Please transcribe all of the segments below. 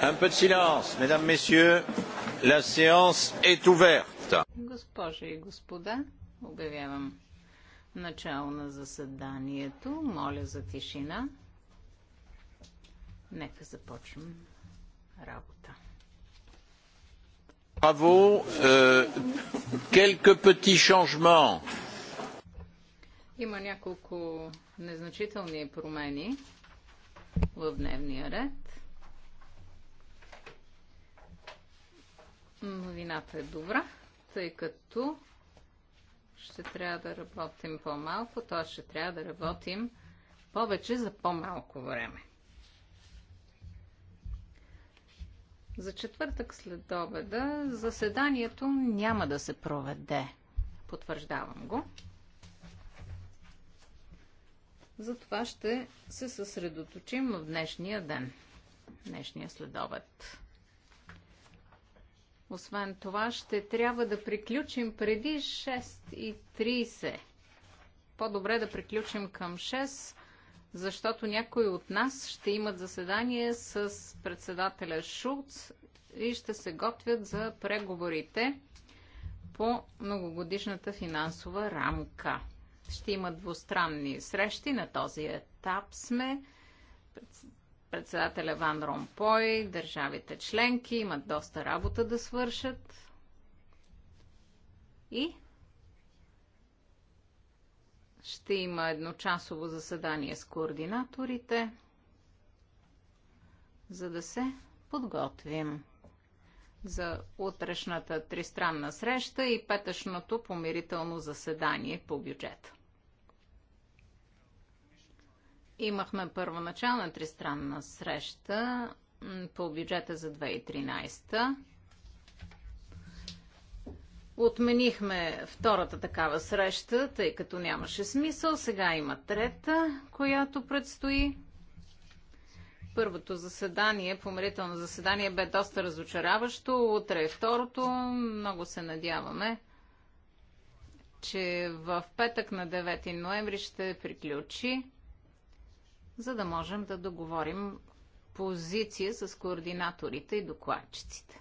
Un peu de silence, mesdames, messieurs. La séance est ouverte. Госпожи и господа, обявявам начало на заседанието. Моля за тишина. Нека започнем работа. Браво! Euh, quelques petits changements. Има няколко незначителни промени в дневния ред. Новината е добра, тъй като ще трябва да работим по-малко, т.е. ще трябва да работим повече за по-малко време. За четвъртък след обеда заседанието няма да се проведе. Потвърждавам го. Затова ще се съсредоточим в днешния ден, днешния следобед. Освен това, ще трябва да приключим преди 6.30. По-добре да приключим към 6, защото някои от нас ще имат заседание с председателя Шулц и ще се готвят за преговорите по многогодишната финансова рамка. Ще има двустранни срещи, на този етап сме председателя Ван Ромпой, държавите членки имат доста работа да свършат. И ще има едночасово заседание с координаторите, за да се подготвим за утрешната тристранна среща и петъчното помирително заседание по бюджета. Имахме първоначална тристранна среща по бюджета за 2013. Отменихме втората такава среща, тъй като нямаше смисъл. Сега има трета, която предстои. Първото заседание, помирително заседание, бе доста разочаряващо. Утре е второто. Много се надяваме, че в петък на 9 ноември ще приключи за да можем да договорим позиция с координаторите и докладчиците.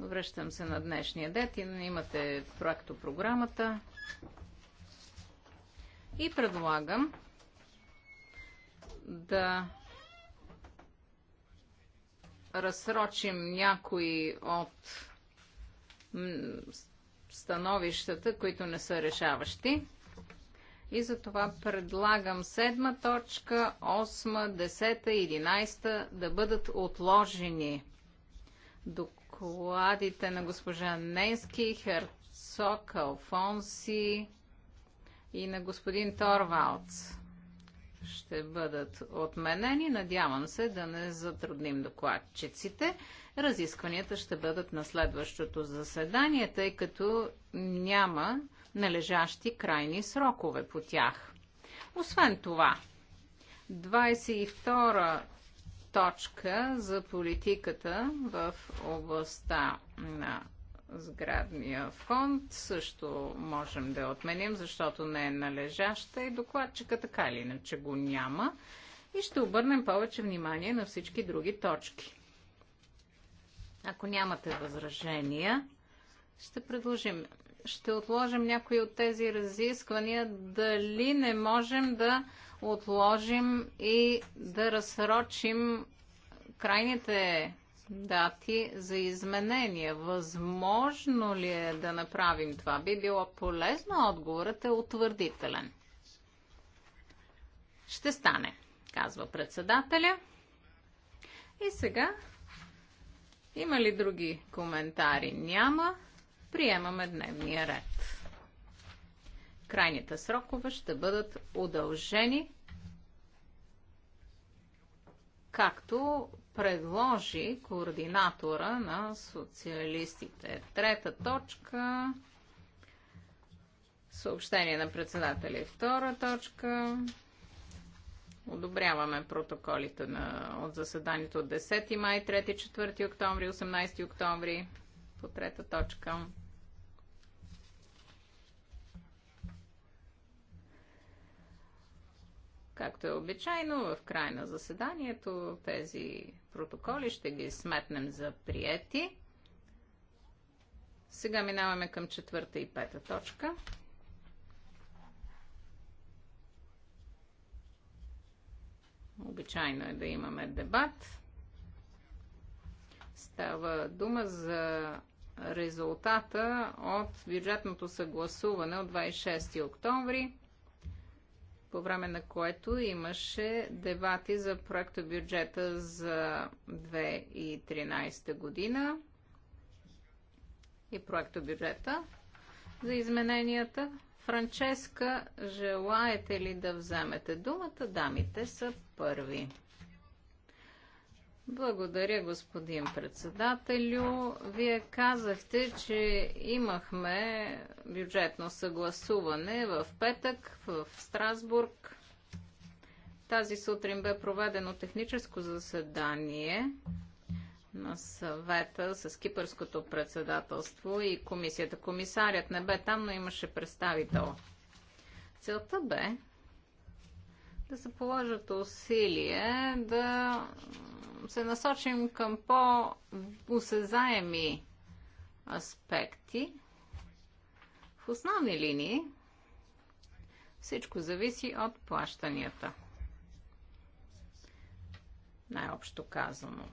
Връщам се на днешния дет. Имате проектопрограмата. И предлагам да разсрочим някои от становищата, които не са решаващи. И за това предлагам седма точка, осма, десета, единайста да бъдат отложени. Докладите на госпожа Ненски, Херцог, Алфонси и на господин Торвалц ще бъдат отменени. Надявам се да не затрудним докладчиците. Разискванията ще бъдат на следващото заседание, тъй като няма належащи крайни срокове по тях. Освен това, 22 точка за политиката в областта на сградния фонд също можем да я отменим, защото не е належаща и докладчика така или иначе го няма. И ще обърнем повече внимание на всички други точки. Ако нямате възражения, ще предложим ще отложим някои от тези разисквания, дали не можем да отложим и да разсрочим крайните дати за изменения. Възможно ли е да направим това? Би било полезно, отговорът е утвърдителен. Ще стане, казва председателя. И сега, има ли други коментари? Няма приемаме дневния ред. Крайните срокове ще бъдат удължени, както предложи координатора на социалистите. Трета точка съобщение на председателя и втора точка Одобряваме протоколите на, от заседанието от 10 май, 3-4 октомври, 18 октомври по трета точка. Както е обичайно, в край на заседанието тези протоколи ще ги сметнем за приети. Сега минаваме към четвърта и пета точка. Обичайно е да имаме дебат. Става дума за резултата от бюджетното съгласуване от 26 октомври по време на което имаше дебати за проекта бюджета за 2013 година и проекта бюджета за измененията. Франческа, желаете ли да вземете думата? Дамите са първи. Благодаря, господин председателю. Вие казахте, че имахме бюджетно съгласуване в петък в Страсбург. Тази сутрин бе проведено техническо заседание на съвета с кипърското председателство и комисията. Комисарят не бе там, но имаше представител. Целта бе да се положат усилия да се насочим към по-осезаеми аспекти. В основни линии всичко зависи от плащанията. Най-общо казано.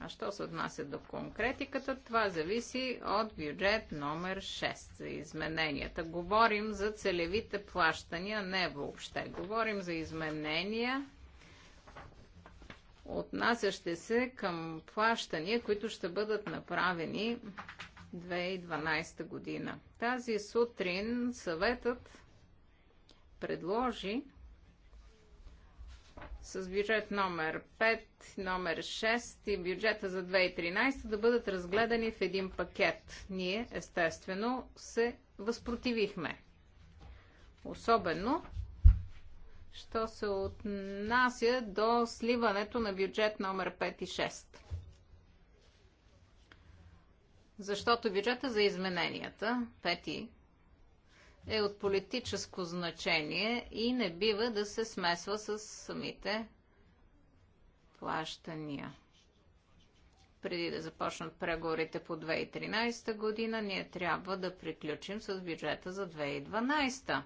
А що се отнася до конкретиката, това зависи от бюджет номер 6 за измененията. Говорим за целевите плащания, не въобще. Говорим за изменения, отнасящи се към плащания, които ще бъдат направени 2012 година. Тази сутрин съветът предложи с бюджет номер 5, номер 6 и бюджета за 2013 да бъдат разгледани в един пакет. Ние, естествено, се възпротивихме. Особено, що се отнася до сливането на бюджет номер 5 и 6. Защото бюджета за измененията, 5 е от политическо значение и не бива да се смесва с самите плащания. Преди да започнат преговорите по 2013 година, ние трябва да приключим с бюджета за 2012.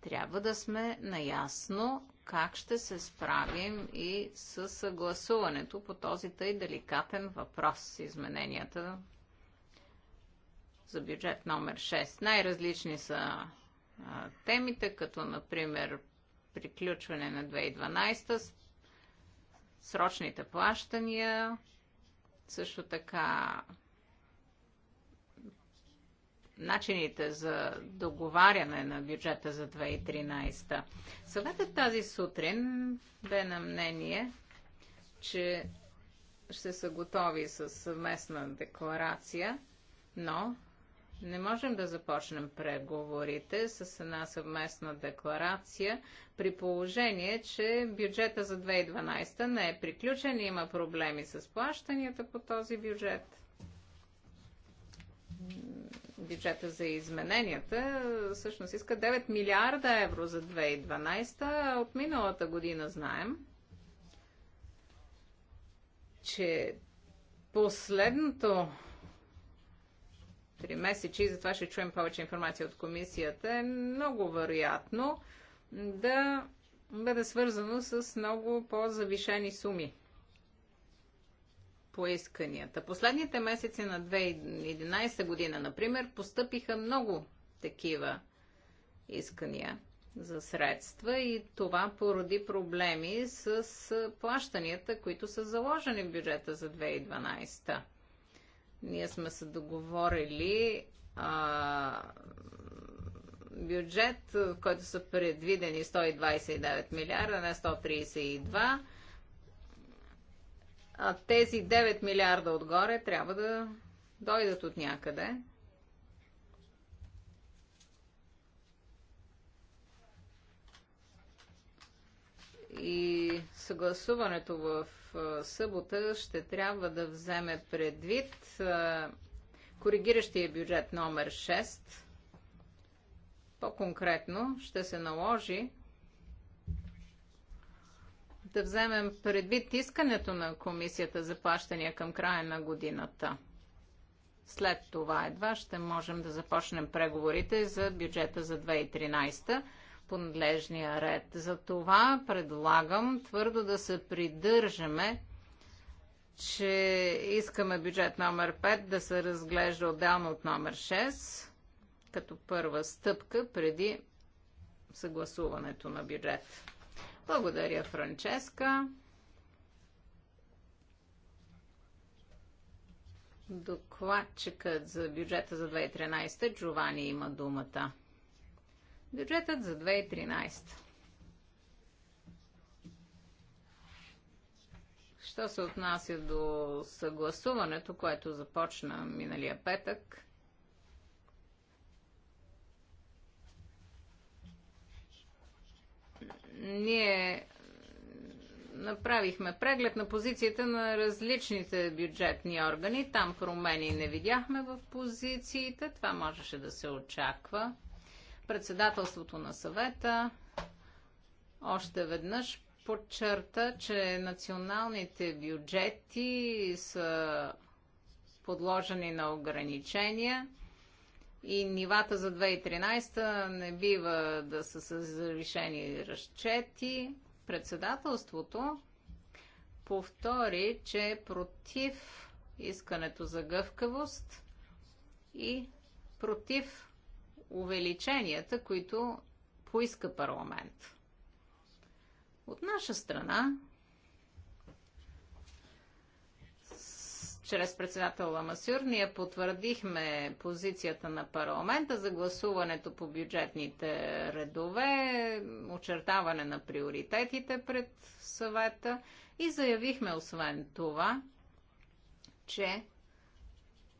Трябва да сме наясно как ще се справим и с съгласуването по този тъй деликатен въпрос с измененията за бюджет номер 6. Най-различни са а, темите, като например приключване на 2012, срочните плащания, също така начините за договаряне на бюджета за 2013. Съветът тази сутрин бе на мнение, че ще са готови с съвместна декларация, но не можем да започнем преговорите с една съвместна декларация при положение, че бюджета за 2012 не е приключен и има проблеми с плащанията по този бюджет. Бюджета за измененията всъщност иска 9 милиарда евро за 2012. От миналата година знаем, че последното три месечи и затова ще чуем повече информация от комисията, е много вероятно да бъде свързано с много по-завишени суми поисканията. Последните месеци на 2011 година, например, постъпиха много такива искания за средства и това породи проблеми с плащанията, които са заложени в бюджета за 2012. Ние сме се договорили а, бюджет, в който са предвидени 129 милиарда, не 132. А тези 9 милиарда отгоре трябва да дойдат от някъде. и съгласуването в събота ще трябва да вземе предвид коригиращия бюджет номер 6. По-конкретно ще се наложи да вземем предвид искането на комисията за плащания към края на годината. След това едва ще можем да започнем преговорите за бюджета за 2013 по надлежния ред. Затова предлагам твърдо да се придържаме, че искаме бюджет номер 5 да се разглежда отделно от номер 6 като първа стъпка преди съгласуването на бюджет. Благодаря, Франческа. Докладчикът за бюджета за 2013 Джовани има думата. Бюджетът за 2013. Що се отнася до съгласуването, което започна миналия петък, ние направихме преглед на позицията на различните бюджетни органи. Там промени не видяхме в позициите. Това можеше да се очаква. Председателството на съвета още веднъж подчерта, че националните бюджети са подложени на ограничения и нивата за 2013 не бива да са с завишени разчети. Председателството повтори, че е против искането за гъвкавост и против увеличенията, които поиска парламент. От наша страна, чрез председател Ламасюр, ние потвърдихме позицията на парламента за гласуването по бюджетните редове, очертаване на приоритетите пред съвета и заявихме освен това, че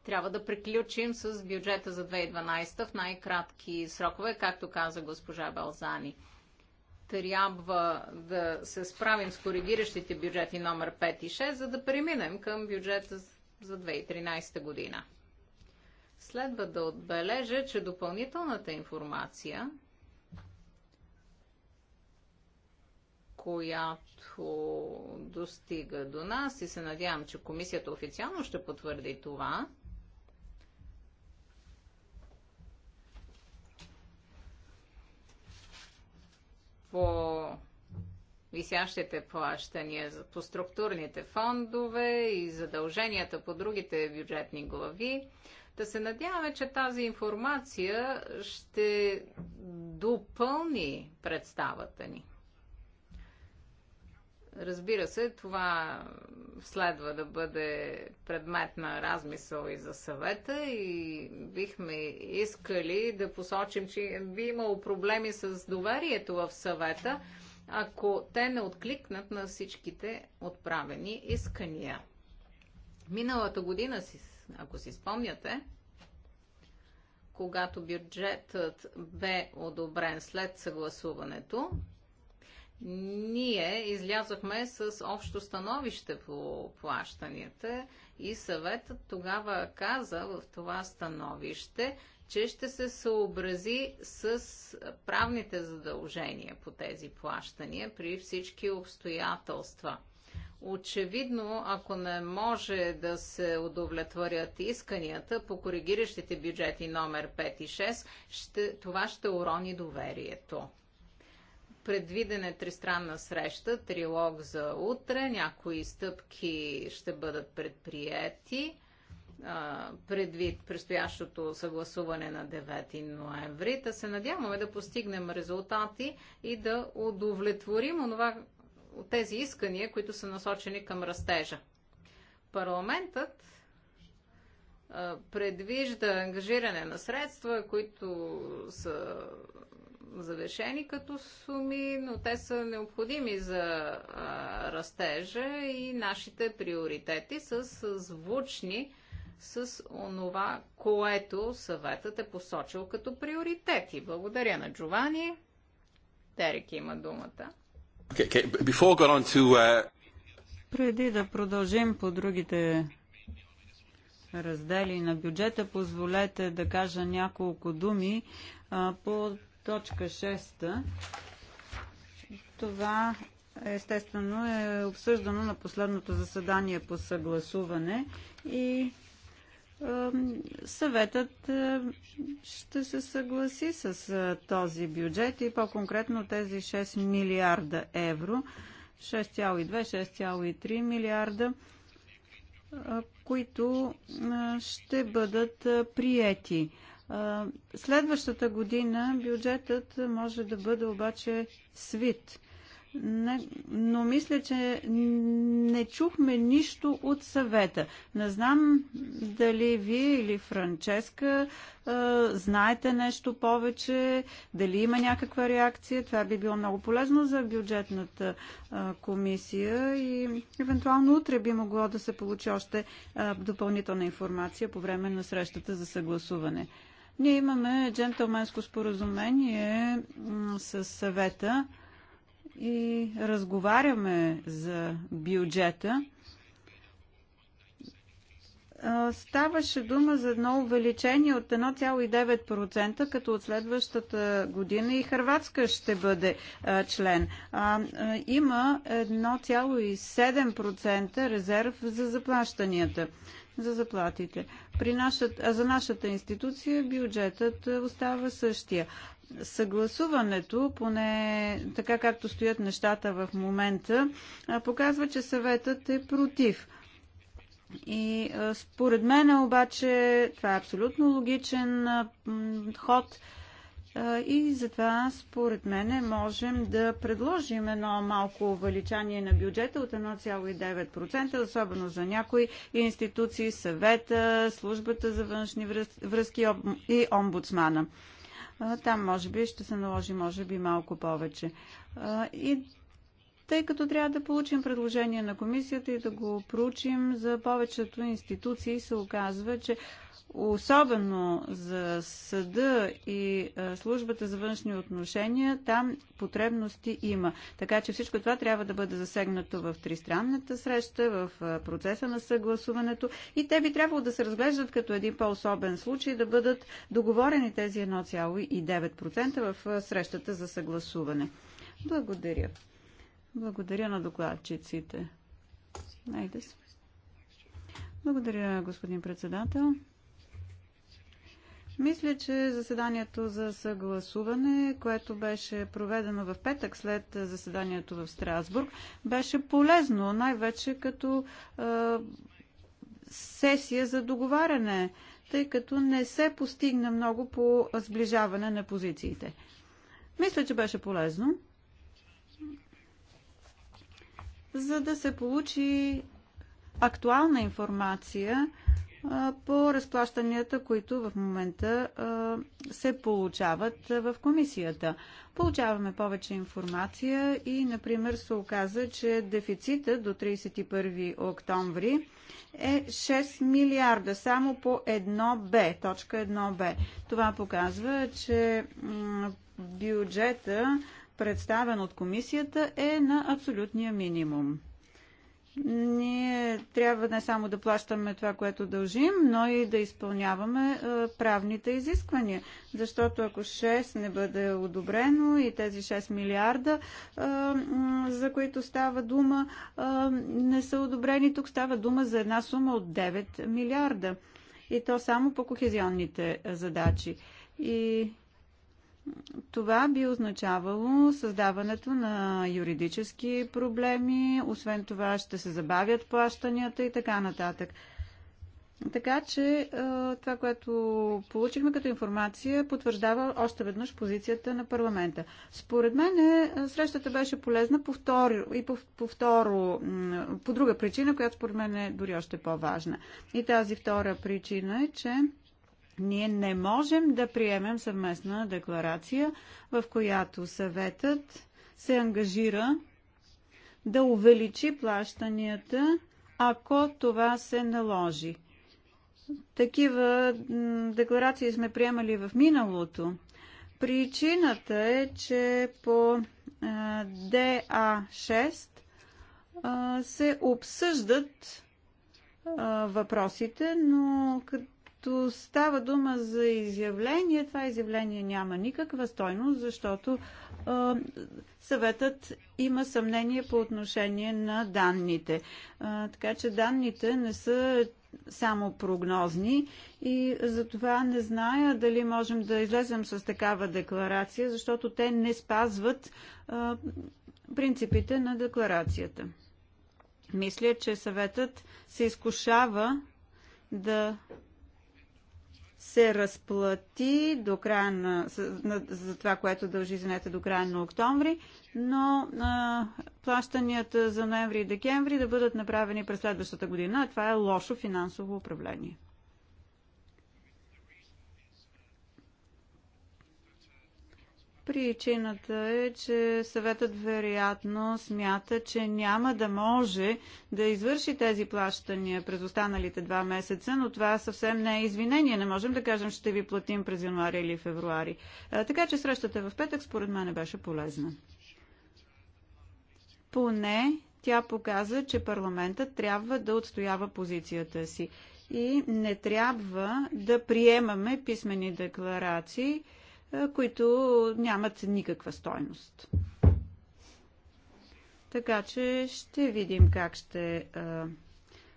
трябва да приключим с бюджета за 2012 в най-кратки срокове, както каза госпожа Балзани. Трябва да се справим с коригиращите бюджети номер 5 и 6, за да преминем към бюджета за 2013 година. Следва да отбележа, че допълнителната информация, която достига до нас и се надявам, че комисията официално ще потвърди това, по висящите плащания по структурните фондове и задълженията по другите бюджетни глави. Да се надяваме, че тази информация ще допълни представата ни. Разбира се, това следва да бъде предмет на размисъл и за съвета и бихме искали да посочим, че би имало проблеми с доверието в съвета, ако те не откликнат на всичките отправени искания. Миналата година, ако си спомняте, когато бюджетът бе одобрен след съгласуването, ние излязохме с общо становище по плащанията и съветът тогава каза в това становище, че ще се съобрази с правните задължения по тези плащания при всички обстоятелства. Очевидно, ако не може да се удовлетворят исканията по коригиращите бюджети номер 5 и 6, ще, това ще урони доверието предвиден е тристранна среща, трилог за утре, някои стъпки ще бъдат предприяти предвид предстоящото съгласуване на 9 ноември. Та се надяваме да постигнем резултати и да удовлетворим онова, тези искания, които са насочени към растежа. Парламентът предвижда ангажиране на средства, които са Завершени като суми, но те са необходими за а, растежа и нашите приоритети са звучни с онова, което съветът е посочил като приоритети. Благодаря на Джовани. Терек има думата. Okay, okay. To, uh... Преди да продължим по другите раздели на бюджета, позволете да кажа няколко думи а, по точка 6. Това естествено е обсъждано на последното заседание по съгласуване и съветът е, ще се съгласи с е, този бюджет и по-конкретно тези 6 милиарда евро, 6,2-6,3 милиарда, е, които ще бъдат приети. Следващата година бюджетът може да бъде обаче свит. Не, но мисля, че не чухме нищо от съвета. Не знам дали вие или Франческа е, знаете нещо повече, дали има някаква реакция. Това би било много полезно за бюджетната е, комисия и евентуално утре би могло да се получи още е, допълнителна информация по време на срещата за съгласуване. Ние имаме джентълменско споразумение с съвета и разговаряме за бюджета. Ставаше дума за едно увеличение от 1,9%, като от следващата година и Харватска ще бъде а, член. А, а, има 1,7% резерв за заплащанията за заплатите. При нашата, за нашата институция бюджетът остава същия. Съгласуването, поне така както стоят нещата в момента, показва, че съветът е против. И според мен обаче това е абсолютно логичен ход и затова, според мен, можем да предложим едно малко увеличание на бюджета от 1,9%, особено за някои институции, съвета, службата за външни връзки и омбудсмана. Там, може би, ще се наложи, може би, малко повече. И тъй като трябва да получим предложение на комисията и да го проучим за повечето институции, се оказва, че особено за съда и службата за външни отношения, там потребности има. Така че всичко това трябва да бъде засегнато в тристранната среща, в процеса на съгласуването и те би трябвало да се разглеждат като един по-особен случай, да бъдат договорени тези 1,9% в срещата за съгласуване. Благодаря. Благодаря на докладчиците. Найде се. Благодаря, господин председател. Мисля, че заседанието за съгласуване, което беше проведено в петък след заседанието в Страсбург, беше полезно, най-вече като е, сесия за договаряне, тъй като не се постигна много по сближаване на позициите. Мисля, че беше полезно, за да се получи актуална информация по разплащанията, които в момента се получават в комисията. Получаваме повече информация и, например, се оказа, че дефицита до 31 октомври е 6 милиарда, само по 1Б, точка 1Б. Това показва, че бюджета, представен от комисията, е на абсолютния минимум ние трябва не само да плащаме това, което дължим, но и да изпълняваме е, правните изисквания. Защото ако 6 не бъде одобрено и тези 6 милиарда, е, за които става дума, е, не са одобрени, тук става дума за една сума от 9 милиарда. И то само по кохезионните задачи. И това би означавало създаването на юридически проблеми, освен това ще се забавят плащанията и така нататък. Така че е, това, което получихме като информация, потвърждава още веднъж позицията на парламента. Според мен е, срещата беше полезна по второ, и по, по, второ, по друга причина, която според мен е дори още по-важна. И тази втора причина е, че ние не можем да приемем съвместна декларация, в която съветът се ангажира да увеличи плащанията, ако това се наложи. Такива декларации сме приемали в миналото. Причината е, че по ДА6 се обсъждат въпросите, но като става дума за изявление, това изявление няма никаква стойност, защото а, съветът има съмнение по отношение на данните. А, така че данните не са само прогнозни и затова не зная дали можем да излезем с такава декларация, защото те не спазват а, принципите на декларацията. Мисля, че съветът се изкушава да се разплати до края на, за това, което дължи извинете до края на октомври, но а, плащанията за ноември и декември да бъдат направени през следващата година. Това е лошо финансово управление. Причината е, че съветът вероятно смята, че няма да може да извърши тези плащания през останалите два месеца, но това съвсем не е извинение. Не можем да кажем, ще ви платим през януари или февруари. така че срещата в петък според мен е беше полезна. Поне тя показа, че парламентът трябва да отстоява позицията си и не трябва да приемаме писмени декларации, които нямат никаква стойност. Така че ще видим как ще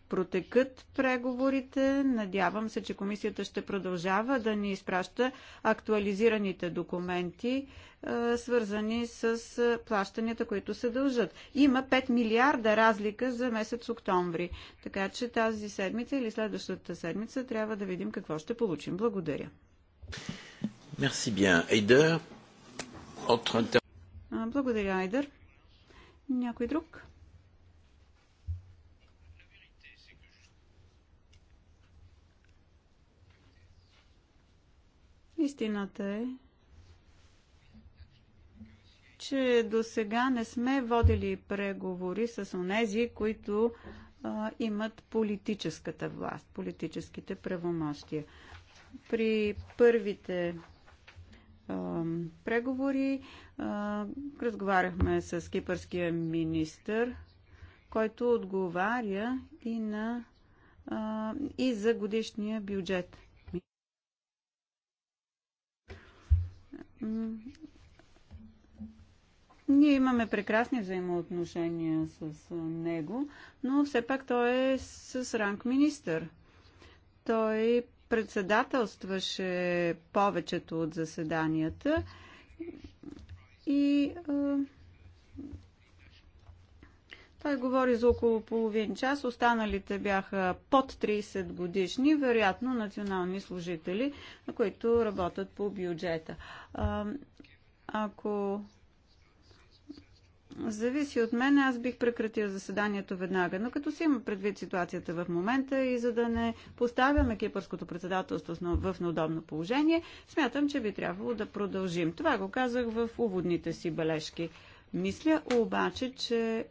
протекат преговорите. Надявам се, че комисията ще продължава да ни изпраща актуализираните документи, свързани с плащанията, които се дължат. Има 5 милиарда разлика за месец октомври. Така че тази седмица или следващата седмица трябва да видим какво ще получим. Благодаря. Merci bien. Благодаря, Айдър. Някой друг? Истината е, че до сега не сме водили преговори с онези, които а, имат политическата власт, политическите правомощия. При първите преговори. Разговаряхме с кипърския министр, който отговаря и, на, и за годишния бюджет. Ние имаме прекрасни взаимоотношения с него, но все пак той е с ранг министър. Той председателстваше повечето от заседанията и а, той говори за около половин час. Останалите бяха под 30 годишни, вероятно национални служители, на които работят по бюджета. А, ако зависи от мен, аз бих прекратил заседанието веднага. Но като си има предвид ситуацията в момента и за да не поставяме кипърското председателство в неудобно положение, смятам, че би трябвало да продължим. Това го казах в уводните си бележки. Мисля обаче, че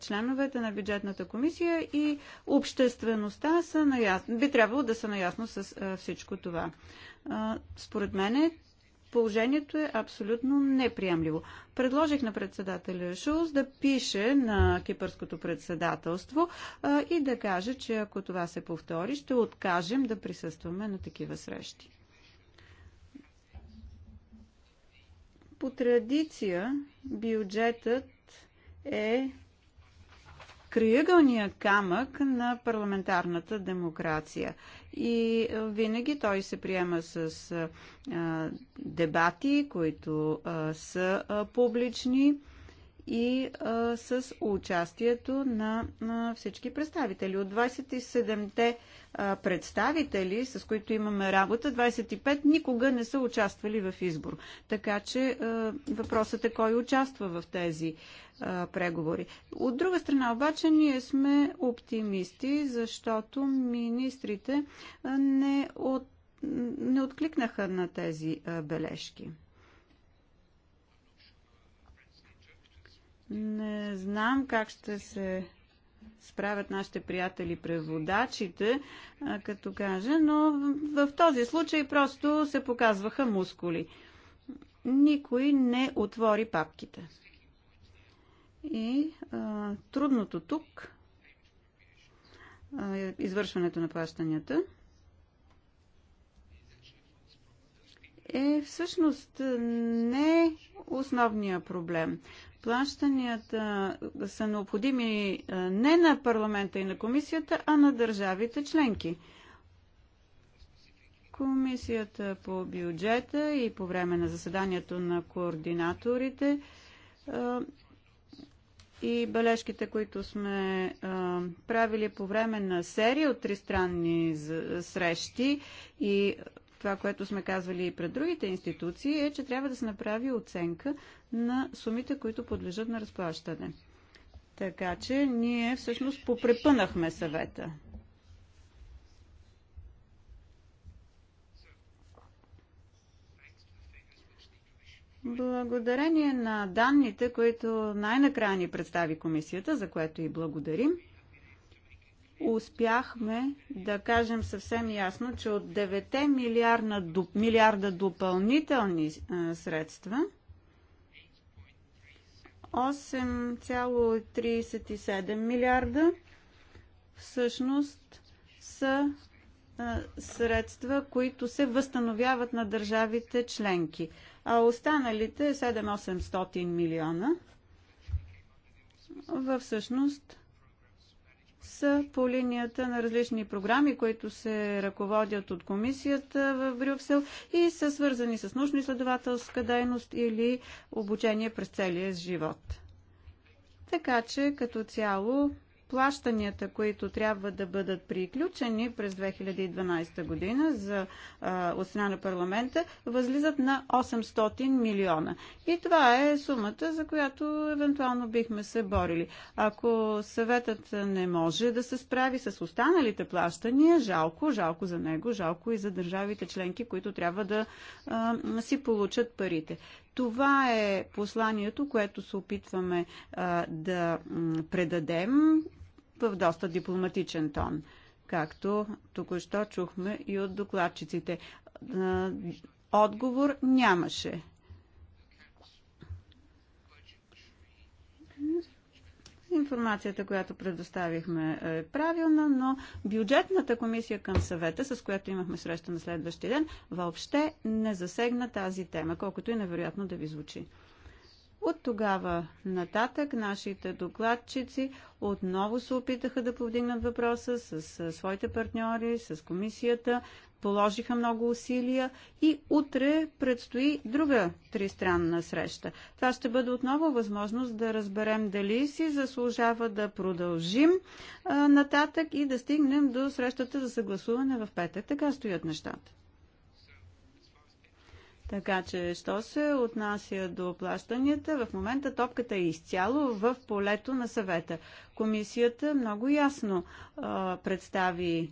членовете на бюджетната комисия и обществеността са наясно, би трябвало да са наясно с всичко това. според мен Положението е абсолютно неприемливо. Предложих на председателя Шулс да пише на кипърското председателство а, и да каже, че ако това се повтори, ще откажем да присъстваме на такива срещи. По традиция бюджетът е крайъгълния камък на парламентарната демокрация. И винаги той се приема с дебати, които са публични и а, с участието на, на всички представители. От 27-те представители, с които имаме работа, 25 никога не са участвали в избор. Така че а, въпросът е кой участва в тези а, преговори. От друга страна обаче ние сме оптимисти, защото министрите не, от, не откликнаха на тези а, бележки. Не знам как ще се справят нашите приятели преводачите, като каже, но в този случай просто се показваха мускули. Никой не отвори папките. И а, трудното тук а, е извършването на плащанията е всъщност не основния проблем плащанията са необходими не на парламента и на комисията, а на държавите членки. Комисията по бюджета и по време на заседанието на координаторите и бележките, които сме правили по време на серия от тристранни срещи и това, което сме казвали и пред другите институции, е, че трябва да се направи оценка на сумите, които подлежат на разплащане. Така че ние всъщност попрепънахме съвета. Благодарение на данните, които най-накрая ни представи комисията, за което и благодарим, успяхме да кажем съвсем ясно, че от 9 милиарда, милиарда допълнителни а, средства, 8,37 милиарда всъщност са а, средства, които се възстановяват на държавите членки. А останалите 7-800 милиона във всъщност са по линията на различни програми, които се ръководят от комисията в Брюксел и са свързани с научно-изследователска дейност или обучение през целия живот. Така че като цяло плащанията, които трябва да бъдат приключени през 2012 година за отстрана страна на парламента, възлизат на 800 милиона. И това е сумата, за която евентуално бихме се борили. Ако съветът не може да се справи с останалите плащания, жалко, жалко за него, жалко и за държавите членки, които трябва да а, си получат парите. Това е посланието, което се опитваме а, да предадем в доста дипломатичен тон, както току-що чухме и от докладчиците. А, отговор нямаше. Информацията, която предоставихме е правилна, но бюджетната комисия към съвета, с която имахме среща на следващия ден, въобще не засегна тази тема, колкото и невероятно да ви звучи. От тогава нататък нашите докладчици отново се опитаха да повдигнат въпроса с, с своите партньори, с комисията, положиха много усилия и утре предстои друга тристранна среща. Това ще бъде отново възможност да разберем дали си заслужава да продължим а, нататък и да стигнем до срещата за съгласуване в петък. Така стоят нещата. Така че, що се отнася до плащанията, в момента топката е изцяло в полето на съвета. Комисията много ясно а, представи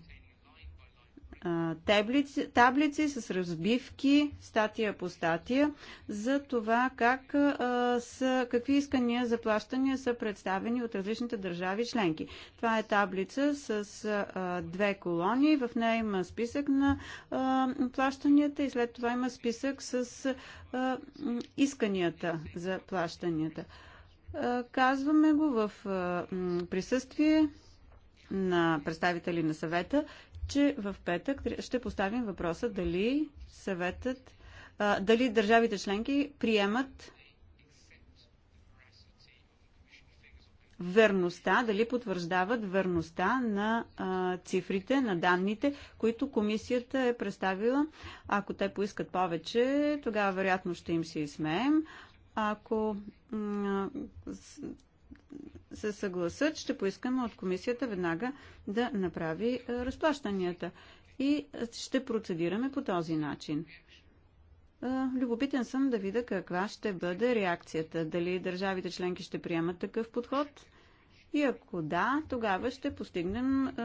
таблици, таблици с разбивки, статия по статия, за това как а, са, какви искания за плащания са представени от различните държави членки. Това е таблица с а, две колони, в нея има списък на а, плащанията и след това има списък с а, исканията за плащанията. А, казваме го в а, присъствие на представители на съвета че в петък ще поставим въпроса дали съветът, а, дали държавите членки приемат верността, дали потвърждават верността на а, цифрите, на данните, които комисията е представила. Ако те поискат повече, тогава вероятно ще им се измеем. Ако се съгласат, ще поискаме от комисията веднага да направи е, разплащанията. И е, ще процедираме по този начин. Е, любопитен съм да видя каква ще бъде реакцията. Дали държавите членки ще приемат такъв подход? И ако да, тогава ще постигнем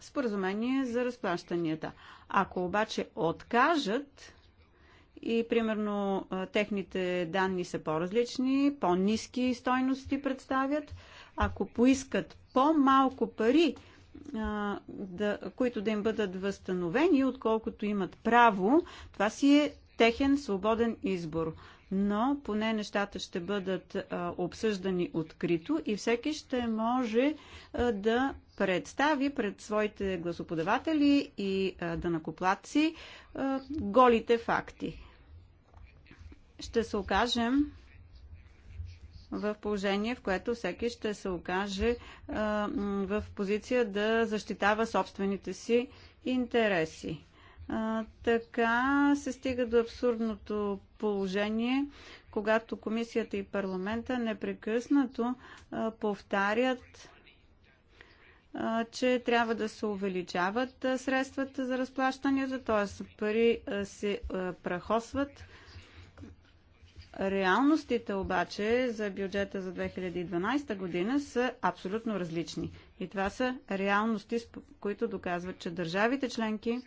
споразумение за разплащанията. Ако обаче откажат, и примерно техните данни са по-различни, по-низки стойности представят. Ако поискат по-малко пари, да, които да им бъдат възстановени, отколкото имат право, това си е техен свободен избор. Но поне нещата ще бъдат а, обсъждани открито и всеки ще може а, да представи пред своите гласоподаватели и а, а, голите факти ще се окажем в положение, в което всеки ще се окаже в позиция да защитава собствените си интереси. така се стига до абсурдното положение, когато комисията и парламента непрекъснато повтарят че трябва да се увеличават средствата за разплащанията, т.е. пари се прахосват Реалностите обаче за бюджета за 2012 година са абсолютно различни. И това са реалности, които доказват, че държавите членки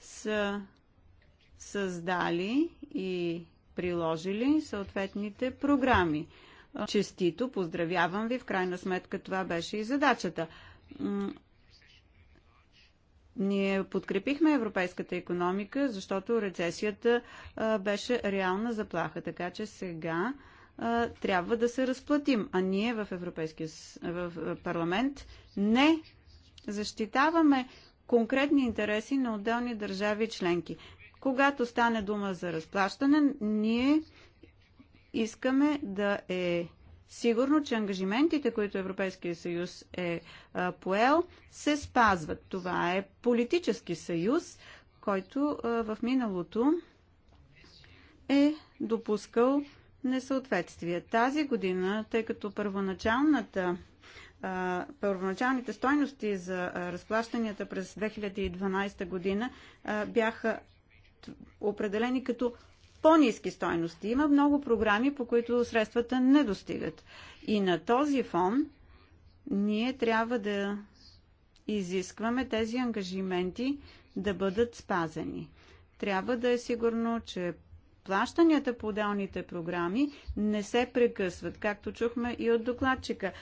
са създали и приложили съответните програми. Честито, поздравявам ви, в крайна сметка това беше и задачата. Ние подкрепихме европейската економика, защото рецесията а, беше реална заплаха, така че сега а, трябва да се разплатим. А ние в Европейския в парламент не защитаваме конкретни интереси на отделни държави и членки. Когато стане дума за разплащане, ние искаме да е сигурно, че ангажиментите, които Европейския съюз е поел, се спазват. Това е политически съюз, който в миналото е допускал несъответствие. Тази година, тъй като първоначалната първоначалните стойности за разплащанията през 2012 година бяха определени като по-низки стойности. Има много програми, по които средствата не достигат. И на този фон ние трябва да изискваме тези ангажименти да бъдат спазени. Трябва да е сигурно, че плащанията по отделните програми не се прекъсват, както чухме и от докладчика.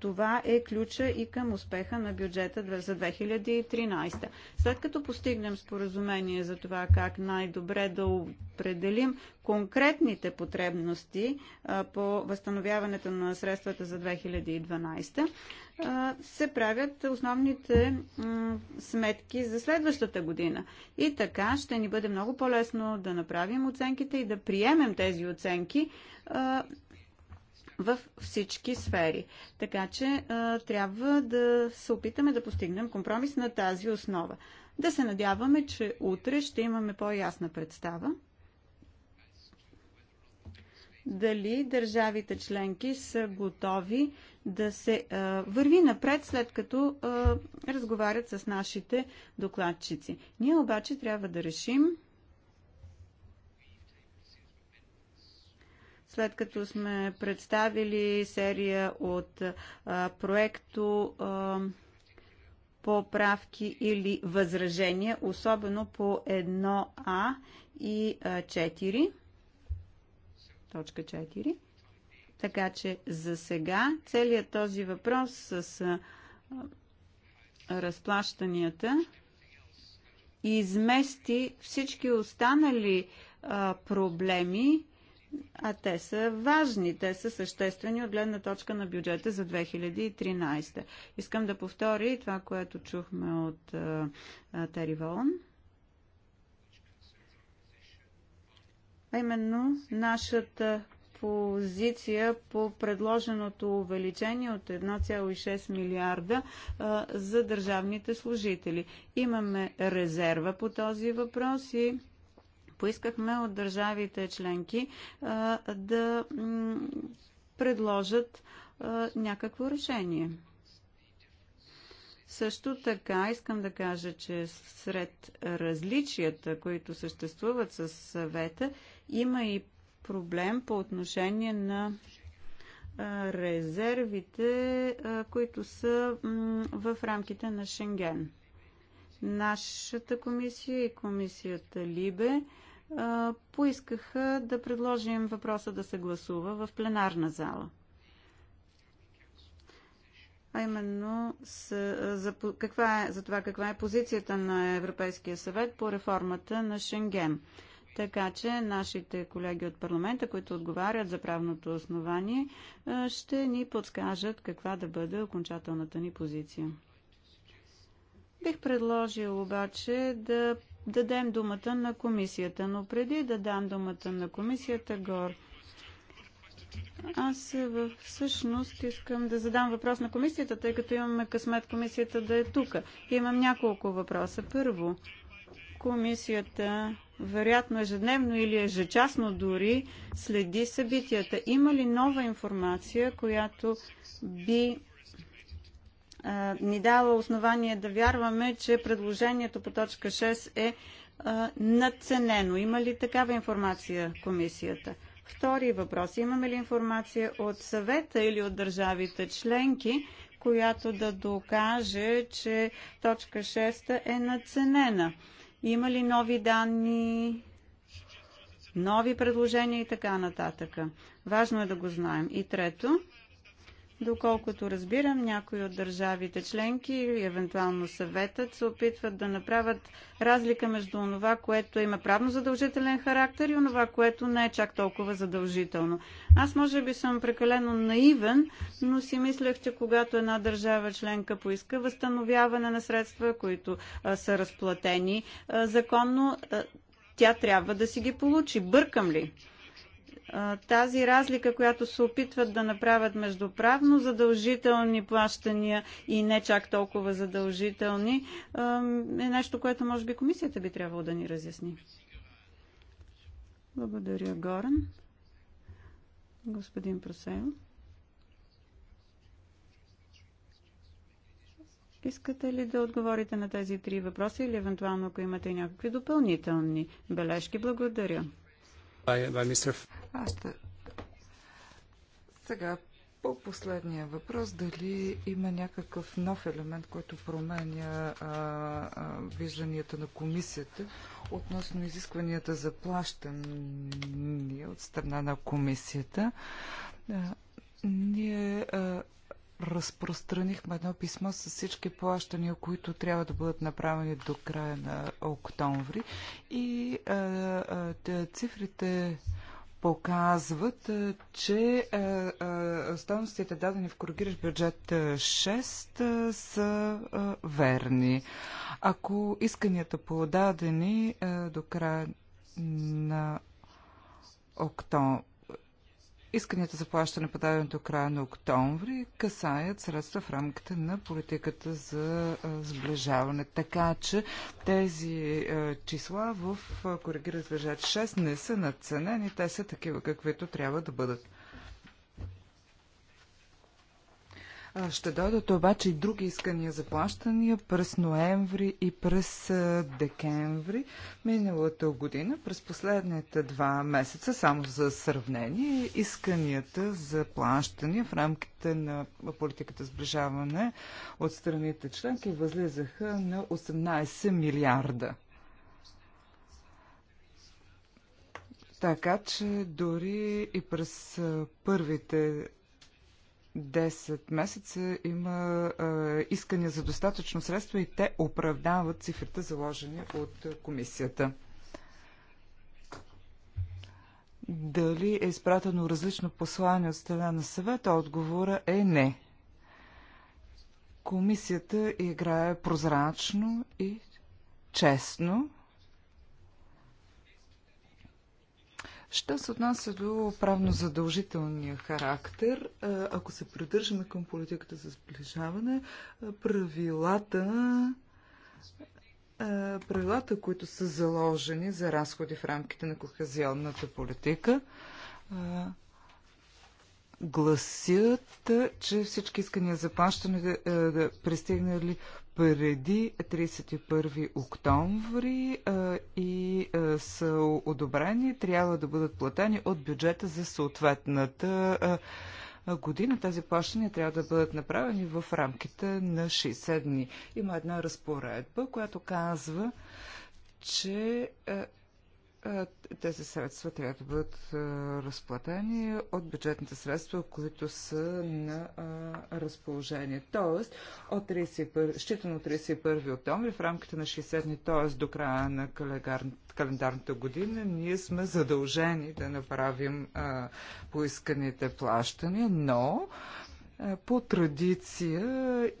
Това е ключа и към успеха на бюджета за 2013. След като постигнем споразумение за това как най-добре да определим конкретните потребности по възстановяването на средствата за 2012, се правят основните сметки за следващата година. И така ще ни бъде много по-лесно да направим оценките и да приемем тези оценки във всички сфери. Така че трябва да се опитаме да постигнем компромис на тази основа. Да се надяваме, че утре ще имаме по-ясна представа дали държавите членки са готови да се а, върви напред, след като а, разговарят с нашите докладчици. Ние обаче трябва да решим, след като сме представили серия от а, проекто. А, поправки или възражения, особено по 1А и 4 точка 4. Така че за сега целият този въпрос с разплащанията измести всички останали а, проблеми, а те са важни, те са съществени от гледна точка на бюджета за 2013. Искам да повторя и това, което чухме от а, а, Тери Волн. а именно нашата позиция по предложеното увеличение от 1,6 милиарда а, за държавните служители. Имаме резерва по този въпрос и поискахме от държавите членки а, да предложат а, някакво решение. Също така искам да кажа, че сред различията, които съществуват с съвета, има и проблем по отношение на резервите, които са в рамките на Шенген. Нашата комисия и комисията Либе поискаха да предложим въпроса да се гласува в пленарна зала. А именно за, каква е, за това каква е позицията на Европейския съвет по реформата на Шенген. Така че нашите колеги от парламента, които отговарят за правното основание, ще ни подскажат каква да бъде окончателната ни позиция. Бих предложил обаче да дадем думата на комисията, но преди да дам думата на комисията, Гор, аз е, всъщност искам да задам въпрос на комисията, тъй като имаме късмет комисията да е тук. Имам няколко въпроса. Първо, комисията вероятно ежедневно или ежечасно дори, следи събитията. Има ли нова информация, която би а, ни дала основание да вярваме, че предложението по точка 6 е а, надценено? Има ли такава информация комисията? Втори въпрос. Имаме ли информация от съвета или от държавите членки, която да докаже, че точка 6 е надценена? Има ли нови данни, нови предложения и така нататък? Важно е да го знаем. И трето, Доколкото разбирам, някои от държавите членки и евентуално съветът се опитват да направят разлика между това, което има правно задължителен характер и онова, което не е чак толкова задължително. Аз може би съм прекалено наивен, но си мислех, че когато една държава членка поиска възстановяване на средства, които а, са разплатени а, законно, а, тя трябва да си ги получи. Бъркам ли? тази разлика, която се опитват да направят между правно задължителни плащания и не чак толкова задължителни, е нещо, което може би комисията би трябвало да ни разясни. Благодаря, Горан. Господин Просейл. Искате ли да отговорите на тези три въпроса или евентуално ако имате някакви допълнителни бележки? Благодаря. By, by Mr. Аз ще... Сега по последния въпрос, дали има някакъв нов елемент, който променя а, а, вижданията на комисията относно изискванията за плащане от страна на комисията. А, ние а, разпространихме едно писмо с всички плащания, които трябва да бъдат направени до края на октомври. И а, а, цифрите показват, че а, дадени в коригираш бюджет 6 а, са а, верни. Ако исканията подадени а, до края на октомври Исканията за плащане, по даденото края на октомври, касаят средства в рамките на политиката за сближаване. Така че тези числа в коригират бюджет 6 не са надценени, те са такива, каквито трябва да бъдат. Ще дойдат обаче и други искания за плащания през ноември и през декември миналата година. През последните два месеца, само за сравнение, исканията за плащания в рамките на политиката сближаване от страните членки възлизаха на 18 милиарда. Така че дори и през първите 10 месеца има а, искания за достатъчно средства и те оправдават цифрите, заложени от комисията. Дали е изпратено различно послание от страна на съвета? Отговора е не. Комисията играе прозрачно и честно Що се отнася до правно задължителния характер, ако се придържаме към политиката за сближаване, правилата правилата, които са заложени за разходи в рамките на кохезионната политика, гласят, че всички искания за плащане, пристигнали преди 31 октомври а, и а, са одобрени, трябва да бъдат платени от бюджета за съответната а, година. Тези плащания трябва да бъдат направени в рамките на 60 дни. Има една разпоредба, която казва, че тези средства трябва да бъдат разплатени от бюджетните средства, които са на разположение. Тоест, от 31, считано 31 октомври, в рамките на 60 дни, т.е. до края на календарната година, ние сме задължени да направим поисканите плащания, но по традиция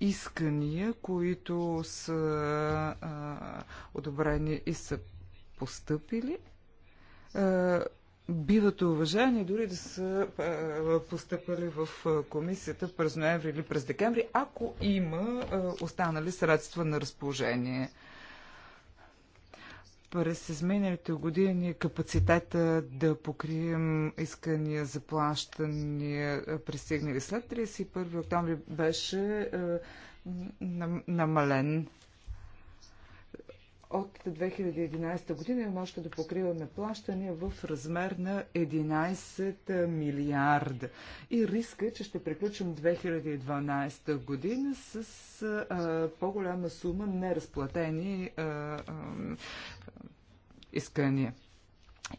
искания, които са а, одобрени и са постъпили, биват уважени дори да са постъпили в комисията през ноември или през декември, ако има останали средства на разположение. През изминалите години е капацитета да покрием искания за плащания, пристигнали след 31 октомври, беше намален от 2011 година имаме още да покриваме плащания в размер на 11 милиарда. И риска е, че ще приключим 2012 година с а, по-голяма сума неразплатени а, а, искания.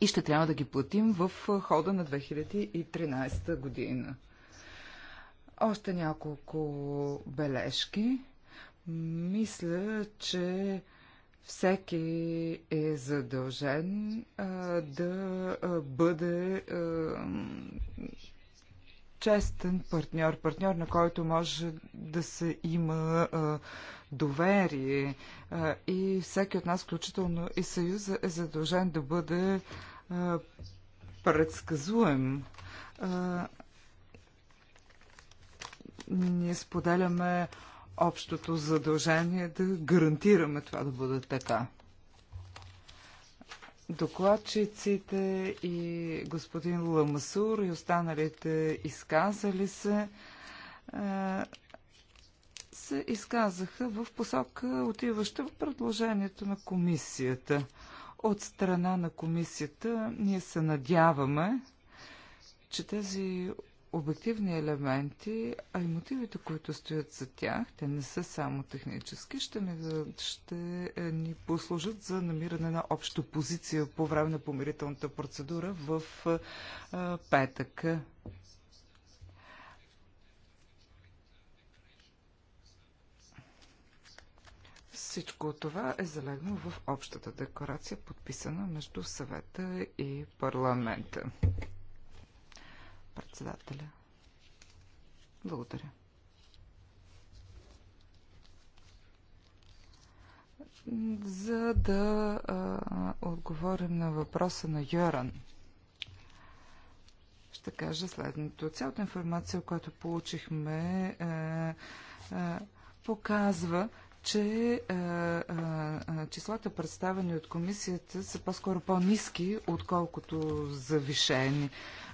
И ще трябва да ги платим в хода на 2013 година. Още няколко бележки. Мисля, че всеки е задължен а, да а, бъде а, честен партньор, партньор, на който може да се има а, доверие. А, и всеки от нас, включително и Съюза, е задължен да бъде а, предсказуем. А, ние споделяме общото задължение да гарантираме това да бъде така. Докладчиците и господин Ламасур и останалите изказали се е, се изказаха в посока отиваща в предложението на комисията. От страна на комисията ние се надяваме, че тези обективни елементи, а и мотивите, които стоят за тях, те не са само технически, ще ни, ще е, ни послужат за намиране на обща позиция по време на помирителната процедура в а, е, е, петък. Всичко това е залегнало в общата декларация, подписана между съвета и парламента председателя. Благодаря. За да а, отговорим на въпроса на Йоран, ще кажа следното. Цялата информация, която получихме, е, е, показва, че а, а, числата, представени от комисията, са по-скоро по-низки, отколкото завишени.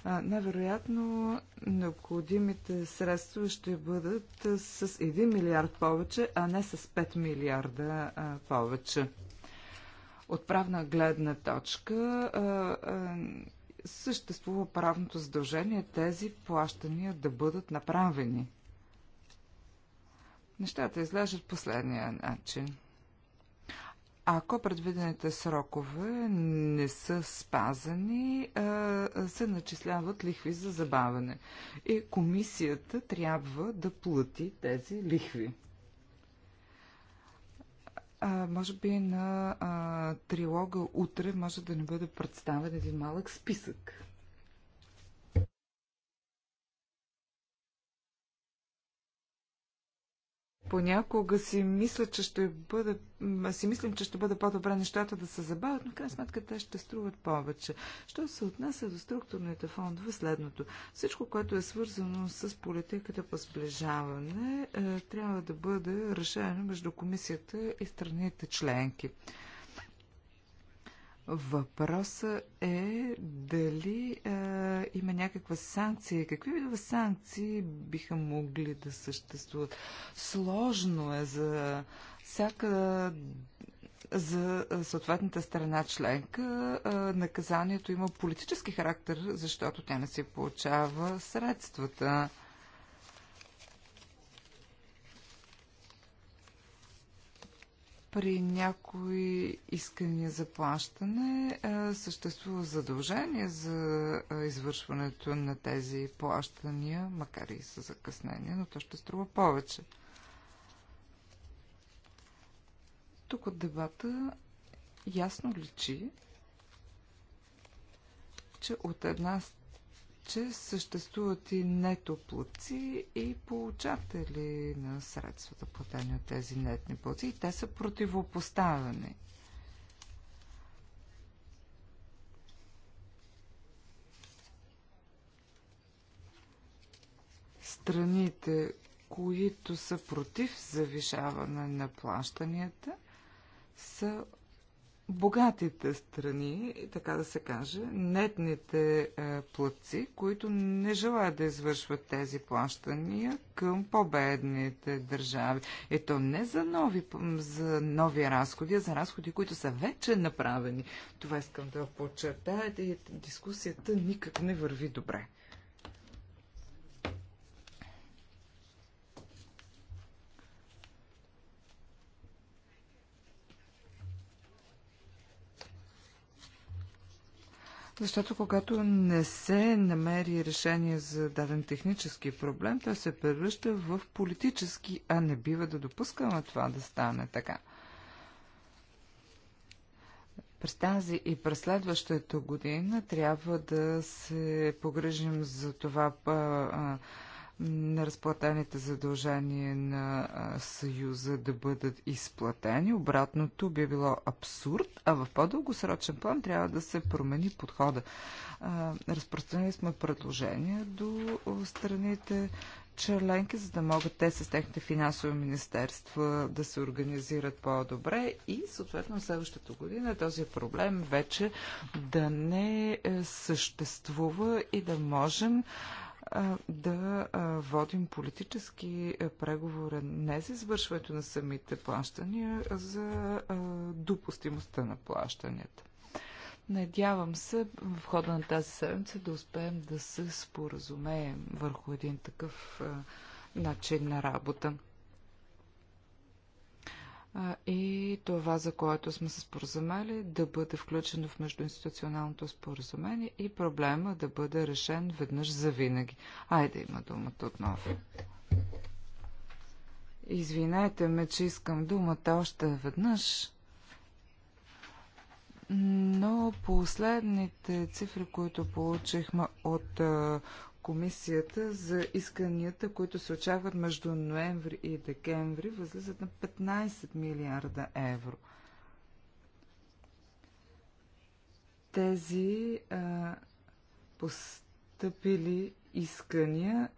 най-вероятно необходимите средства ще бъдат с 1 милиард повече, а не с 5 милиарда а, повече. От правна гледна точка а, а, съществува правното задължение тези плащания да бъдат направени. Нещата излежат последния начин. Ако предвидените срокове не са спазани, се начисляват лихви за забавене. И комисията трябва да плати тези лихви. А, може би на а, трилога утре може да ни бъде представен един малък списък. Понякога си мисля, че ще бъде, си мислим, че ще бъде по-добре нещата да се забавят, но в крайна сметка те ще струват повече. Що се отнася до структурните фондове, следното. Всичко, което е свързано с политиката по сближаване, е, трябва да бъде решено между комисията и страните членки. Въпросът е дали а, е, има някаква санкция. Какви видове санкции биха могли да съществуват? Сложно е за всяка за съответната страна членка е, наказанието има политически характер, защото тя не си получава средствата. при някои искания за плащане е, съществува задължение за е, извършването на тези плащания, макар и с закъснение, но то ще струва повече. Тук от дебата ясно личи, че от една че съществуват и нетоплаци и получатели на средствата, платени от тези нетни плаци, и те са противопоставени. Страните, които са против завишаване на плащанията, са богатите страни, така да се каже, нетните е, плътци, които не желаят да извършват тези плащания към по-бедните държави. Ето не за нови, за нови разходи, а за разходи, които са вече направени. Това искам да подчертая и дискусията никак не върви добре. Защото когато не се намери решение за даден технически проблем, той се превръща в политически, а не бива да допускаме това да стане така. През тази и през следващата година трябва да се погрежим за това неразплатените задължения на Съюза да бъдат изплатени. Обратното би било абсурд, а в по-дългосрочен план трябва да се промени подхода. Разпространили сме предложения до страните членки, за да могат те с техните финансови министерства да се организират по-добре и съответно следващата година този проблем вече да не е, съществува и да можем да водим политически преговори не за извършването на самите плащания, а за допустимостта на плащанията. Надявам се в хода на тази седмица да успеем да се споразумеем върху един такъв начин на работа и това, за което сме се споразумели, да бъде включено в междуинституционалното споразумение и проблема да бъде решен веднъж за винаги. Айде има думата отново. Извинете ме, че искам думата още веднъж, но последните цифри, които получихме от комисията за исканията, които се очакват между ноември и декември, възлизат на 15 милиарда евро. Тези а, постъпили искания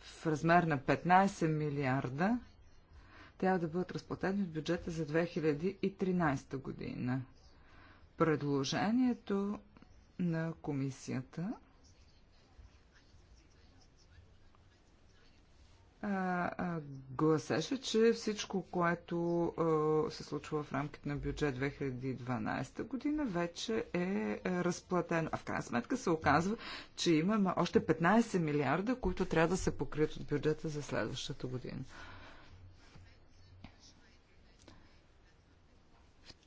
в размер на 15 милиарда трябва да бъдат разплатени в бюджета за 2013 година. Предложението на комисията. а, а, гласеше, че всичко, което а, се случва в рамките на бюджет 2012 година, вече е, е разплатено. А в крайна сметка се оказва, че имаме още 15 милиарда, които трябва да се покрият от бюджета за следващата година.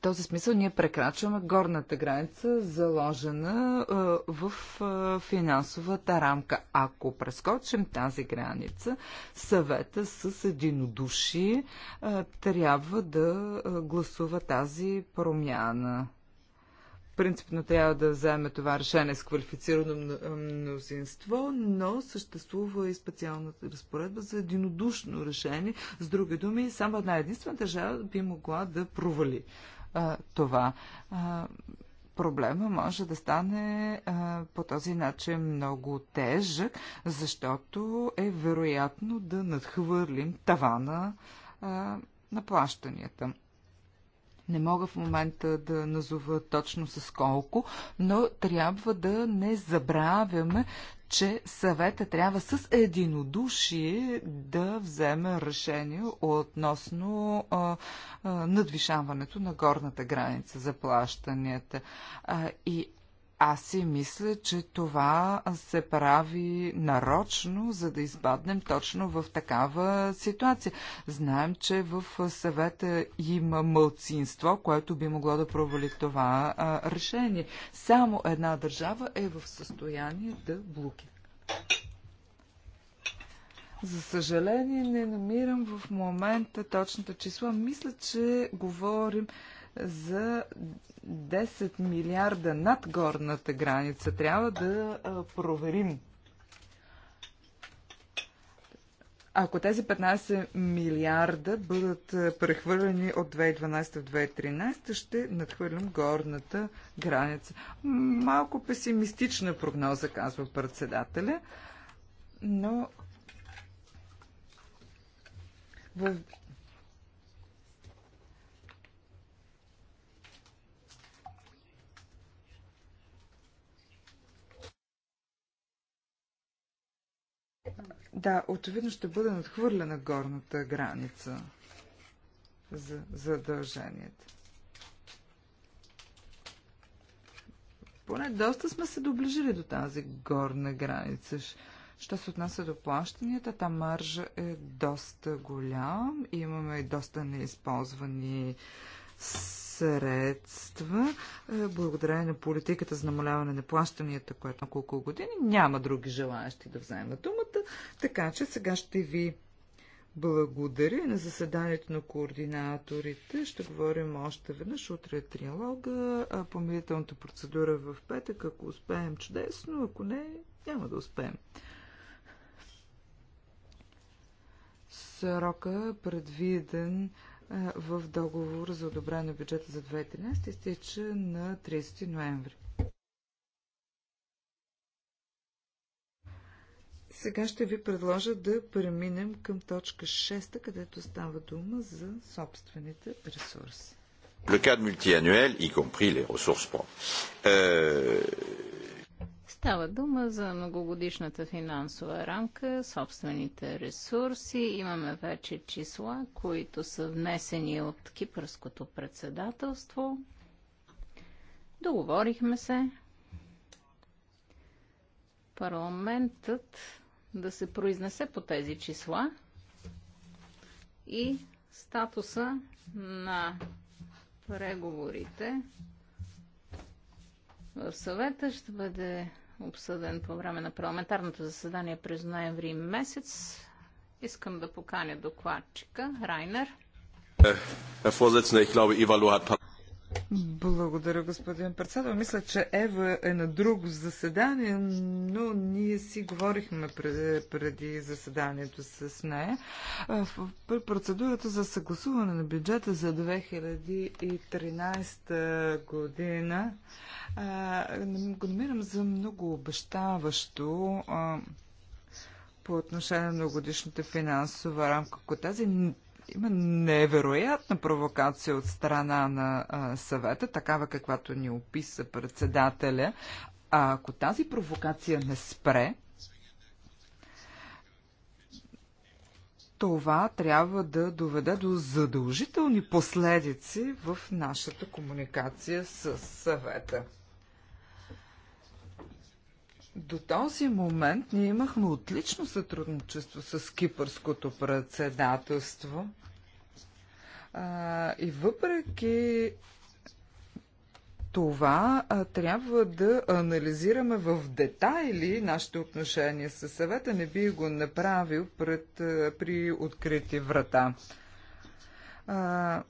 този смисъл ние прекрачваме горната граница, заложена в финансовата рамка. Ако прескочим тази граница, съвета с единодушие трябва да гласува тази промяна. Принципно трябва да вземе това решение с квалифицирано мнозинство, но съществува и специалната разпоредба за единодушно решение. С други думи, само една единствена държава би могла да провали а, това. А, проблема може да стане а, по този начин много тежък, защото е вероятно да надхвърлим тавана а, на плащанията. Не мога в момента да назова точно с колко, но трябва да не забравяме, че съвета трябва с единодушие да вземе решение относно а, а, надвишаването на горната граница за плащанията. А, и аз си мисля, че това се прави нарочно, за да избаднем точно в такава ситуация. Знаем, че в съвета има мълцинство, което би могло да провали това а, решение. Само една държава е в състояние да блоки. За съжаление не намирам в момента точната числа. Мисля, че говорим за 10 милиарда над горната граница. Трябва да проверим. Ако тези 15 милиарда бъдат прехвърлени от 2012 в 2013, ще надхвърлим горната граница. Малко песимистична прогноза, казва председателя, но в Да, очевидно ще бъде надхвърлена горната граница за задълженията. Поне доста сме се доближили до тази горна граница. Що се отнася до плащанията, та маржа е доста голям. Имаме и доста неизползвани средства, е, благодарение на политиката за намаляване на плащанията, което колко години няма други желаящи да вземат думата, така че сега ще ви благодаря на заседанието на координаторите. Ще говорим още веднъж утре е триалога, помирителната процедура е в петък, ако успеем чудесно, ако не, няма да успеем. Срока е предвиден в договор за одобряване на бюджета за 2013 изтича на 30 ноември. Сега ще ви предложа да преминем към точка 6, където става дума за собствените ресурси. Le cadre multiannuel, y compris les ressources propres. Euh, Става дума за многогодишната финансова рамка, собствените ресурси. Имаме вече числа, които са внесени от кипърското председателство. Договорихме се парламентът да се произнесе по тези числа и статуса на преговорите в съвета ще бъде обсъден по време на парламентарното заседание през ноември месец. Искам да поканя докладчика Райнер. Благодаря, господин председател. Мисля, че Ева е на друго заседание, но ние си говорихме преди, преди заседанието с нея. При процедурата за съгласуване на бюджета за 2013 година го намирам за много обещаващо по отношение на годишната финансова рамка. Ако тази има невероятна провокация от страна на а, съвета, такава каквато ни описа председателя. А ако тази провокация не спре, това трябва да доведе до задължителни последици в нашата комуникация с съвета. До този момент ние имахме отлично сътрудничество с кипърското председателство. А, и въпреки това а, трябва да анализираме в детайли нашите отношения с съвета. Не би го направил пред, а, при открити врата. А,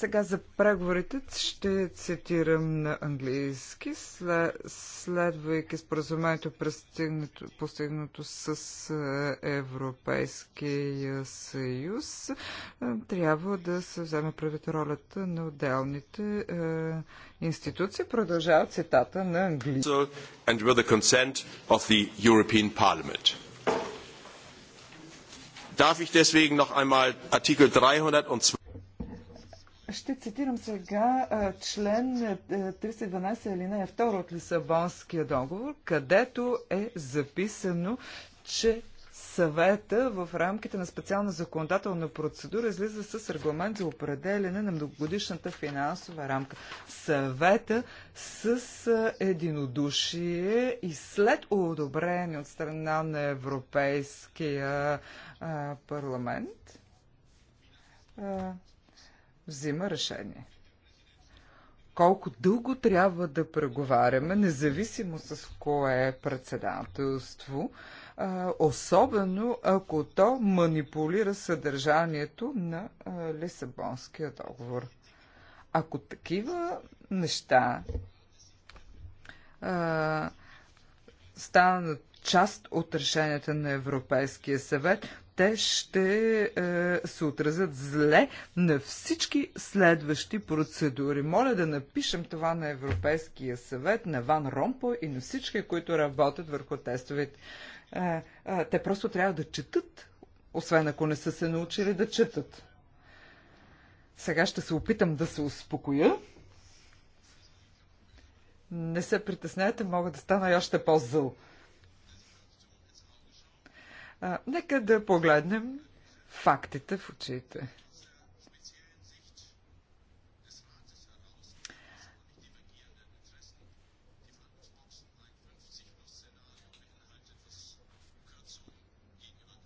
сега за преговорите ще цитирам на английски, следвайки споразумението, постигнато с е, Европейския съюз, е, трябва да се вземе правит ролята на отделните е, институции. Продължава цитата на английски. And with the consent of the European Parliament. Darf ich deswegen noch einmal Artikel 302 ще цитирам сега член 312 е, алинея 2 от Лисабонския договор, където е записано, че съвета в рамките на специална законодателна процедура излиза с регламент за определене на многогодишната финансова рамка. Съвета с единодушие и след одобрение от страна на Европейския парламент взима решение. Колко дълго трябва да преговаряме, независимо с кое е председателство, особено ако то манипулира съдържанието на Лисабонския договор. Ако такива неща станат част от решенията на Европейския съвет, те ще е, се отразят зле на всички следващи процедури. Моля да напишем това на Европейския съвет, на Ван Ромпо и на всички, които работят върху тестовете. Е, е, те просто трябва да четат, освен ако не са се научили да четат. Сега ще се опитам да се успокоя. Не се притеснете, мога да стана и още по-зъл. А, нека да погледнем фактите в очите.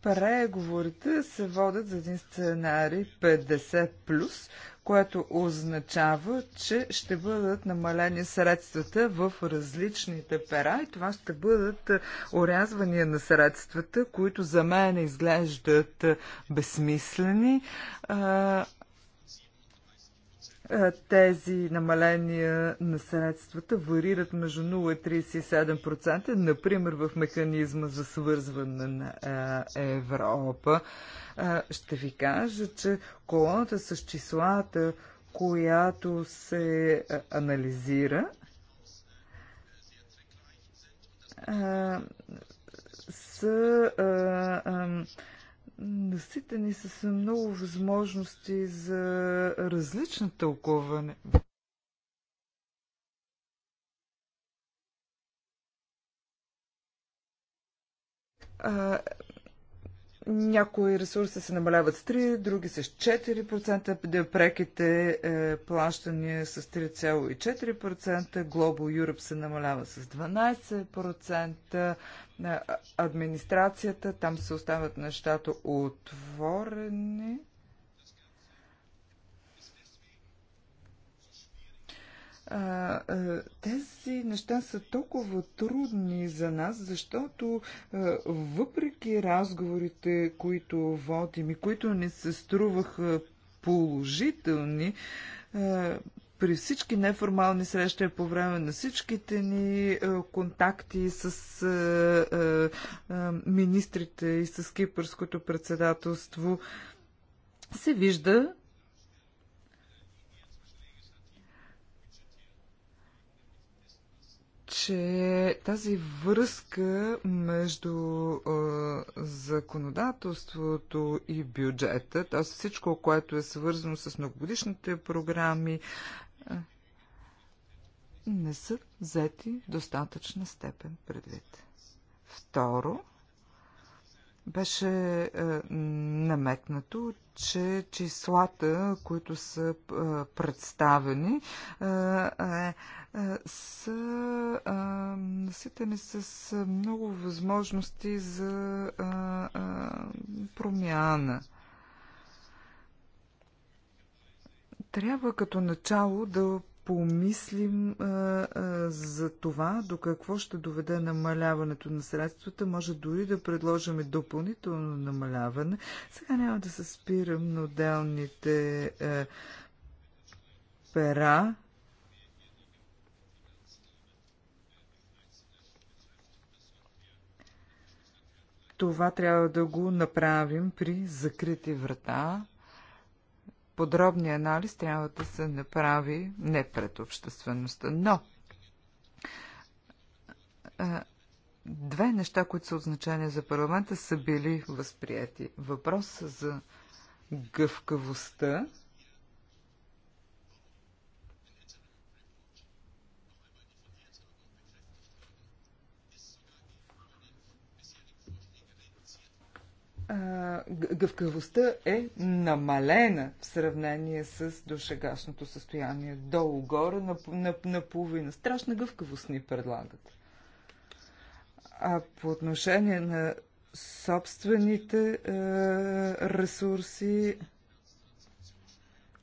Преговорите се водят за един сценарий 50+, плюс, което означава, че ще бъдат намалени средствата в различните пера и това ще бъдат орязвания на средствата, които за мен изглеждат безсмислени, тези намаления на средствата варират между 0 и 37%, например в механизма за свързване на Европа. Ще ви кажа, че колоната с числата, която се анализира, са наситени с много възможности за различно тълкуване. Някои ресурси се намаляват с 3, други с 4%, преките е, плащания с 3,4%, Global Europe се намалява с 12%, е, администрацията, там се остават нещата отворени. а, а, тези неща са толкова трудни за нас, защото а, въпреки разговорите, които водим и които ни се струваха положителни, а, при всички неформални срещи, по време на всичките ни контакти с а, а, министрите и с кипърското председателство, се вижда, че тази връзка между а, законодателството и бюджета, т.е. всичко, което е свързано с многогодишните програми, а, не са взети в достатъчна степен предвид. Второ, беше намекнато, че числата, които са представени, са наситени с много възможности за промяна. Трябва като начало да помислим а, а, за това, до какво ще доведе намаляването на средствата. Може дори да предложим и допълнително намаляване. Сега няма да се спирам на отделните а, пера. Това трябва да го направим при закрити врата подробния анализ трябва да се направи не пред обществеността, но две неща, които са от значение за парламента, са били възприяти. Въпрос за гъвкавостта гъвкавостта е намалена в сравнение с дошегашното състояние. Долу-горе на, на, на половина. Страшна гъвкавост ни предлагат. А по отношение на собствените а, е, ресурси,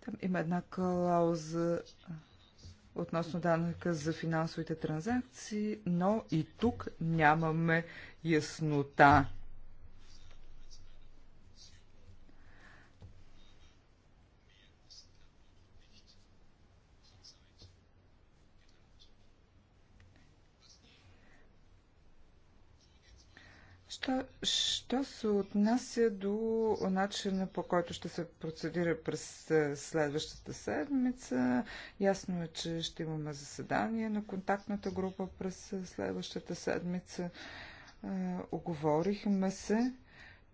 там има една клауза относно данъка за финансовите транзакции, но и тук нямаме яснота Що, що се отнася до начина по който ще се процедира през е, следващата седмица, ясно е, че ще имаме заседание на контактната група през е, следващата седмица. Е, оговорихме се,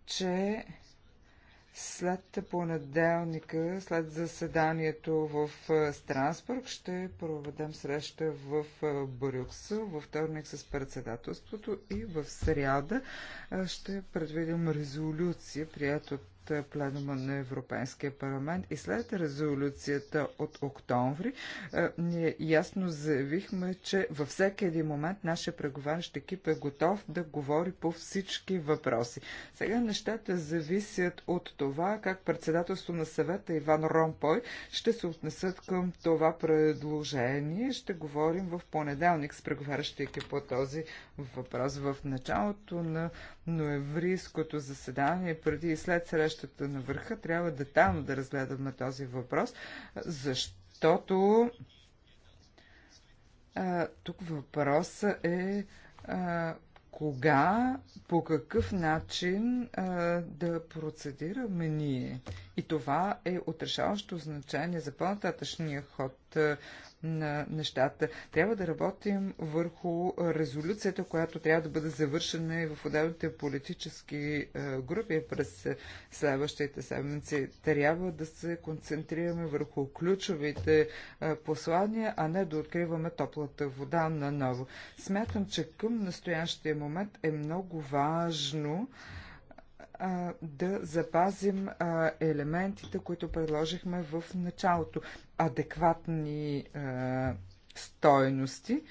че след понеделника, след заседанието в е, Страсбург, ще проведем среща в е, Брюксел, във вторник с председателството и в сряда е, ще предвидим резолюция, прият от е, пленума на Европейския парламент и след резолюцията от октомври, е, ние ясно заявихме, че във всеки един момент нашия преговарящ екип е готов да говори по всички въпроси. Сега нещата зависят от това, как председателство на съвета Иван Ромпой ще се отнесат към това предложение. Ще говорим в понеделник с преговарящ екип по този въпрос. В началото на ноеврийското заседание, преди и след срещата на върха, трябва детално да разгледаме този въпрос, защото а, тук въпросът е а, кога, по какъв начин а, да процедираме ние. И това е отрешаващо значение за по-нататъчния ход а, на нещата. Трябва да работим върху резолюцията, която трябва да бъде завършена и в отделните политически е, групи през следващите седмици. Трябва да се концентрираме върху ключовите е, послания, а не да откриваме топлата вода наново. Смятам, че към настоящия момент е много важно да запазим елементите, които предложихме в началото. Адекватни стойности.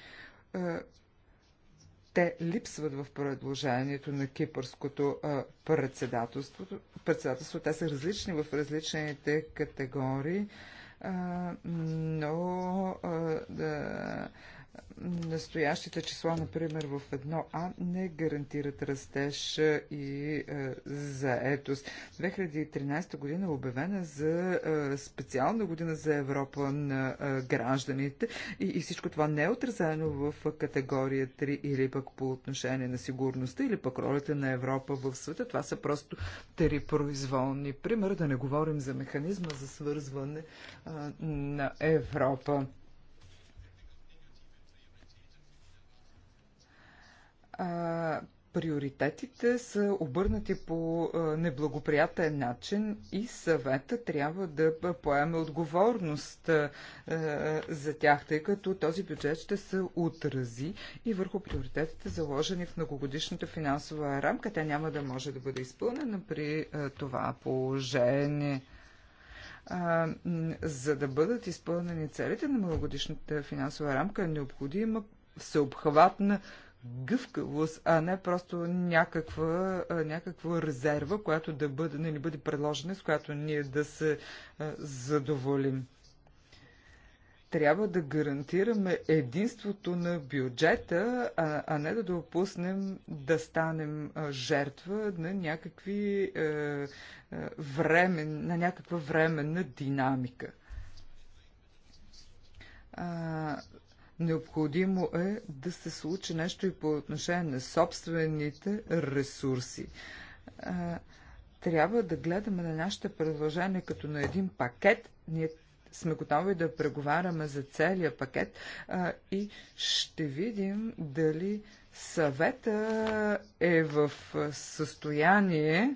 Те липсват в предложението на кипърското председателство. председателство. Те са различни в различните категории, но да Настоящите числа, например, в едно, а не гарантират растеж и е, заетост. 2013 година е обявена за е, специална година за Европа на е, гражданите и, и всичко това не е отразено в категория 3 или пък по отношение на сигурността или пък ролята на Европа в света. Това са просто три произволни примера, да не говорим за механизма за свързване е, на Европа. а, приоритетите са обърнати по неблагоприятен начин и съвета трябва да поеме отговорност за тях, тъй като този бюджет ще се отрази и върху приоритетите заложени в многогодишната финансова рамка. Тя няма да може да бъде изпълнена при това положение за да бъдат изпълнени целите на многогодишната финансова рамка е необходима всеобхватна гъвкавост, а не просто някаква, някаква резерва, която да бъде, не ни нали, бъде предложена, с която ние да се задоволим трябва да гарантираме единството на бюджета, а, а не да допуснем да станем жертва на някакви е, е, времен, на някаква временна динамика. А, Необходимо е да се случи нещо и по отношение на собствените ресурси. Трябва да гледаме на нашите предложения като на един пакет. Ние сме готови да преговаряме за целия пакет а, и ще видим дали съвета е в състояние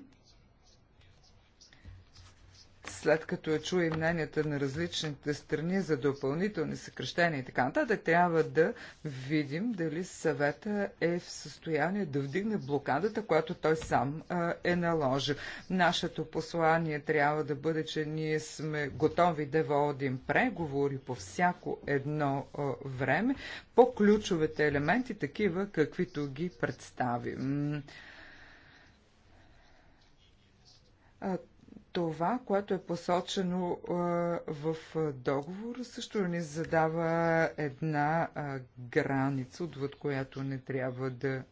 след като чуем мненията на различните страни за допълнителни съкрещения и така нататък, трябва да видим дали съвета е в състояние да вдигне блокадата, която той сам а, е наложил. Нашето послание трябва да бъде, че ние сме готови да водим преговори по всяко едно а, време по ключовете елементи, такива каквито ги представим. Това, което е посочено в договора, също ни задава една граница, отвъд която не трябва да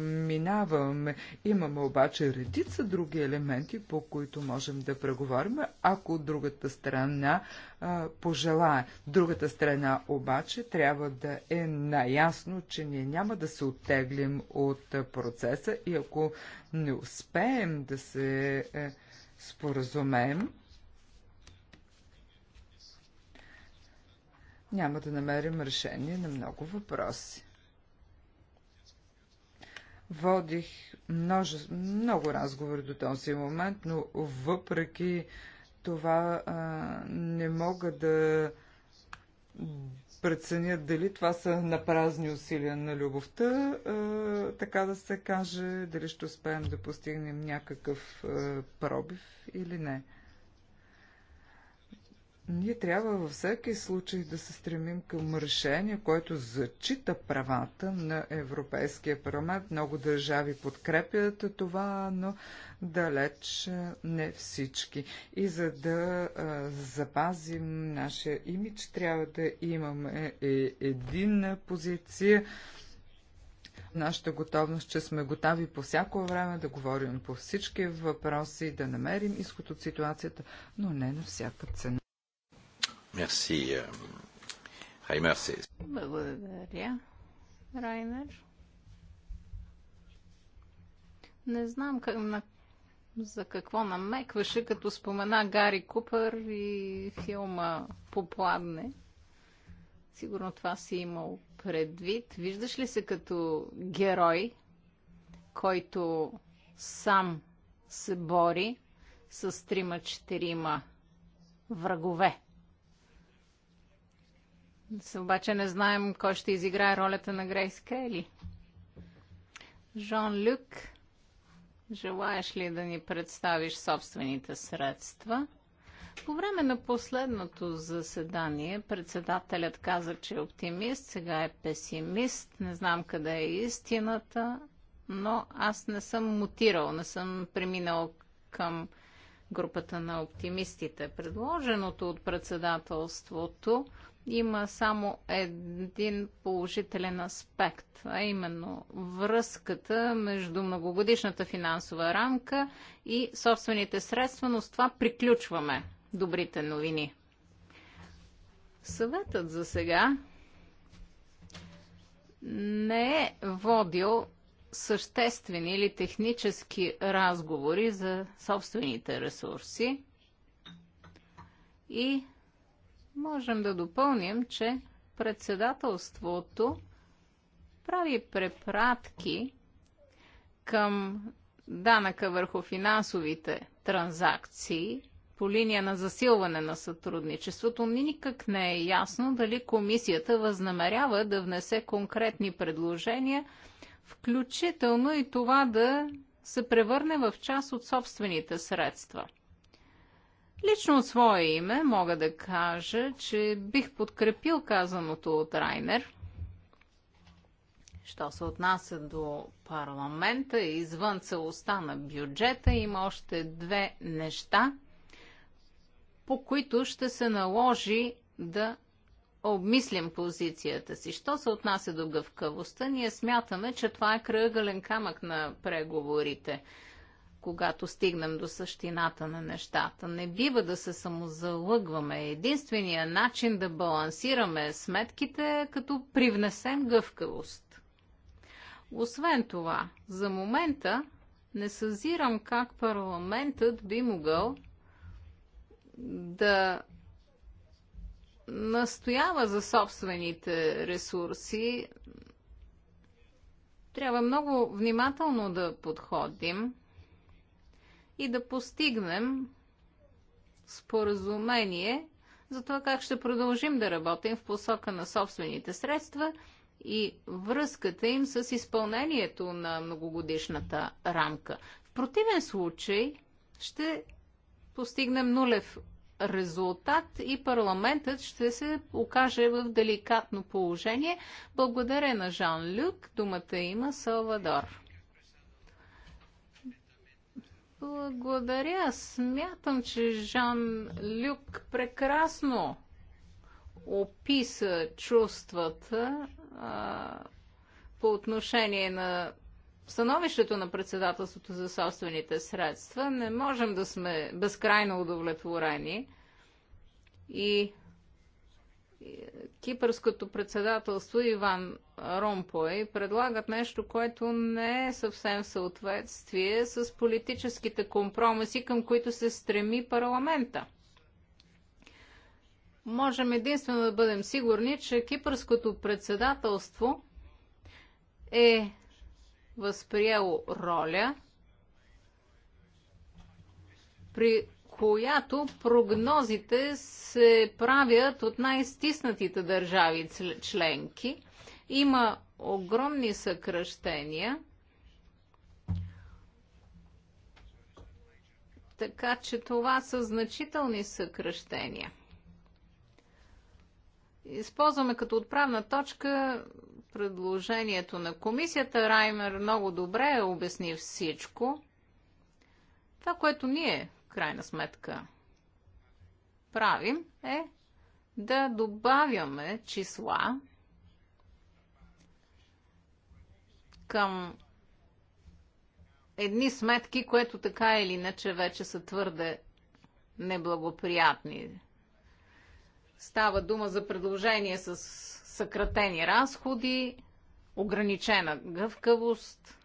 минаваме. Имаме обаче редица други елементи, по които можем да преговорим, ако другата страна пожелае. Другата страна обаче трябва да е наясно, че ние няма да се оттеглим от процеса и ако не успеем да се е, споразумеем. Няма да намерим решение на много въпроси. Водих множе, много разговори до този момент, но въпреки това а, не мога да преценят дали това са напразни усилия на любовта, така да се каже, дали ще успеем да постигнем някакъв пробив или не. Ние трябва във всеки случай да се стремим към решение, което зачита правата на Европейския парламент. Много държави подкрепят това, но далеч не всички. И за да а, запазим нашия имидж, трябва да имаме е, единна позиция нашата готовност, че сме готови по всяко време да говорим по всички въпроси, да намерим изход от ситуацията, но не на всяка цена. Мерси, Раймер. Euh, Благодаря, Раймер. Не знам как, на, за какво намекваше, като спомена Гари Купър и филма Попладне. Сигурно това си имал предвид. Виждаш ли се като герой, който сам се бори с трима-четирима врагове? обаче не знаем кой ще изиграе ролята на Грейс Кейли. Жон Люк, желаеш ли да ни представиш собствените средства? По време на последното заседание председателят каза, че е оптимист, сега е песимист, не знам къде е истината, но аз не съм мутирал, не съм преминал към групата на оптимистите. Предложеното от председателството има само един положителен аспект, а именно връзката между многогодишната финансова рамка и собствените средства, но с това приключваме добрите новини. Съветът за сега не е водил съществени или технически разговори за собствените ресурси и можем да допълним, че председателството прави препратки към данъка върху финансовите транзакции по линия на засилване на сътрудничеството, никак не е ясно дали комисията възнамерява да внесе конкретни предложения, включително и това да се превърне в част от собствените средства – Лично от свое име мога да кажа, че бих подкрепил казаното от Райнер. Що се отнася до парламента и извън целостта на бюджета, има още две неща, по които ще се наложи да обмислим позицията си. Що се отнася до гъвкавостта, ние смятаме, че това е кръгълен камък на преговорите – когато стигнем до същината на нещата. Не бива да се самозалъгваме. Единственият начин да балансираме сметките е като привнесем гъвкавост. Освен това, за момента не съзирам как парламентът би могъл да настоява за собствените ресурси. Трябва много внимателно да подходим и да постигнем споразумение за това как ще продължим да работим в посока на собствените средства и връзката им с изпълнението на многогодишната рамка. В противен случай ще постигнем нулев резултат и парламентът ще се окаже в деликатно положение. Благодаря на Жан Люк. Думата има Салвадор. Благодаря. Смятам, че Жан Люк прекрасно описа чувствата а, по отношение на становището на председателството за собствените средства. Не можем да сме безкрайно удовлетворени и Кипърското председателство Иван Ромпой предлагат нещо, което не е съвсем в съответствие с политическите компромиси, към които се стреми парламента. Можем единствено да бъдем сигурни, че Кипърското председателство е възприело роля при която прогнозите се правят от най-стиснатите държави членки. Има огромни съкръщения. Така че това са значителни съкръщения. Използваме като отправна точка предложението на комисията. Раймер много добре обясни всичко. Това, което ние крайна сметка правим, е да добавяме числа към едни сметки, което така или иначе вече са твърде неблагоприятни. Става дума за предложение с съкратени разходи, ограничена гъвкавост –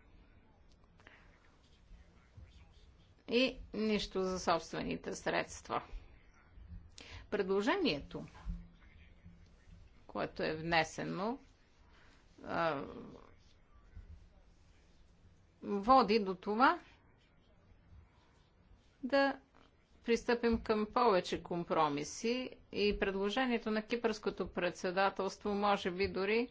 и нищо за собствените средства. Предложението, което е внесено, води до това да пристъпим към повече компромиси и предложението на кипърското председателство може би дори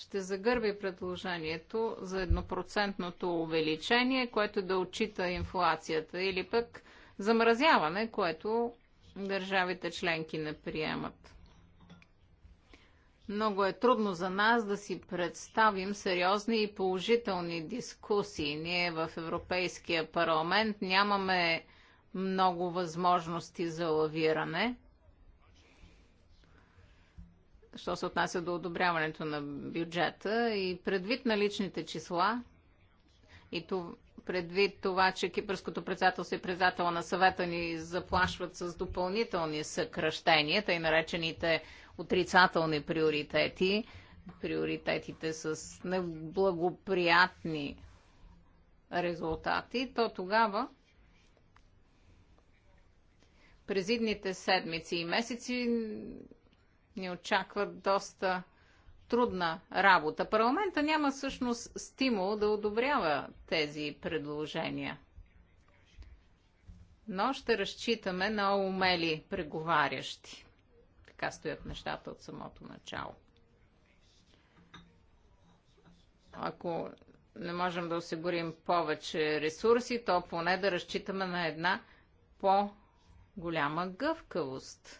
ще загърби предложението за еднопроцентното увеличение, което да отчита инфлацията или пък замразяване, което държавите членки не приемат. Много е трудно за нас да си представим сериозни и положителни дискусии. Ние в Европейския парламент нямаме много възможности за лавиране – що се отнася до одобряването на бюджета и предвид на личните числа и предвид това, че Кипърското председателство и председател на съвета ни заплашват с допълнителни съкръщения, тъй наречените отрицателни приоритети, приоритетите с неблагоприятни резултати, то тогава през идните седмици и месеци ни очаква доста трудна работа. Парламента няма всъщност стимул да одобрява тези предложения. Но ще разчитаме на умели преговарящи. Така стоят нещата от самото начало. Ако не можем да осигурим повече ресурси, то поне да разчитаме на една по-голяма гъвкавост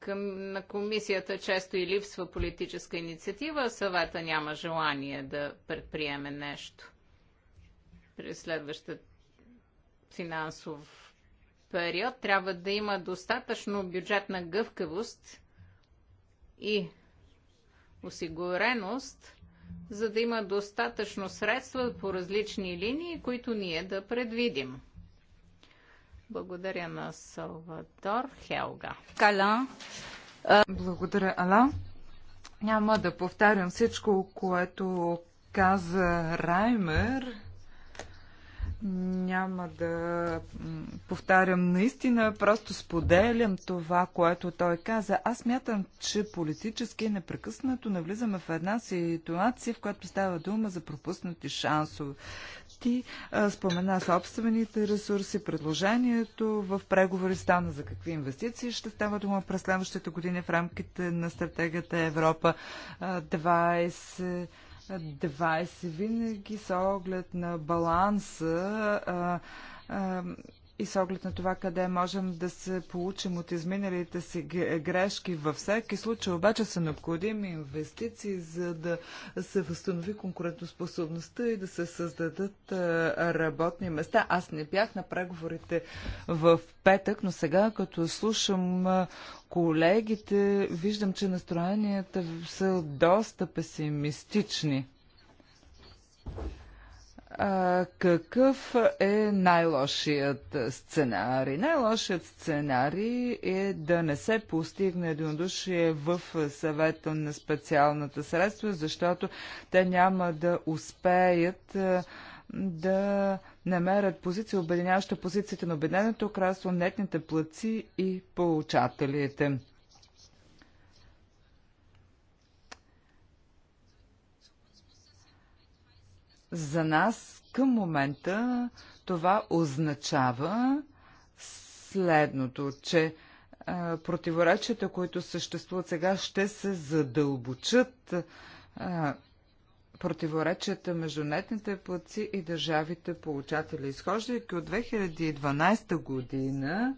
към, на комисията често и липсва политическа инициатива, а съвета няма желание да предприеме нещо. При следващата финансов период трябва да има достатъчно бюджетна гъвкавост и осигуреност, за да има достатъчно средства по различни линии, които ние да предвидим. Благодаря на Салвадор Хелга. Кала. Благодаря, Ала. Няма да повтарям всичко, което каза Раймер. Няма да повтарям наистина, просто споделям това, което той каза. Аз мятам, че политически непрекъснато навлизаме в една ситуация, в която става дума за пропуснати шансове общи, спомена собствените ресурси, предложението в преговори стана за какви инвестиции ще става дума през следващите години в рамките на стратегията Европа 20. 20 винаги с оглед на баланса а, а, и с оглед на това къде можем да се получим от изминалите си грешки. Във всеки случай обаче са необходими инвестиции, за да се възстанови конкурентоспособността и да се създадат работни места. Аз не бях на преговорите в петък, но сега като слушам колегите, виждам, че настроенията са доста песимистични а, какъв е най-лошият сценарий? Най-лошият сценарий е да не се постигне единодушие в съвета на специалната средства, защото те няма да успеят да намерят позиция, обединяваща позицията на Обединеното кралство, нетните плаци и получателите. За нас към момента това означава следното, че а, противоречията, които съществуват сега, ще се задълбочат. А, противоречията между нетните платци и държавите получатели. Изхождайки от 2012 година,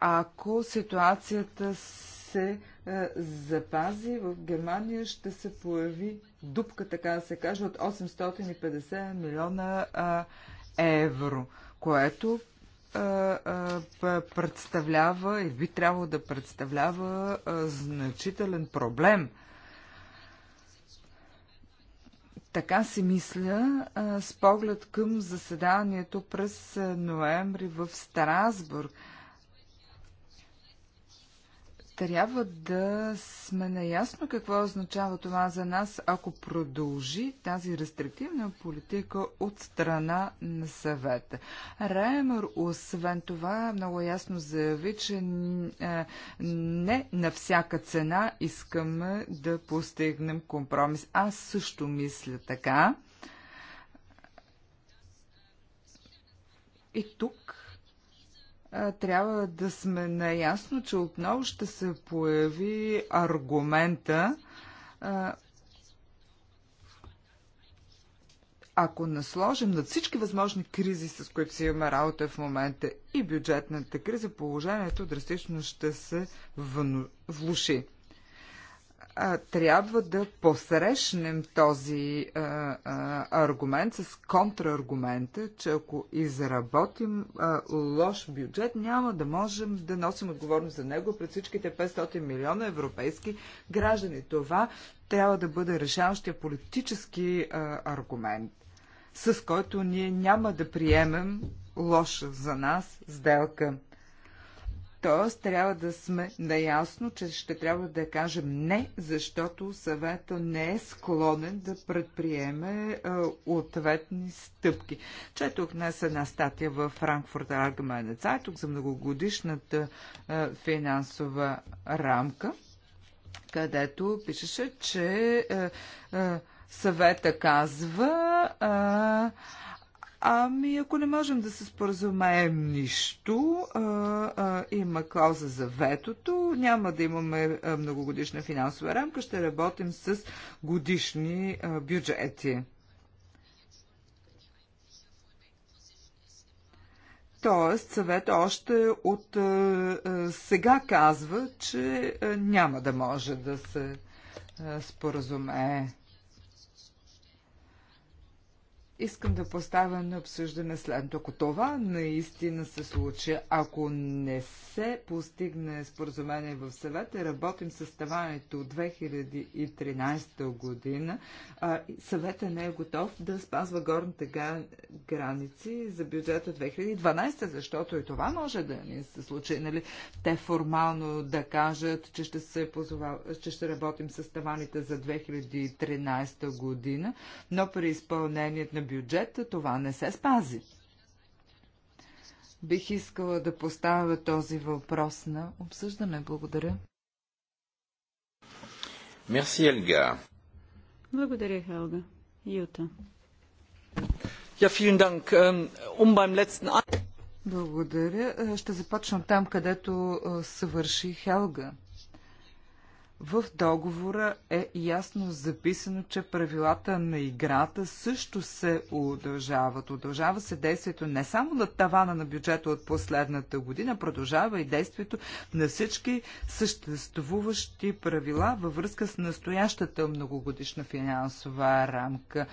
ако ситуацията се запази, в Германия ще се появи дупка, така да се каже, от 850 милиона евро, което представлява и би трябвало да представлява значителен проблем. Така си мисля с поглед към заседанието през ноември в Страсбург трябва да сме наясно какво означава това за нас, ако продължи тази рестриктивна политика от страна на съвета. Раймер, освен това, много ясно заяви, че е, не на всяка цена искаме да постигнем компромис. Аз също мисля така. И тук трябва да сме наясно, че отново ще се появи аргумента ако насложим над всички възможни кризи, с които си имаме работа в момента и бюджетната криза, положението драстично ще се влуши а, трябва да посрещнем този а, а, аргумент с контраргумента, че ако изработим а, лош бюджет, няма да можем да носим отговорност за него пред всичките 500 милиона европейски граждани. Това трябва да бъде решаващия политически а, аргумент, с който ние няма да приемем лоша за нас сделка. Т.е. трябва да сме наясно, че ще трябва да кажем не, защото съвета не е склонен да предприеме а, е, ответни стъпки. Четох днес една статия в Франкфурт Аргумене Цайток за многогодишната а, е, финансова рамка, където пишеше, че а, е, а, съвета казва. А, Ами, ако не можем да се споразумеем нищо, а, а, има клауза за ветото, няма да имаме многогодишна финансова рамка, ще работим с годишни а, бюджети. Тоест, съвет още от а, а, сега казва, че а, няма да може да се а, споразумее искам да поставя на обсъждане следното. Ако това наистина се случи, ако не се постигне споразумение в съвета, работим с таването от 2013 година, а, съвета не е готов да спазва горните граници за бюджета 2012, защото и това може да ни се случи. Нали? Те формално да кажат, че ще, се позова, че ще работим с таваните за 2013 година, но при изпълнението на бюджет, това не се спази. Бих искала да поставя този въпрос на обсъждане. Благодаря. Мерси, Елга. Благодаря, Хелга. Юта. Я филин данк. Умбайм beim Благодаря. Ще започна там, където съвърши Хелга. В договора е ясно записано, че правилата на играта също се удължават. Удължава се действието не само на тавана на бюджета от последната година, продължава и действието на всички съществуващи правила във връзка с настоящата многогодишна финансова рамка.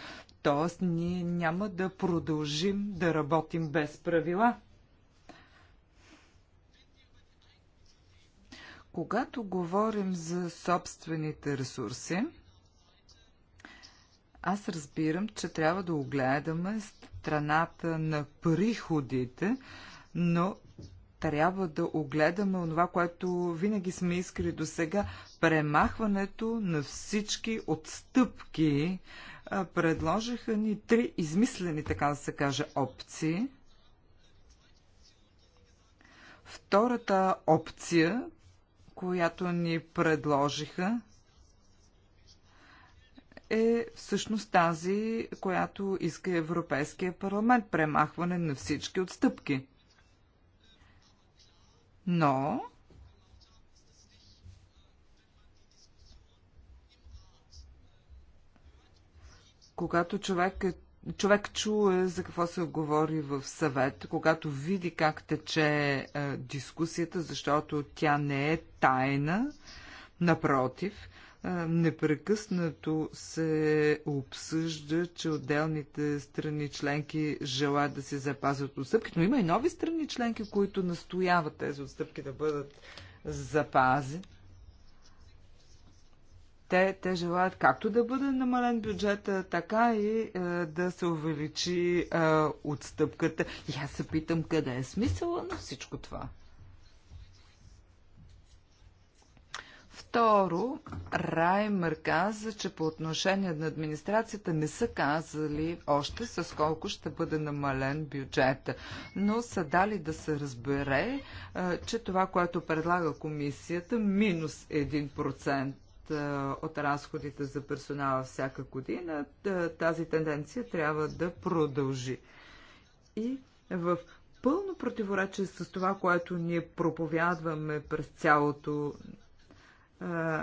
Тоест, ние няма да продължим да работим без правила. Когато говорим за собствените ресурси, аз разбирам, че трябва да огледаме страната на приходите, но трябва да огледаме онова, което винаги сме искали до сега премахването на всички отстъпки. Предложиха ни три измислени, така да се каже, опции. Втората опция, която ни предложиха, е всъщност тази, която иска Европейския парламент премахване на всички отстъпки. Но когато човек е човек чуе за какво се говори в съвет, когато види как тече е, дискусията, защото тя не е тайна, напротив, е, непрекъснато се обсъжда, че отделните страни членки желаят да се запазят отстъпки, но има и нови страни членки, които настояват тези отстъпки да бъдат запазени те, те желаят както да бъде намален бюджета, така и е, да се увеличи е, отстъпката. И аз се питам къде е смисъла на всичко това. Второ, Раймер каза, че по отношение на администрацията не са казали още с колко ще бъде намален бюджет, но са дали да се разбере, е, че това, което предлага комисията, минус 1% е, от разходите за персонала всяка година, е, тази тенденция трябва да продължи. И в пълно противоречие с това, което ние проповядваме през цялото е,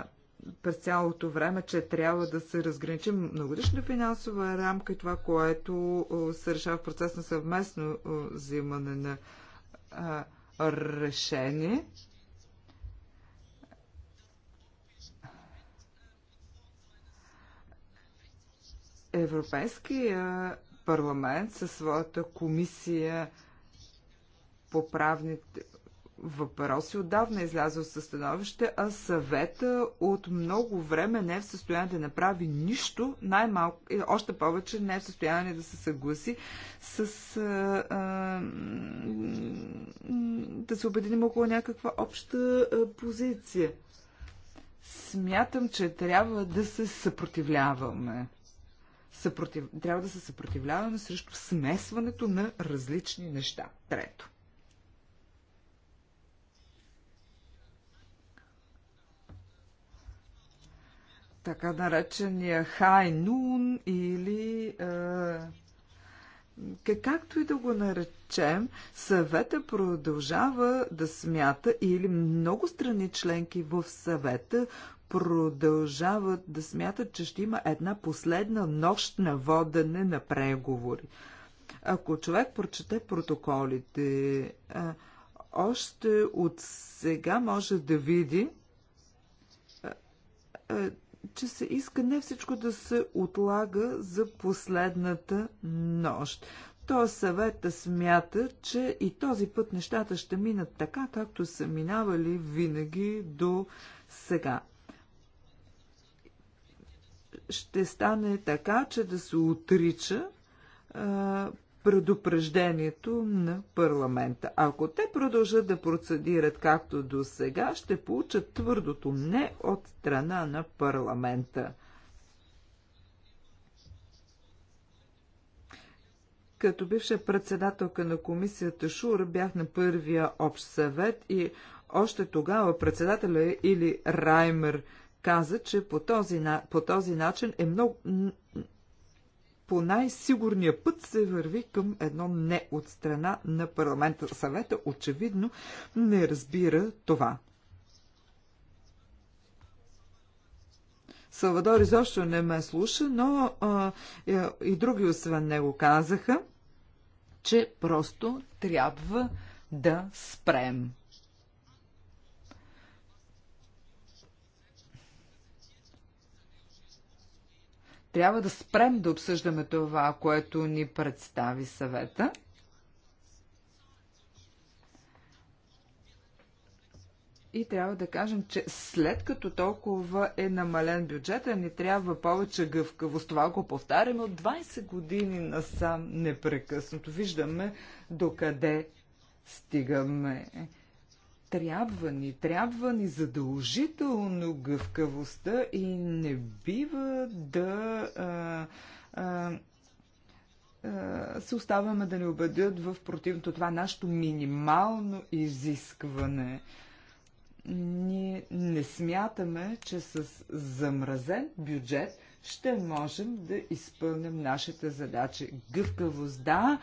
през цялото време, че трябва да се разграничим многодишна финансова рамка и това, което се решава в процес на съвместно взимане на решение. Европейския парламент със своята комисия по правните въпроси отдавна е излязъл със становище, а съвета от много време не е в състояние да направи нищо, най-малко, още повече не е в състояние да се съгласи с а, а, да се обединим около някаква обща а, позиция. Смятам, че трябва да се съпротивляваме съпротив... трябва да се съпротивляваме срещу смесването на различни неща. Трето. Така наречения хай нун или е, както и да го наречем, съвета продължава да смята или много страни членки в съвета продължават да смятат, че ще има една последна нощ на водене на преговори. Ако човек прочете протоколите, още от сега може да види, че се иска не всичко да се отлага за последната нощ. То съвета смята, че и този път нещата ще минат така, както са минавали винаги до сега ще стане така, че да се отрича а, предупреждението на парламента. Ако те продължат да процедират както до сега, ще получат твърдото не от страна на парламента. Като бивша председателка на комисията Шур бях на първия общ съвет и още тогава председателя или Раймер каза, че по този, по този начин е много. По най-сигурния път се върви към едно не от страна на парламента. Съвета очевидно не разбира това. Салвадор изобщо не ме слуша, но а, е, и други освен него казаха, че просто трябва да спрем. трябва да спрем да обсъждаме това, което ни представи съвета. И трябва да кажем, че след като толкова е намален бюджета, ни трябва повече гъвкавост. Това го повтаряме от 20 години насам непрекъснато. Виждаме докъде стигаме. Трябва ни, трябва ни задължително гъвкавостта и не бива да а, а, а, се оставаме да ни убедят в противното. Това е нашето минимално изискване ние не смятаме, че с замразен бюджет ще можем да изпълним нашите задачи. Гъвкавост, да,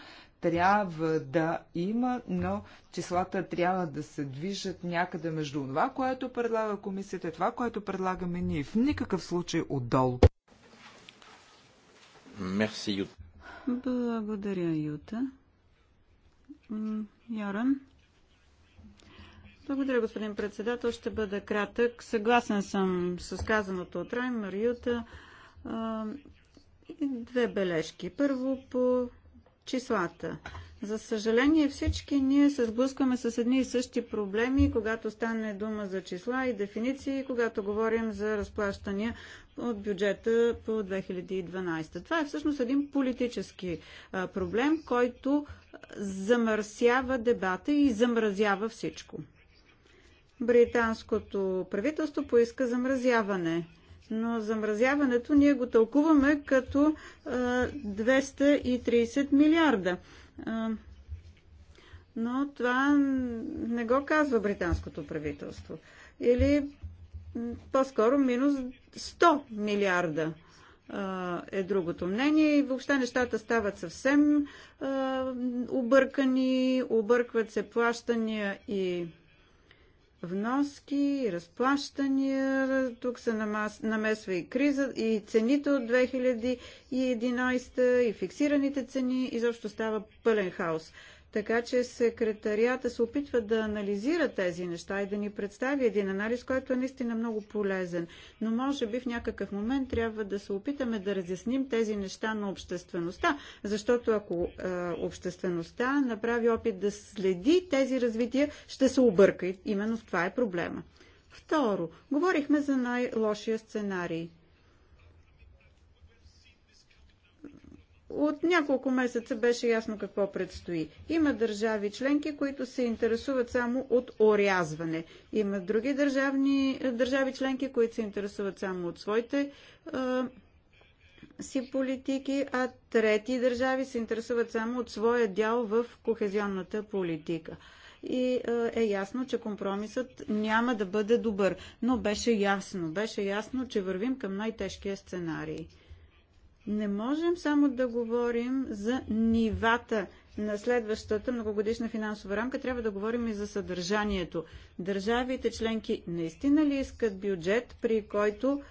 трябва да има, но числата трябва да се движат някъде между това, което предлага комисията и това, което предлагаме ние. В никакъв случай отдолу. Мерси, Юта. Благодаря, Юта. Яран. Благодаря, господин председател. Ще бъда кратък. Съгласен съм с казаното от Раймер Юта. Две бележки. Първо по числата. За съжаление всички ние се сблъскваме с едни и същи проблеми, когато стане дума за числа и дефиниции, когато говорим за разплащания от бюджета по 2012. Това е всъщност един политически проблем, който замърсява дебата и замразява всичко. Британското правителство поиска замразяване но замразяването ние го тълкуваме като 230 милиарда. Но това не го казва британското правителство. Или по-скоро минус 100 милиарда е другото мнение и въобще нещата стават съвсем объркани, объркват се плащания и вноски, разплащания, тук се намесва и криза, и цените от 2011 и фиксираните цени, изобщо става пълен хаос. Така че секретарията се опитва да анализира тези неща и да ни представи един анализ, който е наистина много полезен. Но може би в някакъв момент трябва да се опитаме да разясним тези неща на обществеността, защото ако е, обществеността направи опит да следи тези развития, ще се обърка. Именно в това е проблема. Второ, говорихме за най-лошия сценарий – От няколко месеца беше ясно какво предстои. Има държави членки, които се интересуват само от орязване. Има други държавни, държави членки, които се интересуват само от своите а, си политики, а трети държави се интересуват само от своя дял в кохезионната политика. И е, е ясно, че компромисът няма да бъде добър. Но беше ясно, беше ясно, че вървим към най-тежкия сценарий. Не можем само да говорим за нивата на следващата многогодишна финансова рамка, трябва да говорим и за съдържанието. Държавите членки наистина ли искат бюджет, при който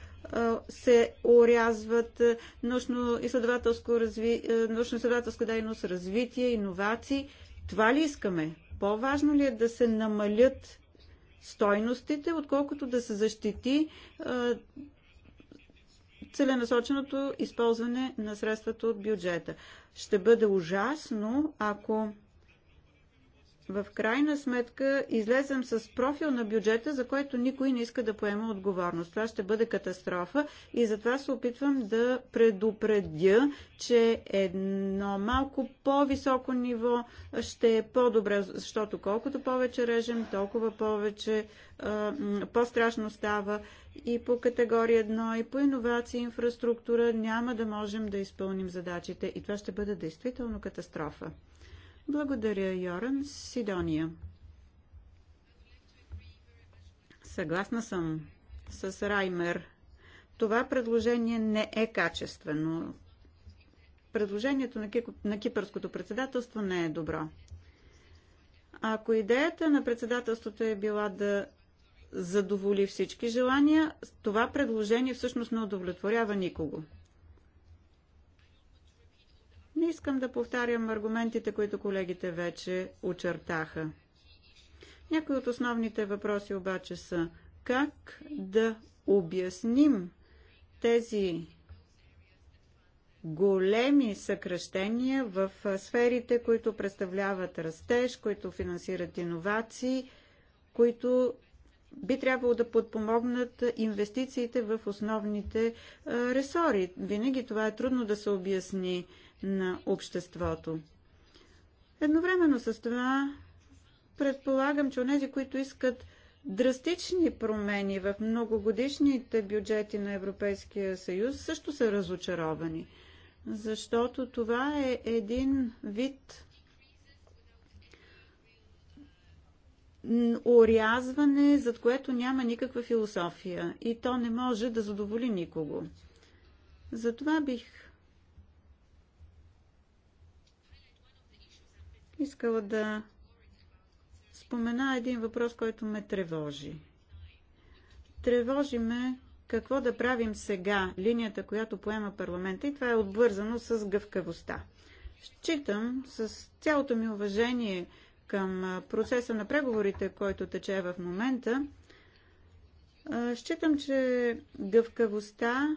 се урязват научно-изследователско, разви... научно дейност, развитие, иновации. Това ли искаме? По-важно ли е да се намалят стойностите, отколкото да се защити целенасоченото използване на средствата от бюджета. Ще бъде ужасно, ако в крайна сметка излезем с профил на бюджета, за който никой не иска да поема отговорност. Това ще бъде катастрофа и затова се опитвам да предупредя, че едно малко по-високо ниво ще е по-добре, защото колкото повече режем, толкова повече по-страшно става и по категория 1, и по иновации, инфраструктура няма да можем да изпълним задачите и това ще бъде действително катастрофа. Благодаря, Йоран. Сидония. Съгласна съм с Раймер. Това предложение не е качествено. Предложението на, на кипърското председателство не е добро. Ако идеята на председателството е била да задоволи всички желания, това предложение всъщност не удовлетворява никого. Не искам да повтарям аргументите, които колегите вече очертаха. Някои от основните въпроси обаче са как да обясним тези големи съкръщения в сферите, които представляват растеж, които финансират иновации, които би трябвало да подпомогнат инвестициите в основните ресори. Винаги това е трудно да се обясни на обществото. Едновременно с това предполагам, че онези, които искат драстични промени в многогодишните бюджети на Европейския съюз, също са разочаровани, защото това е един вид орязване, зад което няма никаква философия и то не може да задоволи никого. Затова бих искала да спомена един въпрос, който ме тревожи. Тревожи ме какво да правим сега, линията, която поема парламента, и това е обвързано с гъвкавостта. Считам с цялото ми уважение към процеса на преговорите, който тече в момента, считам, че гъвкавостта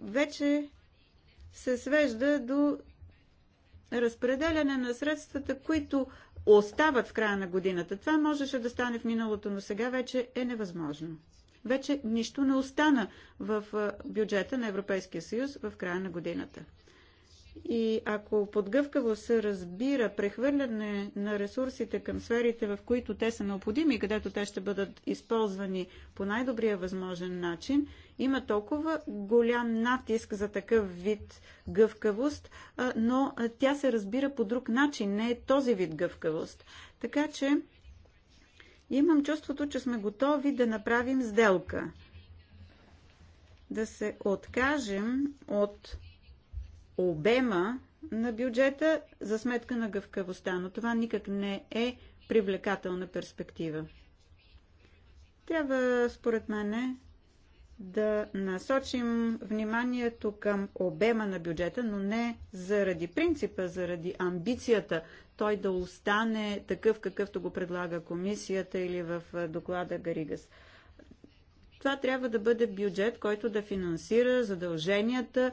вече се свежда до разпределяне на средствата, които остават в края на годината. Това можеше да стане в миналото, но сега вече е невъзможно. Вече нищо не остана в бюджета на Европейския съюз в края на годината. И ако под гъвкаво се разбира прехвърляне на ресурсите към сферите, в които те са необходими и където те ще бъдат използвани по най-добрия възможен начин, има толкова голям натиск за такъв вид гъвкавост, но тя се разбира по друг начин, не е този вид гъвкавост. Така че имам чувството, че сме готови да направим сделка. Да се откажем от обема на бюджета за сметка на гъвкавостта, но това никак не е привлекателна перспектива. Трябва, според мене, да насочим вниманието към обема на бюджета, но не заради принципа, заради амбицията той да остане такъв, какъвто го предлага комисията или в доклада Гаригас. Това трябва да бъде бюджет, който да финансира задълженията,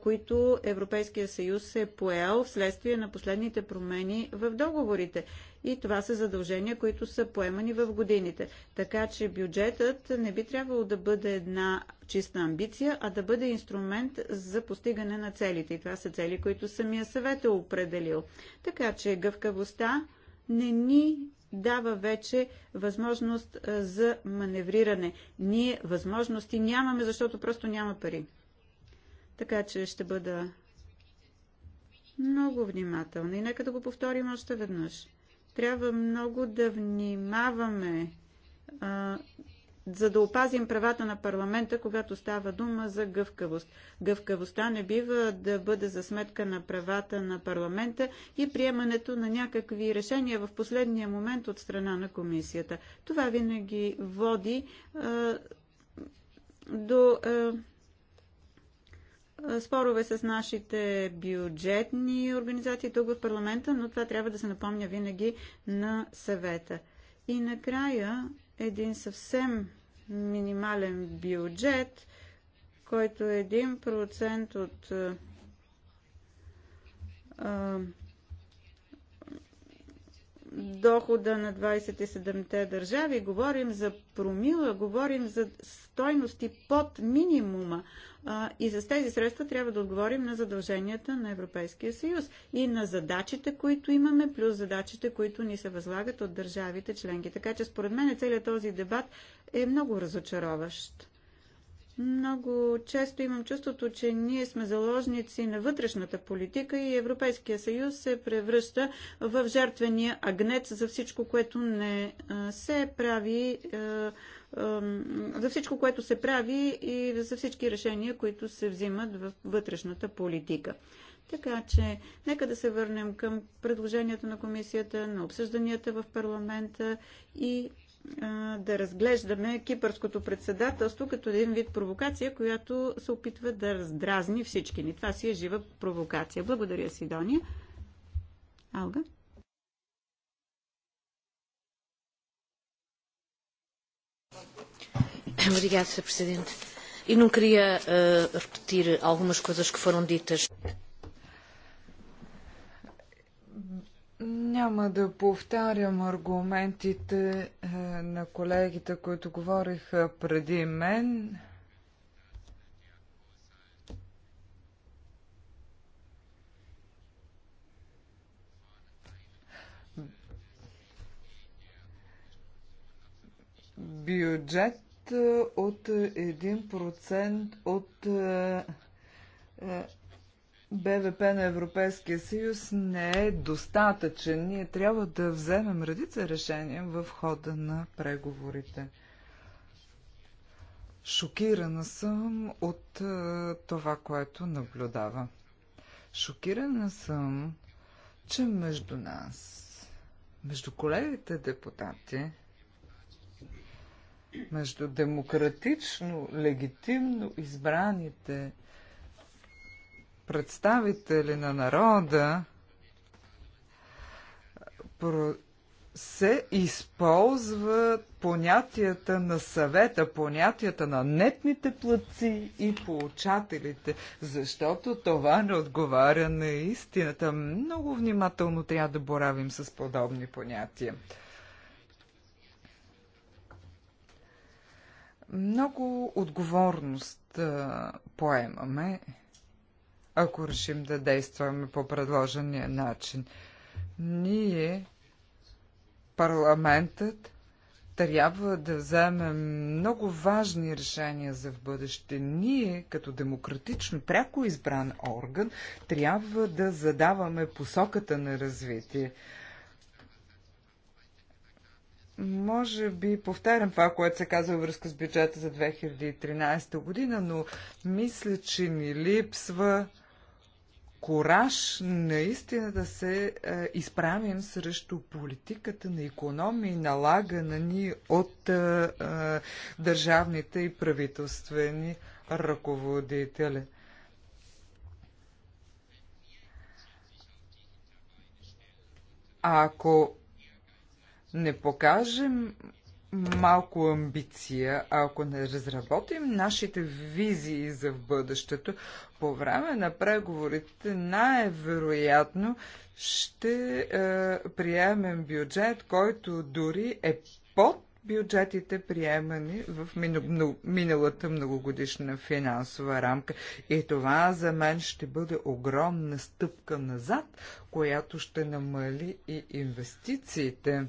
които Европейския съюз е поел вследствие на последните промени в договорите. И това са задължения, които са поемани в годините. Така че бюджетът не би трябвало да бъде една чиста амбиция, а да бъде инструмент за постигане на целите. И това са цели, които самия съвет е определил. Така че гъвкавостта не ни дава вече възможност за маневриране. Ние възможности нямаме, защото просто няма пари. Така че ще бъда много внимателна и нека да го повторим още веднъж. Трябва много да внимаваме за да опазим правата на парламента, когато става дума за гъвкавост. Гъвкавостта не бива да бъде за сметка на правата на парламента и приемането на някакви решения в последния момент от страна на комисията. Това винаги води а, до. А, спорове с нашите бюджетни организации тук в парламента, но това трябва да се напомня винаги на съвета. И накрая един съвсем минимален бюджет, който е 1% от дохода на 27-те държави, говорим за промила, говорим за стойности под минимума. А, и с тези средства трябва да отговорим на задълженията на Европейския съюз и на задачите, които имаме, плюс задачите, които ни се възлагат от държавите членки. Така че според мен целият този дебат е много разочароващ. Много често имам чувството, че ние сме заложници на вътрешната политика и Европейския съюз се превръща в жертвения агнец за всичко, което не се прави, за всичко, което се прави и за всички решения, които се взимат в вътрешната политика. Така че, нека да се върнем към предложенията на комисията, на обсъжданията в парламента и да разглеждаме кипърското председателство като един вид провокация, която се опитва да раздразни всички ни. Това си е жива провокация. Благодаря, Сидония. Алга? Obrigada, Sr. Presidente. Eu não queria uh, repetir algumas coisas que foram ditas. Няма да повтарям аргументите е, на колегите, които говориха преди мен. Бюджет е, от 1% от е, БВП на Европейския съюз не е достатъчен. Ние трябва да вземем редица решения в хода на преговорите. Шокирана съм от това, което наблюдава. Шокирана съм, че между нас, между колегите депутати, между демократично, легитимно избраните представители на народа се използват понятията на съвета, понятията на нетните плъци и получателите, защото това не отговаря на истината. Много внимателно трябва да боравим с подобни понятия. Много отговорност поемаме ако решим да действаме по предложения начин. Ние, парламентът, трябва да вземем много важни решения за в бъдеще. Ние, като демократично пряко избран орган, трябва да задаваме посоката на развитие. Може би повтарям това, което се казва във връзка с бюджета за 2013 година, но мисля, че ни липсва кораж наистина да се е, изправим срещу политиката на економии, налагана ни от е, е, държавните и правителствени ръководители. А ако не покажем малко амбиция, ако не разработим нашите визии за в бъдещето, по време на преговорите най-вероятно ще е, приемем бюджет, който дори е под бюджетите приемани в миналата многогодишна финансова рамка. И това за мен ще бъде огромна стъпка назад, която ще намали и инвестициите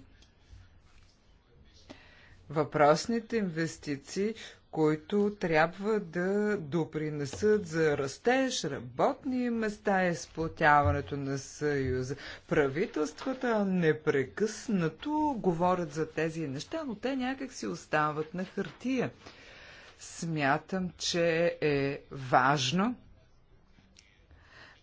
въпросните инвестиции, които трябва да допринесат за растеж, работни места и сплотяването на Съюза. Правителствата непрекъснато говорят за тези неща, но те някак си остават на хартия. Смятам, че е важно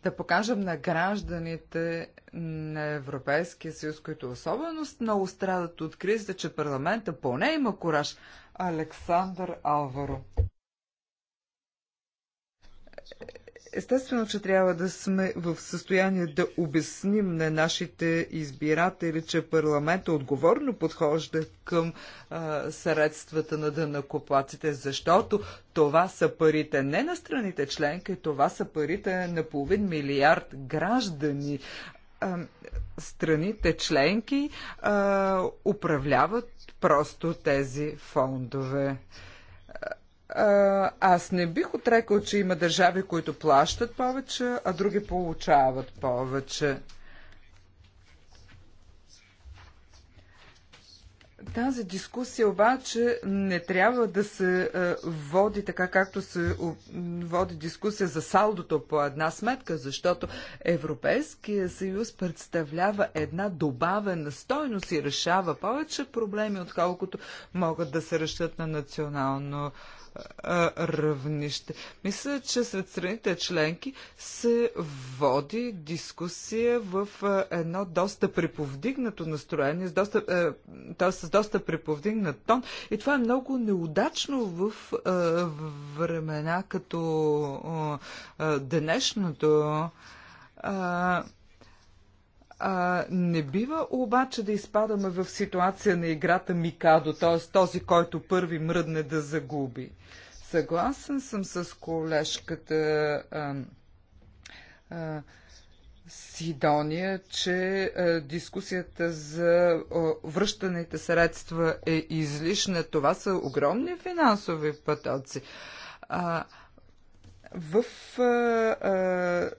да покажем на гражданите на Европейския съюз, които особено много страдат от кризата, че парламента поне има кораж. Александър Алваро. Естествено, че трябва да сме в състояние да обясним на нашите избиратели, че парламента отговорно подхожда към а, средствата на дънакоплаците, защото това са парите не на страните членки, това са парите на половин милиард граждани. А, страните членки а, управляват просто тези фондове аз не бих отрекал, че има държави, които плащат повече, а други получават повече. Тази дискусия обаче не трябва да се води така, както се води дискусия за салдото по една сметка, защото Европейския съюз представлява една добавена стойност и решава повече проблеми, отколкото могат да се решат на национално равнище. Мисля, че сред страните членки се води дискусия в едно доста приповдигнато настроение, с доста, с доста приповдигнат тон. И това е много неудачно в времена като днешното. А, не бива обаче да изпадаме в ситуация на играта Микадо, т.е. този, който първи мръдне да загуби. Съгласен съм с колежката а, а, Сидония, че а, дискусията за а, връщаните средства е излишна. Това са огромни финансови потоци. А, в а,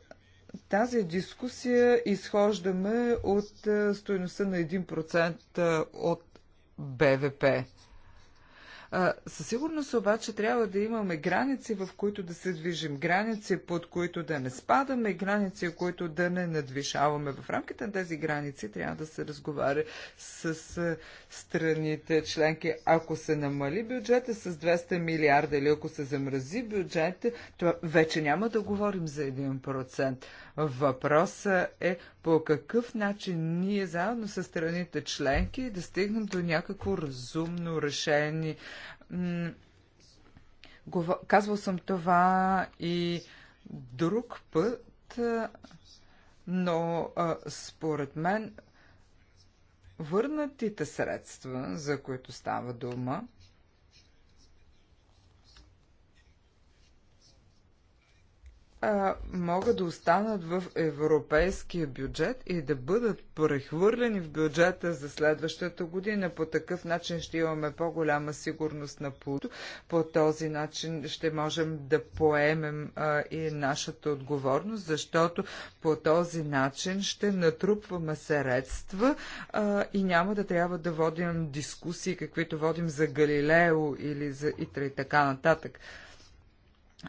тази дискусия изхождаме от а, стоеността на 1% от БВП. Със сигурност обаче трябва да имаме граници, в които да се движим, граници, под които да не спадаме, граници, които да не надвишаваме. В рамките на тези граници трябва да се разговаря с страните членки. Ако се намали бюджета с 200 милиарда или ако се замрази бюджета, това вече няма да говорим за 1%. Въпросът е по какъв начин ние заедно с страните членки да стигнем до някакво разумно решение. Казвал съм това и друг път, но според мен върнатите средства, за които става дума, а, могат да останат в европейския бюджет и да бъдат прехвърлени в бюджета за следващата година. По такъв начин ще имаме по-голяма сигурност на полуто. По този начин ще можем да поемем а, и нашата отговорност, защото по този начин ще натрупваме средства а, и няма да трябва да водим дискусии, каквито водим за Галилео или за Итра и така нататък.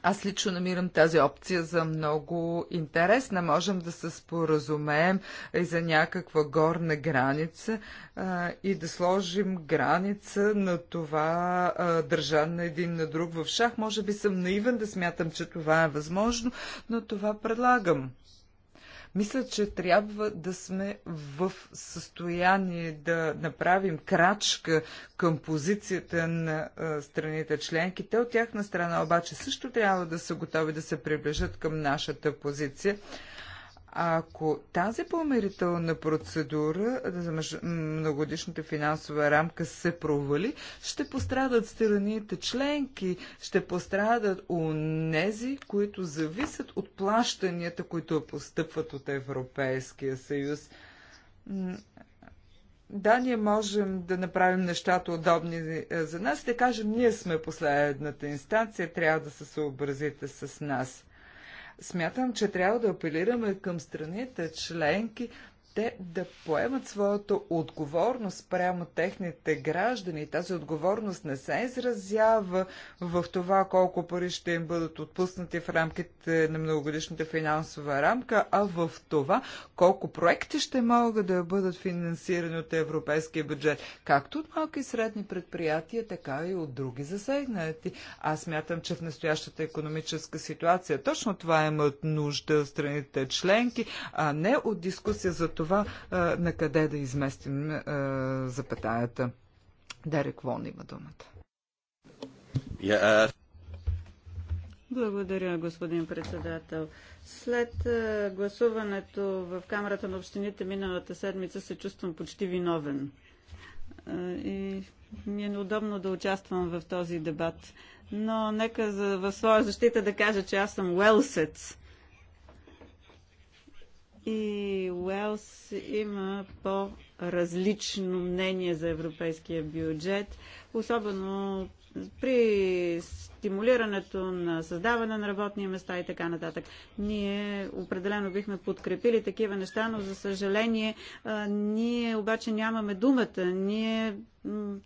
Аз лично намирам тази опция за много интересна. Можем да се споразумеем и за някаква горна граница а, и да сложим граница на това а, държан на един на друг в шах. Може би съм наивен да смятам, че това е възможно, но това предлагам. Мисля, че трябва да сме в състояние да направим крачка към позицията на страните членки. Те от тяхна страна обаче също трябва да са готови да се приближат към нашата позиция. Ако тази помирителна процедура за многодишната финансова рамка се провали, ще пострадат страните членки, ще пострадат онези, които зависят от плащанията, които постъпват от Европейския съюз. Да, ние можем да направим нещата удобни е, за нас и да кажем, ние сме последната инстанция, трябва да се съобразите с нас. Смятам, че трябва да апелираме към страните членки те да поемат своята отговорност прямо техните граждани. Тази отговорност не се изразява в това колко пари ще им бъдат отпуснати в рамките на многогодишната финансова рамка, а в това колко проекти ще могат да бъдат финансирани от европейския бюджет, както от малки и средни предприятия, така и от други засегнати. Аз мятам, че в настоящата економическа ситуация точно това имат нужда страните членки, а не от дискусия за това, това на къде да изместим запетаята. Дерек Вон има думата. Yeah. Благодаря, господин председател. След гласуването в Камерата на общините миналата седмица се чувствам почти виновен. И ми е неудобно да участвам в този дебат. Но нека за, в своя защита да кажа, че аз съм уелсец и Уелс има по-различно мнение за европейския бюджет, особено при стимулирането на създаване на работни места и така нататък. Ние определено бихме подкрепили такива неща, но за съжаление ние обаче нямаме думата. Ние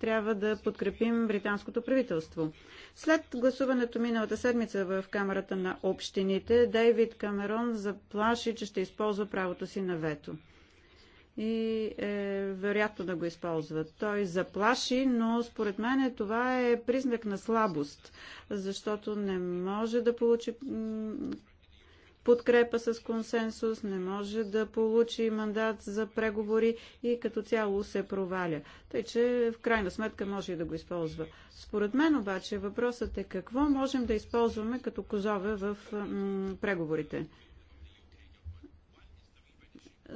трябва да подкрепим британското правителство. След гласуването миналата седмица в Камерата на общините, Дейвид Камерон заплаши, че ще използва правото си на вето и е вероятно да го използват. Той заплаши, но според мен това е признак на слабост, защото не може да получи подкрепа с консенсус, не може да получи мандат за преговори и като цяло се проваля. Тъй, че в крайна сметка може и да го използва. Според мен обаче въпросът е какво можем да използваме като козове в преговорите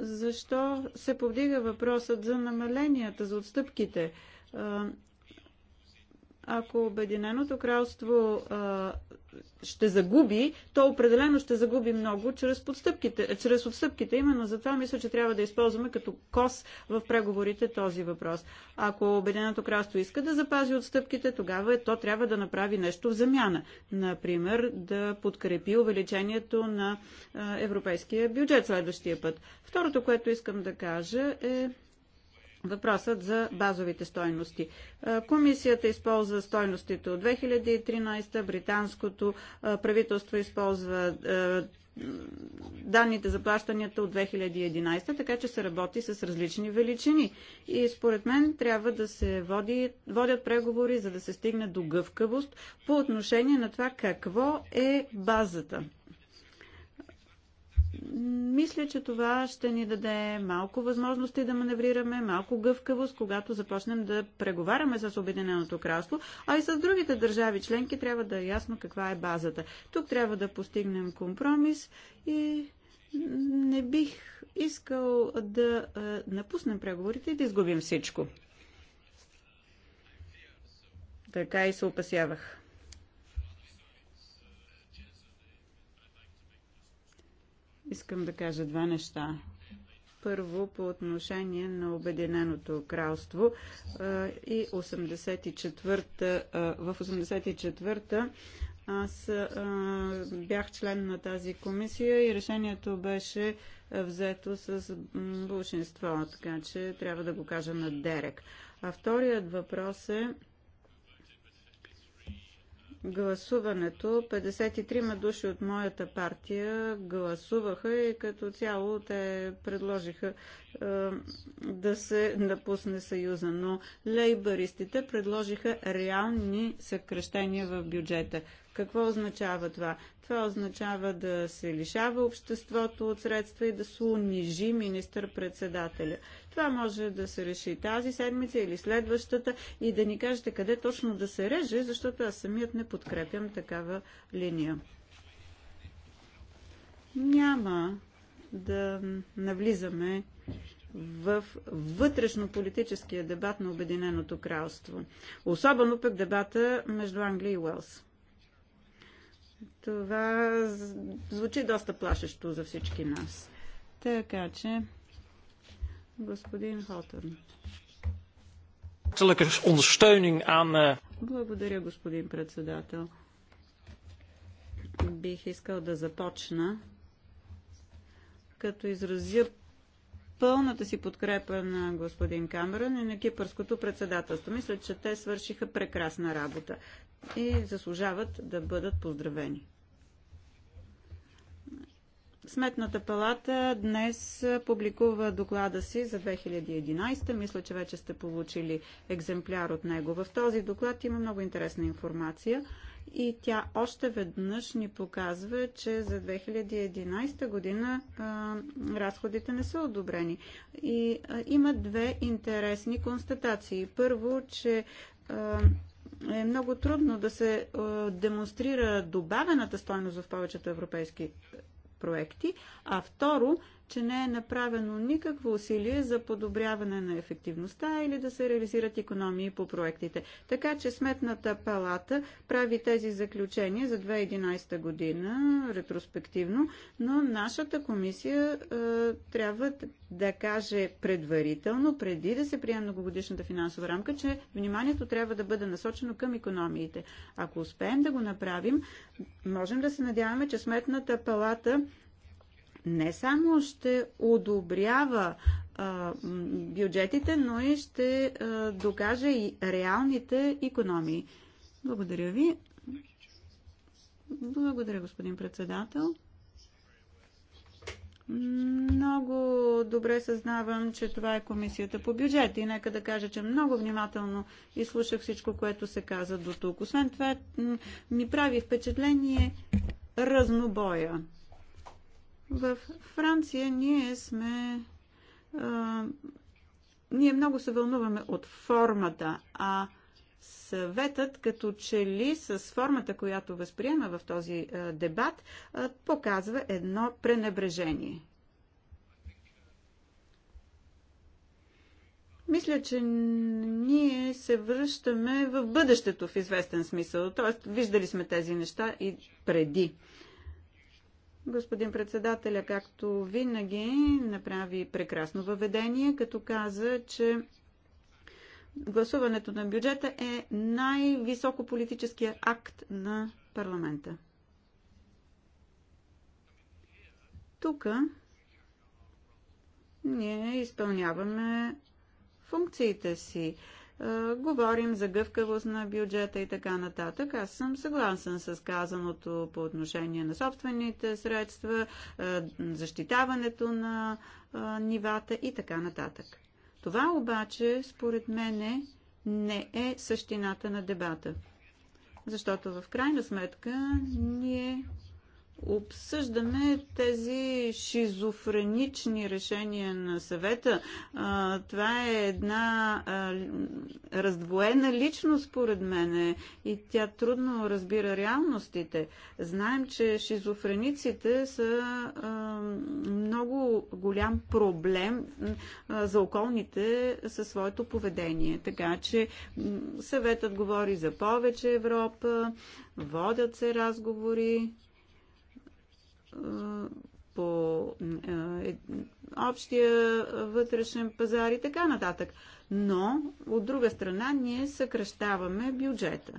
защо се повдига въпросът за намаленията, за отстъпките ако Обединеното кралство а, ще загуби, то определено ще загуби много чрез, подстъпките, чрез отстъпките. Именно за това мисля, че трябва да използваме като кос в преговорите този въпрос. Ако Обединеното кралство иска да запази отстъпките, тогава е, то трябва да направи нещо в замяна. Например, да подкрепи увеличението на европейския бюджет следващия път. Второто, което искам да кажа е Въпросът за базовите стойности. Комисията използва стойностите от 2013, британското правителство използва данните за плащанията от 2011, така че се работи с различни величини. И според мен трябва да се води, водят преговори, за да се стигне до гъвкавост по отношение на това какво е базата мисля, че това ще ни даде малко възможности да маневрираме, малко гъвкавост, когато започнем да преговаряме с Обединеното кралство, а и с другите държави членки трябва да е ясно каква е базата. Тук трябва да постигнем компромис и не бих искал да напуснем преговорите и да изгубим всичко. Така и се опасявах. Искам да кажа два неща. Първо, по отношение на Обединеното кралство и 84-та, в 84-та аз бях член на тази комисия и решението беше взето с большинство, така че трябва да го кажа на Дерек. А вторият въпрос е гласуването. 53 души от моята партия гласуваха и като цяло те предложиха е, да се напусне Съюза. Но лейбаристите предложиха реални съкрещения в бюджета. Какво означава това? Това означава да се лишава обществото от средства и да се унижи министър-председателя. Това може да се реши тази седмица или следващата и да ни кажете къде точно да се реже, защото аз самият не подкрепям такава линия. Няма да навлизаме в вътрешно-политическия дебат на Обединеното кралство. Особено пък дебата между Англия и Уелс. Това звучи доста плашещо за всички нас. Така че, господин Хотън. Eh, Благодаря, господин председател. Бих искал да започна като изразя пълната си подкрепа на господин Камерън и на кипърското председателство. Мисля, че те свършиха прекрасна работа и заслужават да бъдат поздравени. Сметната палата днес публикува доклада си за 2011. Мисля, че вече сте получили екземпляр от него. В този доклад има много интересна информация и тя още веднъж ни показва, че за 2011 година а, разходите не са одобрени. И а, има две интересни констатации. Първо, че а, е много трудно да се е, демонстрира добавената стойност в повечето европейски проекти, а второ, че не е направено никакво усилие за подобряване на ефективността или да се реализират економии по проектите. Така че Сметната палата прави тези заключения за 2011 година, ретроспективно, но нашата комисия е, трябва да каже предварително, преди да се приеме многогодишната финансова рамка, че вниманието трябва да бъде насочено към економиите. Ако успеем да го направим, можем да се надяваме, че Сметната палата не само ще одобрява бюджетите, но и ще докаже и реалните економии. Благодаря ви. Благодаря, господин председател. Много добре съзнавам, че това е комисията по бюджет и нека да кажа, че много внимателно изслушах всичко, което се каза до тук. Освен това, ми прави впечатление разнобоя в Франция ние сме. А, ние много се вълнуваме от формата, а съветът, като че ли с формата, която възприема в този а, дебат, а, показва едно пренебрежение. Мисля, че ние се връщаме в бъдещето в известен смисъл. Тоест, виждали сме тези неща и преди. Господин председателя, както винаги, направи прекрасно въведение, като каза, че гласуването на бюджета е най-високо политическия акт на парламента. Тук ние изпълняваме функциите си. Е, говорим за гъвкавост на бюджета и така нататък. Аз съм съгласен с казаното по отношение на собствените средства, е, защитаването на е, нивата и така нататък. Това обаче, според мен, не е същината на дебата. Защото в крайна сметка ние обсъждаме тези шизофренични решения на съвета. Това е една раздвоена личност, според мен, и тя трудно разбира реалностите. Знаем, че шизофрениците са много голям проблем за околните със своето поведение. Така че съветът говори за повече Европа, водят се разговори, по е, е, общия вътрешен пазар и така нататък. Но, от друга страна, ние съкръщаваме бюджета.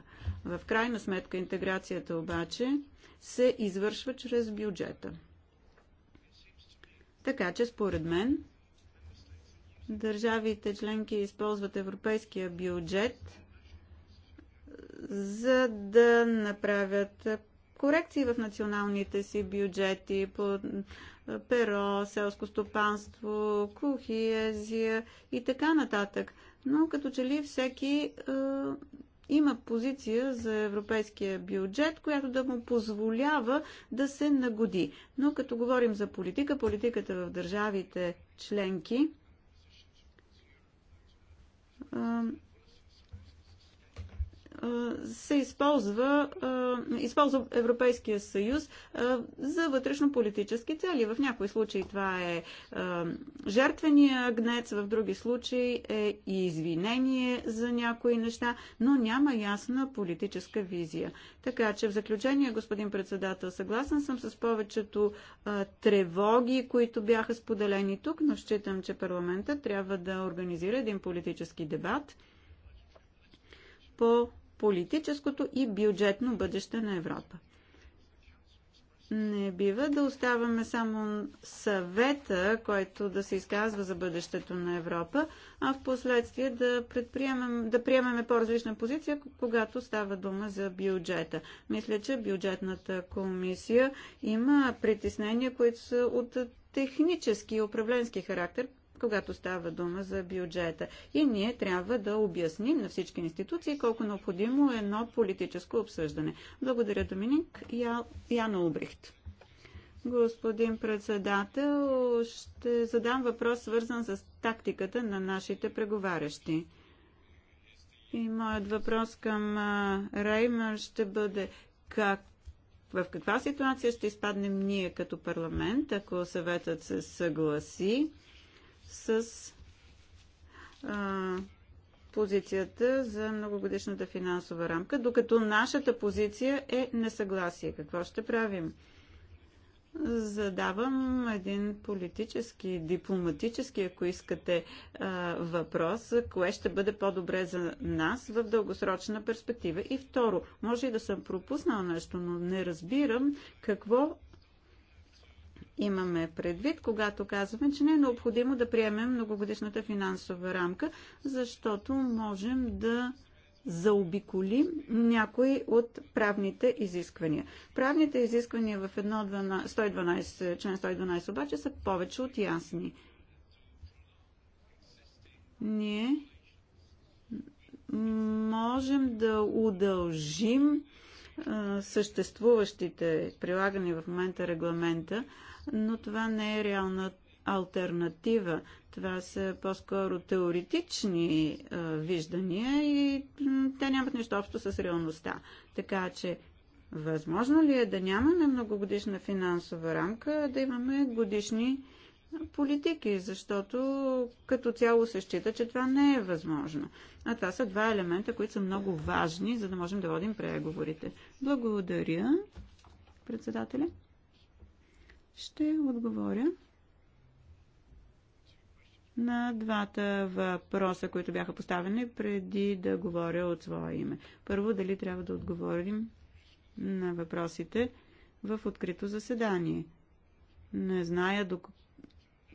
В крайна сметка интеграцията обаче се извършва чрез бюджета. Така че, според мен, държавите членки използват европейския бюджет, за да направят корекции в националните си бюджети по перо, селско стопанство, езия и така нататък. Но като че ли всеки е, има позиция за европейския бюджет, която да му позволява да се нагоди. Но като говорим за политика, политиката в държавите членки, е, се използва, използва Европейския съюз за вътрешно-политически цели. В някои случаи това е жертвения гнец, в други случаи е и извинение за някои неща, но няма ясна политическа визия. Така че в заключение, господин председател, съгласен съм с повечето тревоги, които бяха споделени тук, но считам, че парламентът трябва да организира един политически дебат по политическото и бюджетно бъдеще на Европа. Не бива да оставаме само съвета, който да се изказва за бъдещето на Европа, а в последствие да, предприемем, да приемаме по-различна позиция, когато става дума за бюджета. Мисля, че бюджетната комисия има притеснения, които са от технически и управленски характер, когато става дума за бюджета. И ние трябва да обясним на всички институции колко необходимо е едно политическо обсъждане. Благодаря, Доминик. Я, Яна Убрихт. Господин председател, ще задам въпрос, свързан с тактиката на нашите преговарящи. И моят въпрос към Рейма ще бъде как в каква ситуация ще изпаднем ние като парламент, ако съветът се съгласи с а, позицията за многогодишната финансова рамка, докато нашата позиция е несъгласие. Какво ще правим? Задавам един политически, дипломатически, ако искате, въпрос, кое ще бъде по-добре за нас в дългосрочна перспектива. И второ, може и да съм пропуснал нещо, но не разбирам какво имаме предвид, когато казваме, че не е необходимо да приемем многогодишната финансова рамка, защото можем да заобиколим някои от правните изисквания. Правните изисквания в едно 112, член 112 обаче са повече от ясни. Ние можем да удължим съществуващите прилагани в момента регламента, но това не е реална альтернатива. Това са по-скоро теоретични а, е, виждания и те нямат нищо общо с реалността. Така че, възможно ли е да нямаме многогодишна финансова рамка, да имаме годишни политики, защото като цяло се счита, че това не е възможно. А това са два елемента, които са много важни, за да можем да водим преговорите. Благодаря, председателя. Ще отговоря на двата въпроса, които бяха поставени преди да говоря от своя име. Първо, дали трябва да отговорим на въпросите в открито заседание. Не зная до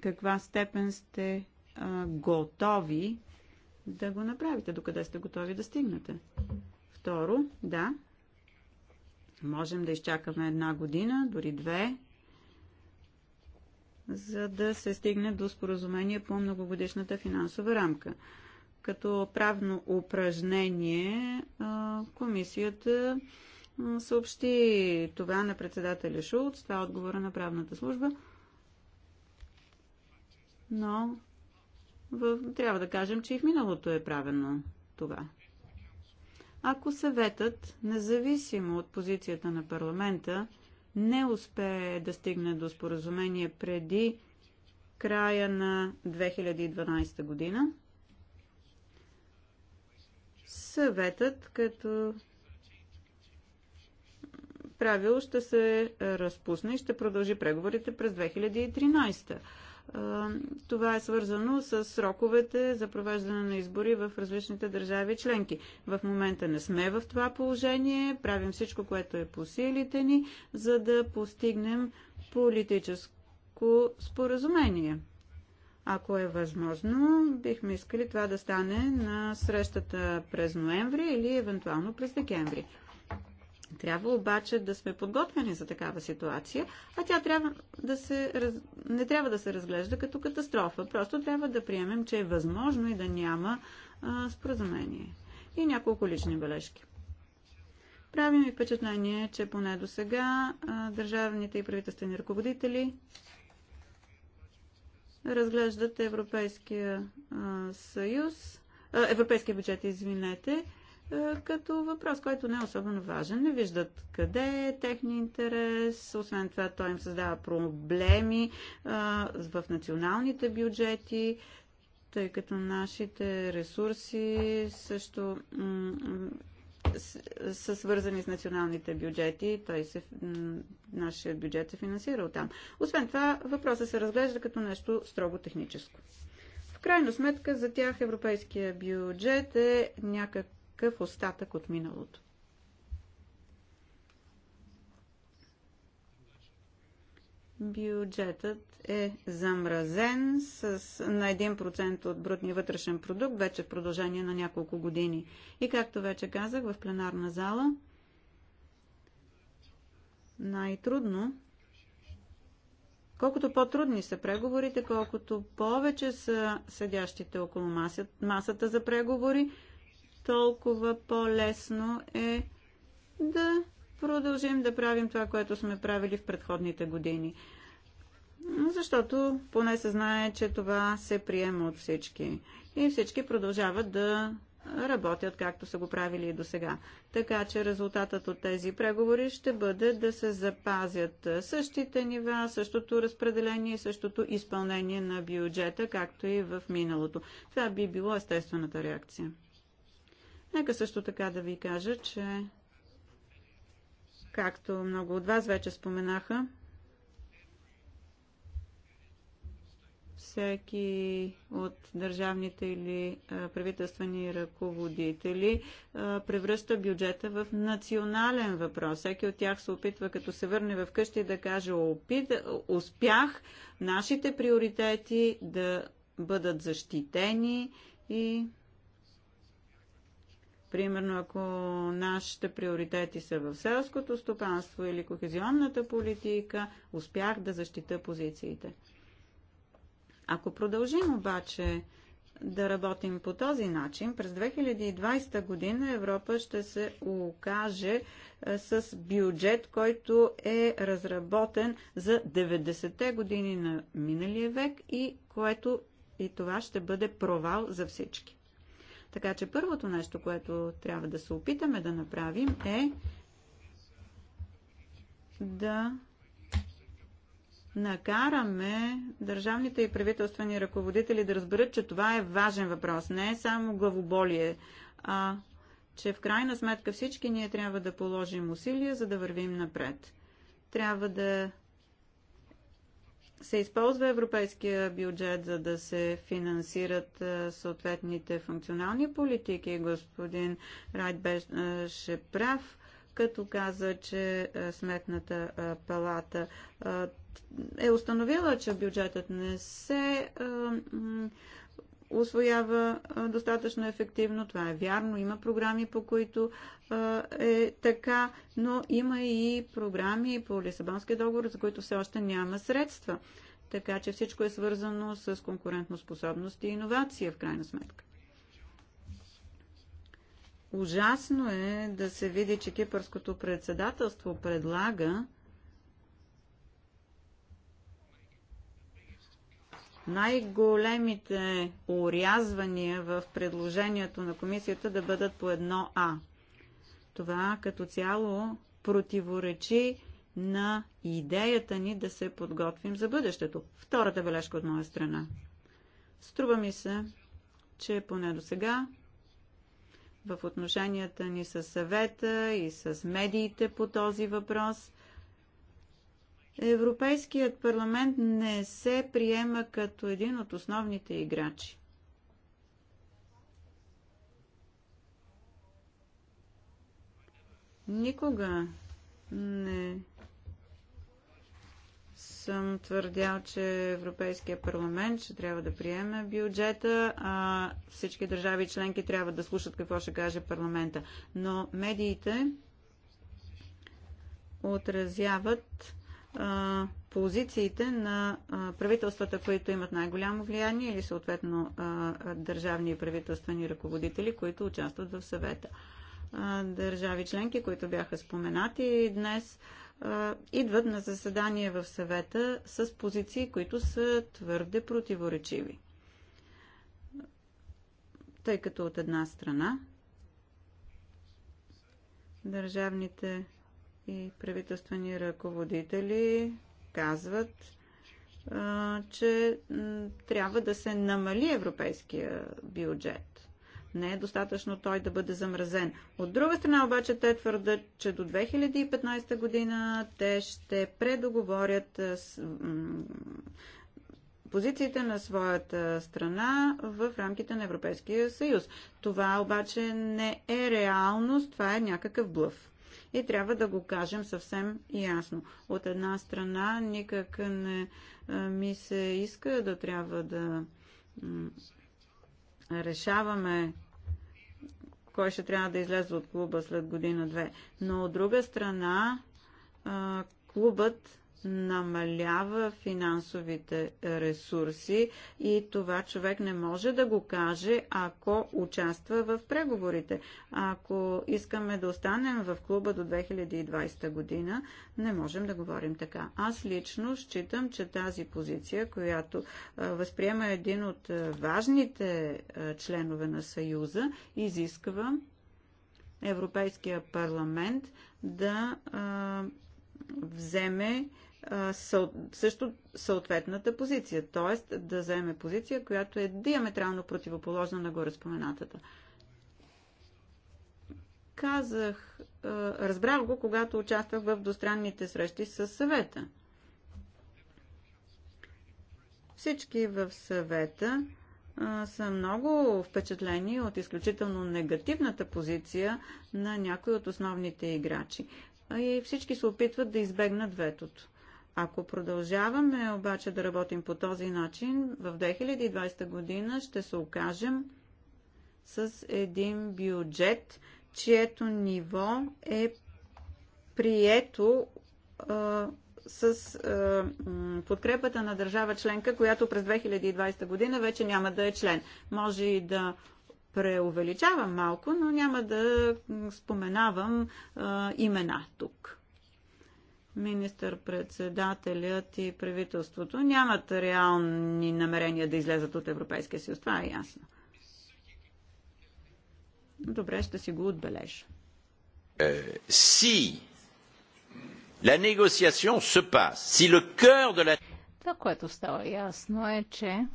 каква степен сте а, готови да го направите, докъде сте готови да стигнете. Второ, да, можем да изчакаме една година, дори две, за да се стигне до споразумение по многогодишната финансова рамка. Като правно упражнение комисията съобщи това на председателя Шулц, това е отговора на правната служба, но в, трябва да кажем, че и в миналото е правено това. Ако съветът, независимо от позицията на парламента, не успее да стигне до споразумение преди края на 2012 година, съветът като правило ще се разпусне и ще продължи преговорите през 2013. Това е свързано с сроковете за провеждане на избори в различните държави членки. В момента не сме в това положение, правим всичко, което е по силите ни, за да постигнем политическо споразумение. Ако е възможно, бихме искали това да стане на срещата през ноември или евентуално през декември. Трябва обаче да сме подготвени за такава ситуация, а тя трябва да се, не трябва да се разглежда като катастрофа. Просто трябва да приемем, че е възможно и да няма а, споразумение. И няколко лични бележки. Прави ми впечатление, че поне до сега държавните и правителствени ръководители разглеждат Европейския а, съюз, а, Европейския бюджет, извинете, е, като въпрос, който не е особено важен. Не виждат къде е техния интерес. Освен това, той им създава проблеми е, в националните бюджети, тъй като нашите ресурси също са свързани с националните бюджети. Той се, нашия бюджет се финансира от там. Освен това, въпросът се разглежда като нещо строго техническо. В крайна сметка за тях европейския бюджет е някакъв някакъв остатък от миналото. Бюджетът е замразен с, на 1% от брутния вътрешен продукт вече в продължение на няколко години. И както вече казах в пленарна зала, най-трудно Колкото по-трудни са преговорите, колкото повече са седящите около масата за преговори, толкова по-лесно е да продължим да правим това, което сме правили в предходните години. Защото поне се знае, че това се приема от всички. И всички продължават да работят както са го правили и до сега. Така че резултатът от тези преговори ще бъде да се запазят същите нива, същото разпределение, същото изпълнение на бюджета, както и в миналото. Това би било естествената реакция. Нека също така да ви кажа, че както много от вас вече споменаха, всеки от държавните или правителствени ръководители превръща бюджета в национален въпрос. Всеки от тях се опитва, като се върне в къщи, да каже опит, успях нашите приоритети да бъдат защитени и Примерно, ако нашите приоритети са в селското стопанство или кохезионната политика, успях да защита позициите. Ако продължим обаче да работим по този начин, през 2020 година Европа ще се окаже е, с бюджет, който е разработен за 90-те години на миналия век и което и това ще бъде провал за всички. Така че първото нещо, което трябва да се опитаме да направим е да накараме държавните и правителствени ръководители да разберат, че това е важен въпрос. Не е само главоболие, а че в крайна сметка всички ние трябва да положим усилия, за да вървим напред. Трябва да се използва европейския бюджет, за да се финансират съответните функционални политики. Господин Райт беше прав, като каза, че Сметната палата е установила, че бюджетът не се освоява достатъчно ефективно. Това е вярно. Има програми, по които е така, но има и програми по Лисабонския договор, за които все още няма средства. Така че всичко е свързано с конкурентоспособност и иновация, в крайна сметка. Ужасно е да се види, че кипърското председателство предлага най-големите урязвания в предложението на комисията да бъдат по едно А. Това като цяло противоречи на идеята ни да се подготвим за бъдещето. Втората бележка от моя страна. Струва ми се, че поне до сега в отношенията ни с съвета и с медиите по този въпрос Европейският парламент не се приема като един от основните играчи. Никога не съм твърдял, че Европейския парламент ще трябва да приеме бюджета, а всички държави и членки трябва да слушат какво ще каже парламента. Но медиите отразяват позициите на правителствата, които имат най-голямо влияние или съответно държавни и правителствени ръководители, които участват в съвета. Държави членки, които бяха споменати днес, идват на заседание в съвета с позиции, които са твърде противоречиви. Тъй като от една страна държавните и правителствени ръководители казват, че трябва да се намали европейския бюджет. Не е достатъчно той да бъде замразен. От друга страна обаче те твърдат, че до 2015 година те ще предоговорят позициите на своята страна в рамките на Европейския съюз. Това обаче не е реалност, това е някакъв блъв и трябва да го кажем съвсем ясно. От една страна никак не ми се иска да трябва да решаваме кой ще трябва да излезе от клуба след година-две. Но от друга страна клубът намалява финансовите ресурси и това човек не може да го каже, ако участва в преговорите. Ако искаме да останем в клуба до 2020 година, не можем да говорим така. Аз лично считам, че тази позиция, която възприема един от важните членове на Съюза, изисква Европейския парламент да а, вземе също съответната позиция, т.е. да заеме позиция, която е диаметрално противоположна на споменатата. Казах, разбрах го, когато участвах в достранните срещи с съвета. Всички в съвета са много впечатлени от изключително негативната позиция на някои от основните играчи. И всички се опитват да избегнат ветото. Ако продължаваме обаче да работим по този начин, в 2020 година ще се окажем с един бюджет, чието ниво е прието с а, подкрепата на държава членка, която през 2020 година вече няма да е член. Може и да преувеличавам малко, но няма да споменавам а, имена тук министър-председателят и правителството нямат реални намерения да излезат от Европейския съюз. Това е ясно. Добре, ще си го отбележа. Е, си la négociation се passe, си le cœur de la... Това, което става ясно е, че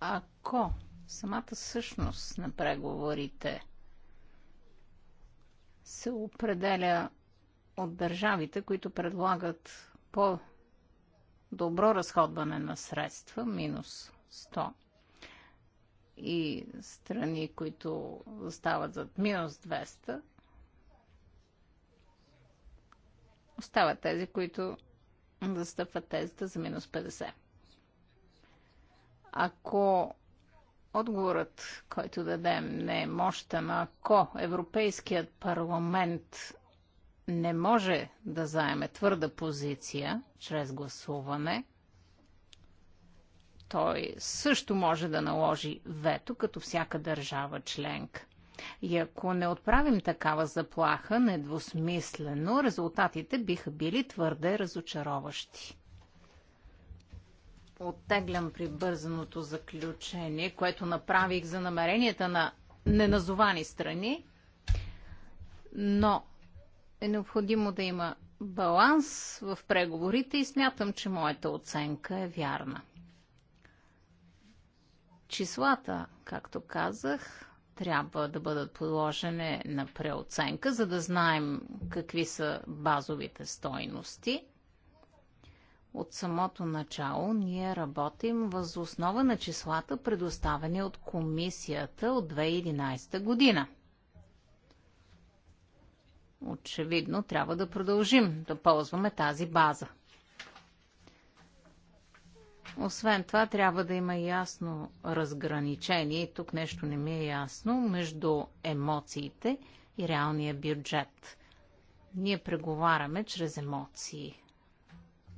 ако самата същност на преговорите се определя от държавите, които предлагат по-добро разходване на средства, минус 100, и страни, които застават зад минус 200, остават тези, които застъпват тезата за минус 50. Ако отговорът, който дадем, не е мощен, ако Европейският парламент не може да заеме твърда позиция чрез гласуване, той също може да наложи вето, като всяка държава членка. И ако не отправим такава заплаха недвусмислено, резултатите биха били твърде разочароващи. Оттеглям прибързаното заключение, което направих за намеренията на неназовани страни, но е необходимо да има баланс в преговорите и смятам, че моята оценка е вярна. Числата, както казах, трябва да бъдат подложени на преоценка, за да знаем какви са базовите стойности. От самото начало ние работим въз основа на числата, предоставени от комисията от 2011 година – очевидно трябва да продължим да ползваме тази база. Освен това, трябва да има ясно разграничение, и тук нещо не ми е ясно, между емоциите и реалния бюджет. Ние преговаряме чрез емоции.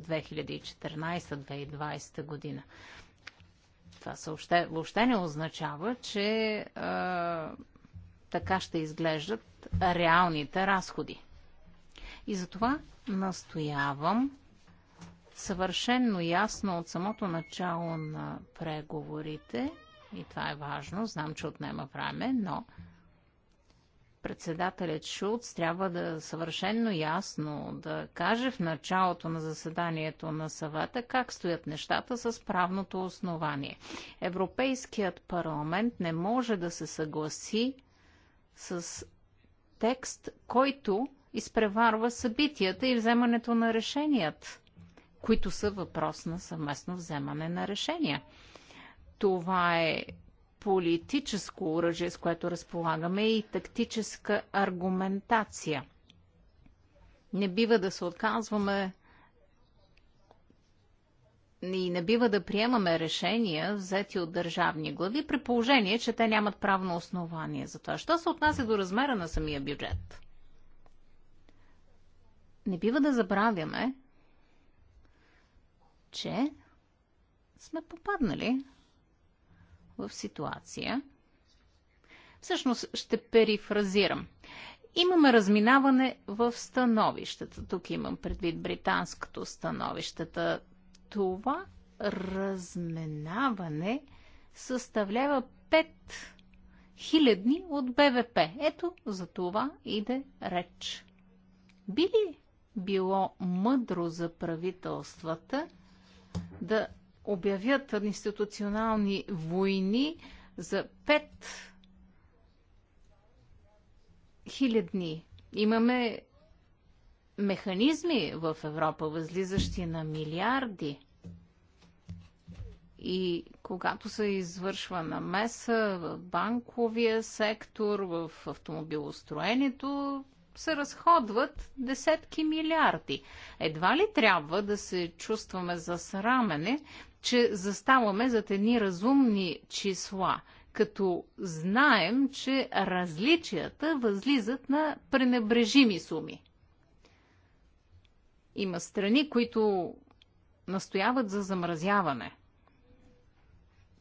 2014-2020 година. Това съобще, въобще не означава, че така ще изглеждат реалните разходи. И затова настоявам съвършенно ясно от самото начало на преговорите, и това е важно, знам, че отнема време, но председателят Шулц трябва да съвършенно ясно да каже в началото на заседанието на съвета как стоят нещата с правното основание. Европейският парламент не може да се съгласи с текст, който изпреварва събитията и вземането на решенията, които са въпрос на съвместно вземане на решения. Това е политическо оръжие, с което разполагаме и тактическа аргументация. Не бива да се отказваме и не бива да приемаме решения, взети от държавни глави, при положение, че те нямат правно основание за това. Що се отнася до размера на самия бюджет? Не бива да забравяме, че сме попаднали в ситуация. Всъщност ще перифразирам. Имаме разминаване в становищата. Тук имам предвид британското становищата това разменаване съставлява 5 хилядни от БВП. Ето за това иде реч. Би ли било мъдро за правителствата да обявят институционални войни за 5 хилядни? Имаме механизми в Европа, възлизащи на милиарди. И когато се извършва намеса в банковия сектор, в автомобилостроението се разходват десетки милиарди. Едва ли трябва да се чувстваме засрамени, че заставаме зад едни разумни числа, като знаем, че различията възлизат на пренебрежими суми. Има страни, които настояват за замразяване,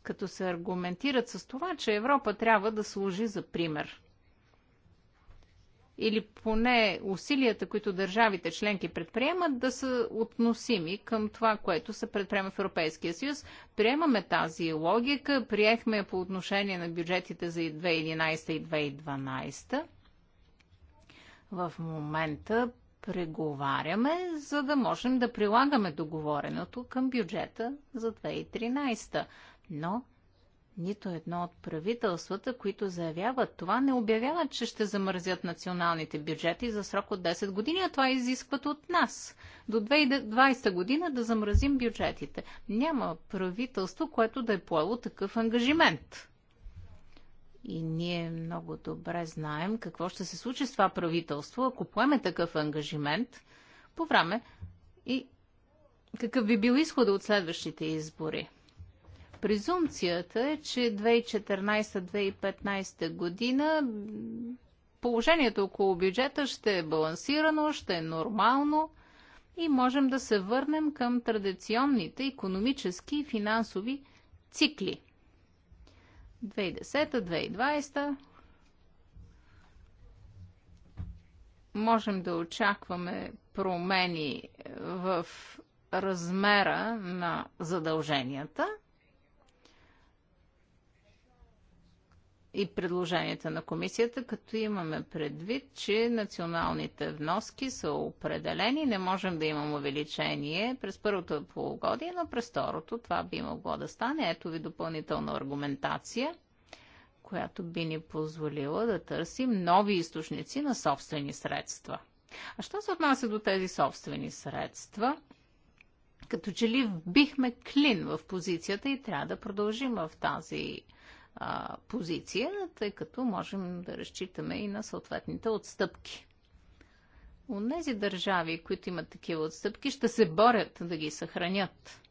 като се аргументират с това, че Европа трябва да служи за пример. Или поне усилията, които държавите членки предприемат, да са относими към това, което се предприема в Европейския съюз. Приемаме тази логика, приехме по отношение на бюджетите за 2011 и 2012. В момента преговаряме, за да можем да прилагаме договореното към бюджета за 2013. Но нито едно от правителствата, които заявяват това, не обявяват, че ще замързят националните бюджети за срок от 10 години, а това изискват от нас. До 2020 година да замразим бюджетите. Няма правителство, което да е поело такъв ангажимент. И ние много добре знаем какво ще се случи с това правителство, ако поеме такъв ангажимент по време и какъв би бил изхода от следващите избори. Презумцията е, че 2014-2015 година положението около бюджета ще е балансирано, ще е нормално и можем да се върнем към традиционните економически и финансови цикли – 2010-2020 можем да очакваме промени в размера на задълженията – и предложенията на комисията, като имаме предвид, че националните вноски са определени. Не можем да имам увеличение през първото полугодие, но през второто това би могло да стане. Ето ви допълнителна аргументация, която би ни позволила да търсим нови източници на собствени средства. А що се отнася до тези собствени средства? Като че ли бихме клин в позицията и трябва да продължим в тази а, позиция, тъй като можем да разчитаме и на съответните отстъпки. тези държави, които имат такива отстъпки, ще се борят да ги съхранят.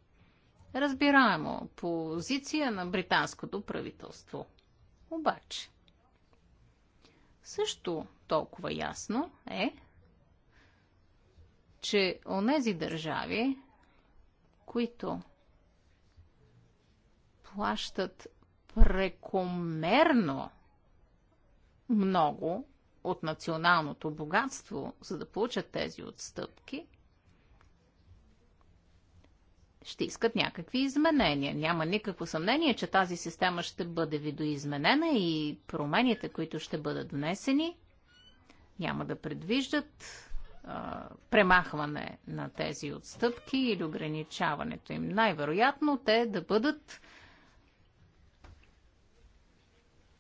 Разбираемо, позиция на британското правителство. Обаче, също толкова ясно е, че онези държави, които плащат прекомерно много от националното богатство, за да получат тези отстъпки, ще искат някакви изменения. Няма никакво съмнение, че тази система ще бъде видоизменена и промените, които ще бъдат внесени, няма да предвиждат а, премахване на тези отстъпки или ограничаването им. Най-вероятно те да бъдат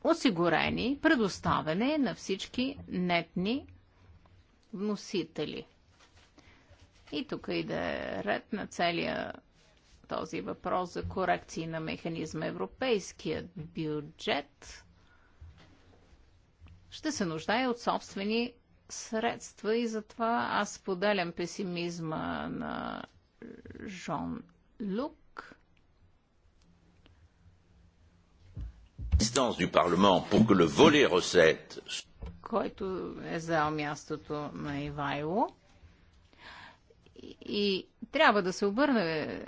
осигурени предоставяне на всички нетни вносители. И тук и да е ред на целия този въпрос за корекции на механизма. Европейският бюджет ще се нуждае от собствени средства и затова аз поделям песимизма на Жон Люк който е заел мястото на Ивайло. И трябва да се обърне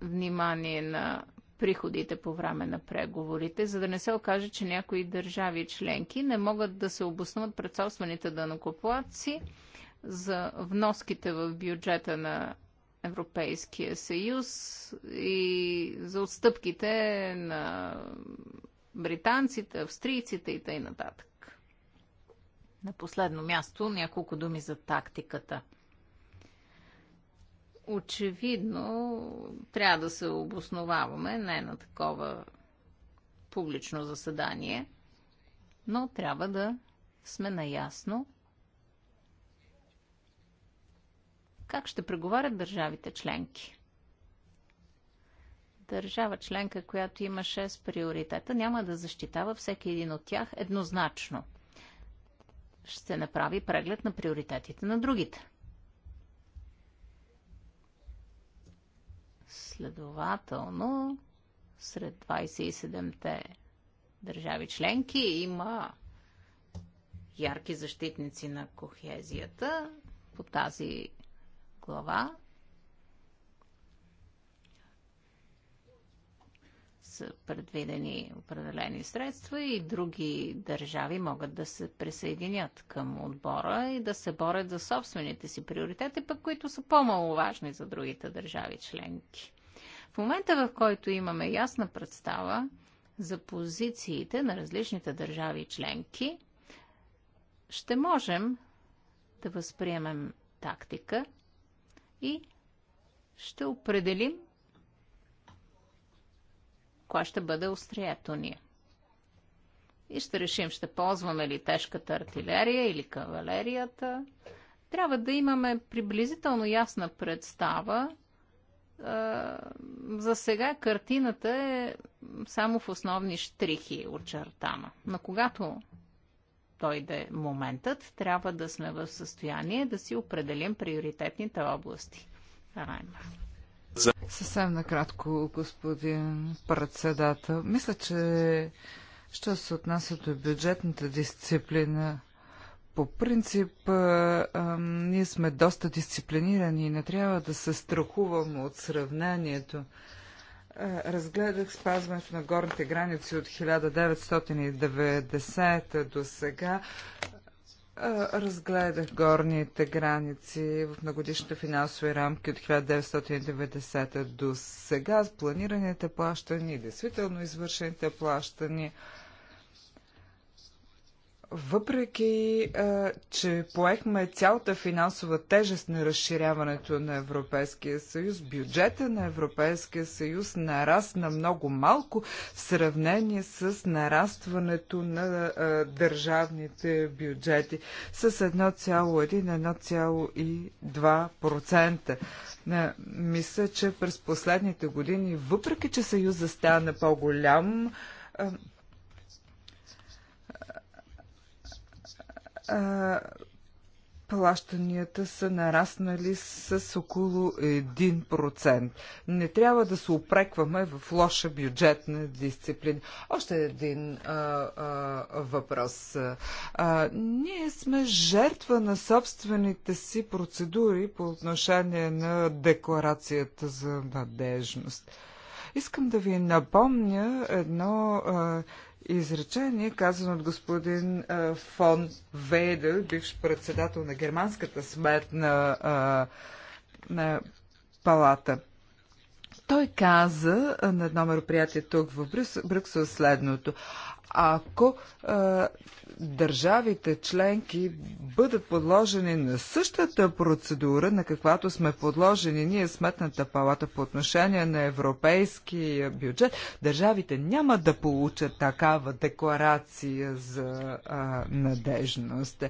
внимание на приходите по време на преговорите, за да не се окаже, че някои държави членки не могат да се обоснуват пред собствените данокоплаци за вноските в бюджета на Европейския съюз и за отстъпките на британците, австрийците и т.н. На последно място няколко думи за тактиката. Очевидно трябва да се обосноваваме не на такова публично заседание, но трябва да сме наясно как ще преговарят държавите членки държава членка, която има 6 приоритета, няма да защитава всеки един от тях еднозначно. Ще направи преглед на приоритетите на другите. Следователно, сред 27-те държави членки има ярки защитници на кохезията по тази глава са предвидени определени средства и други държави могат да се присъединят към отбора и да се борят за собствените си приоритети, пък които са по-маловажни за другите държави членки. В момента, в който имаме ясна представа за позициите на различните държави членки, ще можем да възприемем тактика и ще определим кое ще бъде острието ни. И ще решим, ще ползваме ли тежката артилерия или кавалерията. Трябва да имаме приблизително ясна представа. Е, за сега картината е само в основни штрихи очертана. Но когато дойде моментът, трябва да сме в състояние да си определим приоритетните области. Раймар. Съвсем накратко, господин председател. Мисля, че що се отнася до бюджетната дисциплина, по принцип а, а, ние сме доста дисциплинирани и не трябва да се страхуваме от сравнението. А, разгледах спазването на горните граници от 1990 до сега. Разгледах горните граници в многодишните финансови рамки от 1990 до сега с планираните плащания, действително извършените плащания. Въпреки, че поехме цялата финансова тежест на разширяването на Европейския съюз, бюджета на Европейския съюз нарасна много малко в сравнение с нарастването на държавните бюджети с 1,1-1,2%. Мисля, че през последните години, въпреки, че съюзът стана по-голям, а, плащанията са нараснали с около 1%. Не трябва да се опрекваме в лоша бюджетна дисциплина. Още един а, а, въпрос. А, ние сме жертва на собствените си процедури по отношение на декларацията за надежност. Искам да ви напомня едно а, изречение, казано от господин фон Вейдел, бивш председател на Германската сметна а, на палата. Той каза на едно мероприятие тук в Брюксел следното. Ако държавите членки бъдат подложени на същата процедура, на каквато сме подложени ние Сметната палата по отношение на европейския бюджет, държавите няма да получат такава декларация за а, надежност.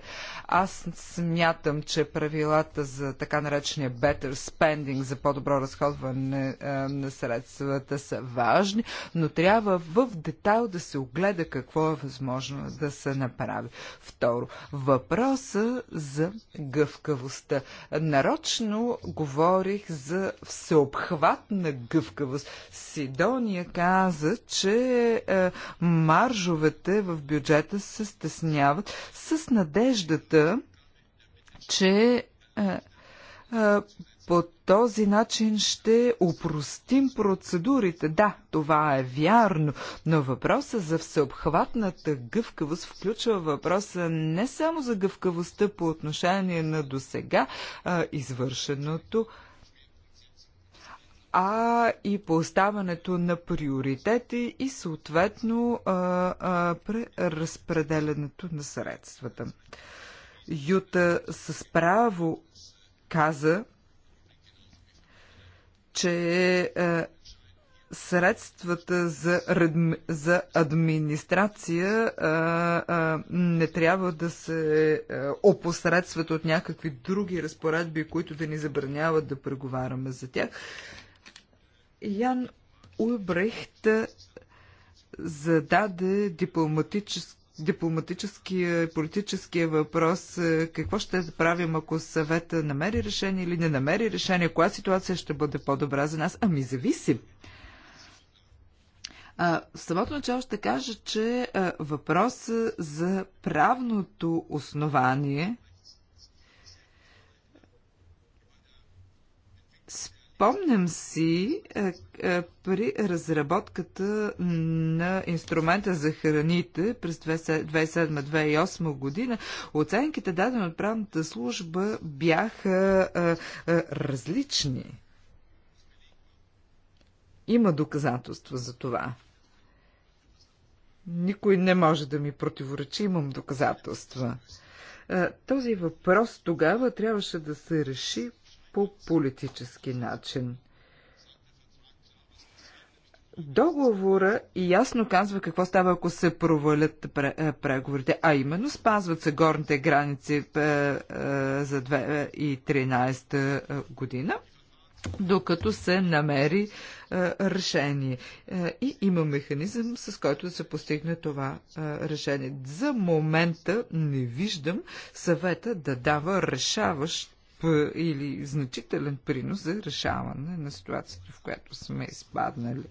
Аз смятам, че правилата за така наречения better spending, за по-добро разходване а, на средствата са важни, но трябва в детайл да се огледа какво е възможно да се направи направи. Второ, въпроса за гъвкавостта. Нарочно говорих за всеобхватна гъвкавост. Сидония каза, че е, маржовете в бюджета се стесняват с надеждата, че е, е, по този начин ще упростим процедурите. Да, това е вярно, но въпросът за всеобхватната гъвкавост включва въпроса не само за гъвкавостта по отношение на досега а, извършеното, а и оставането на приоритети и съответно а, а, разпределянето на средствата. Юта с право каза, че е, средствата за, за администрация а, е, а, е, не трябва да се опосредстват от някакви други разпоредби, които да ни забраняват да преговаряме за тях. Ян Уйбрехт зададе дипломатически дипломатическия и политическия въпрос. Е, какво ще правим, ако съвета намери решение или не намери решение? Коя ситуация ще бъде по-добра за нас? Ами зависи. А, в самото начало ще кажа, че въпрос за правното основание Спомням си а, е, а, е, при разработката на инструмента за храните през 2007-2008 година, оценките дадени от правната служба бяха а, е, различни. Има доказателства за това. Никой не може да ми противоречи, имам доказателства. Този въпрос тогава трябваше да се реши по политически начин. Договора и ясно казва какво става, ако се провалят е, преговорите, а именно спазват се горните граници е, е, за 2013 година, докато се намери решение. И има механизъм, с който да се постигне това решение. За момента не виждам съвета да дава решаващ е, или значителен принос за решаване на ситуацията, в която сме изпаднали.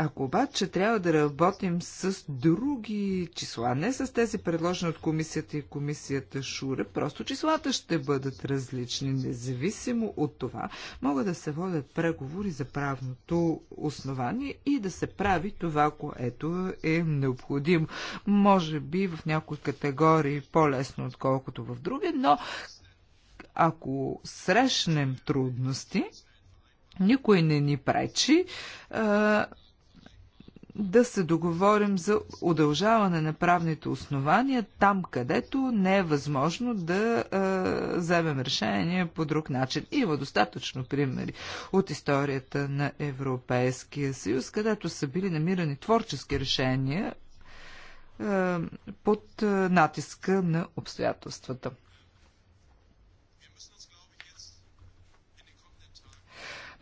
Ако обаче трябва да работим с други числа, не с тези предложени от комисията и комисията Шура, просто числата ще бъдат различни. Независимо от това, могат да се водят преговори за правното основание и да се прави това, което е необходимо. Може би в някои категории по-лесно, отколкото в други, но ако срещнем трудности, никой не ни пречи а, да се договорим за удължаване на правните основания там, където не е възможно да а, е, вземем решение по друг начин. Има достатъчно примери от историята на Европейския съюз, където са били намирани творчески решения а, е, под е, натиска на обстоятелствата.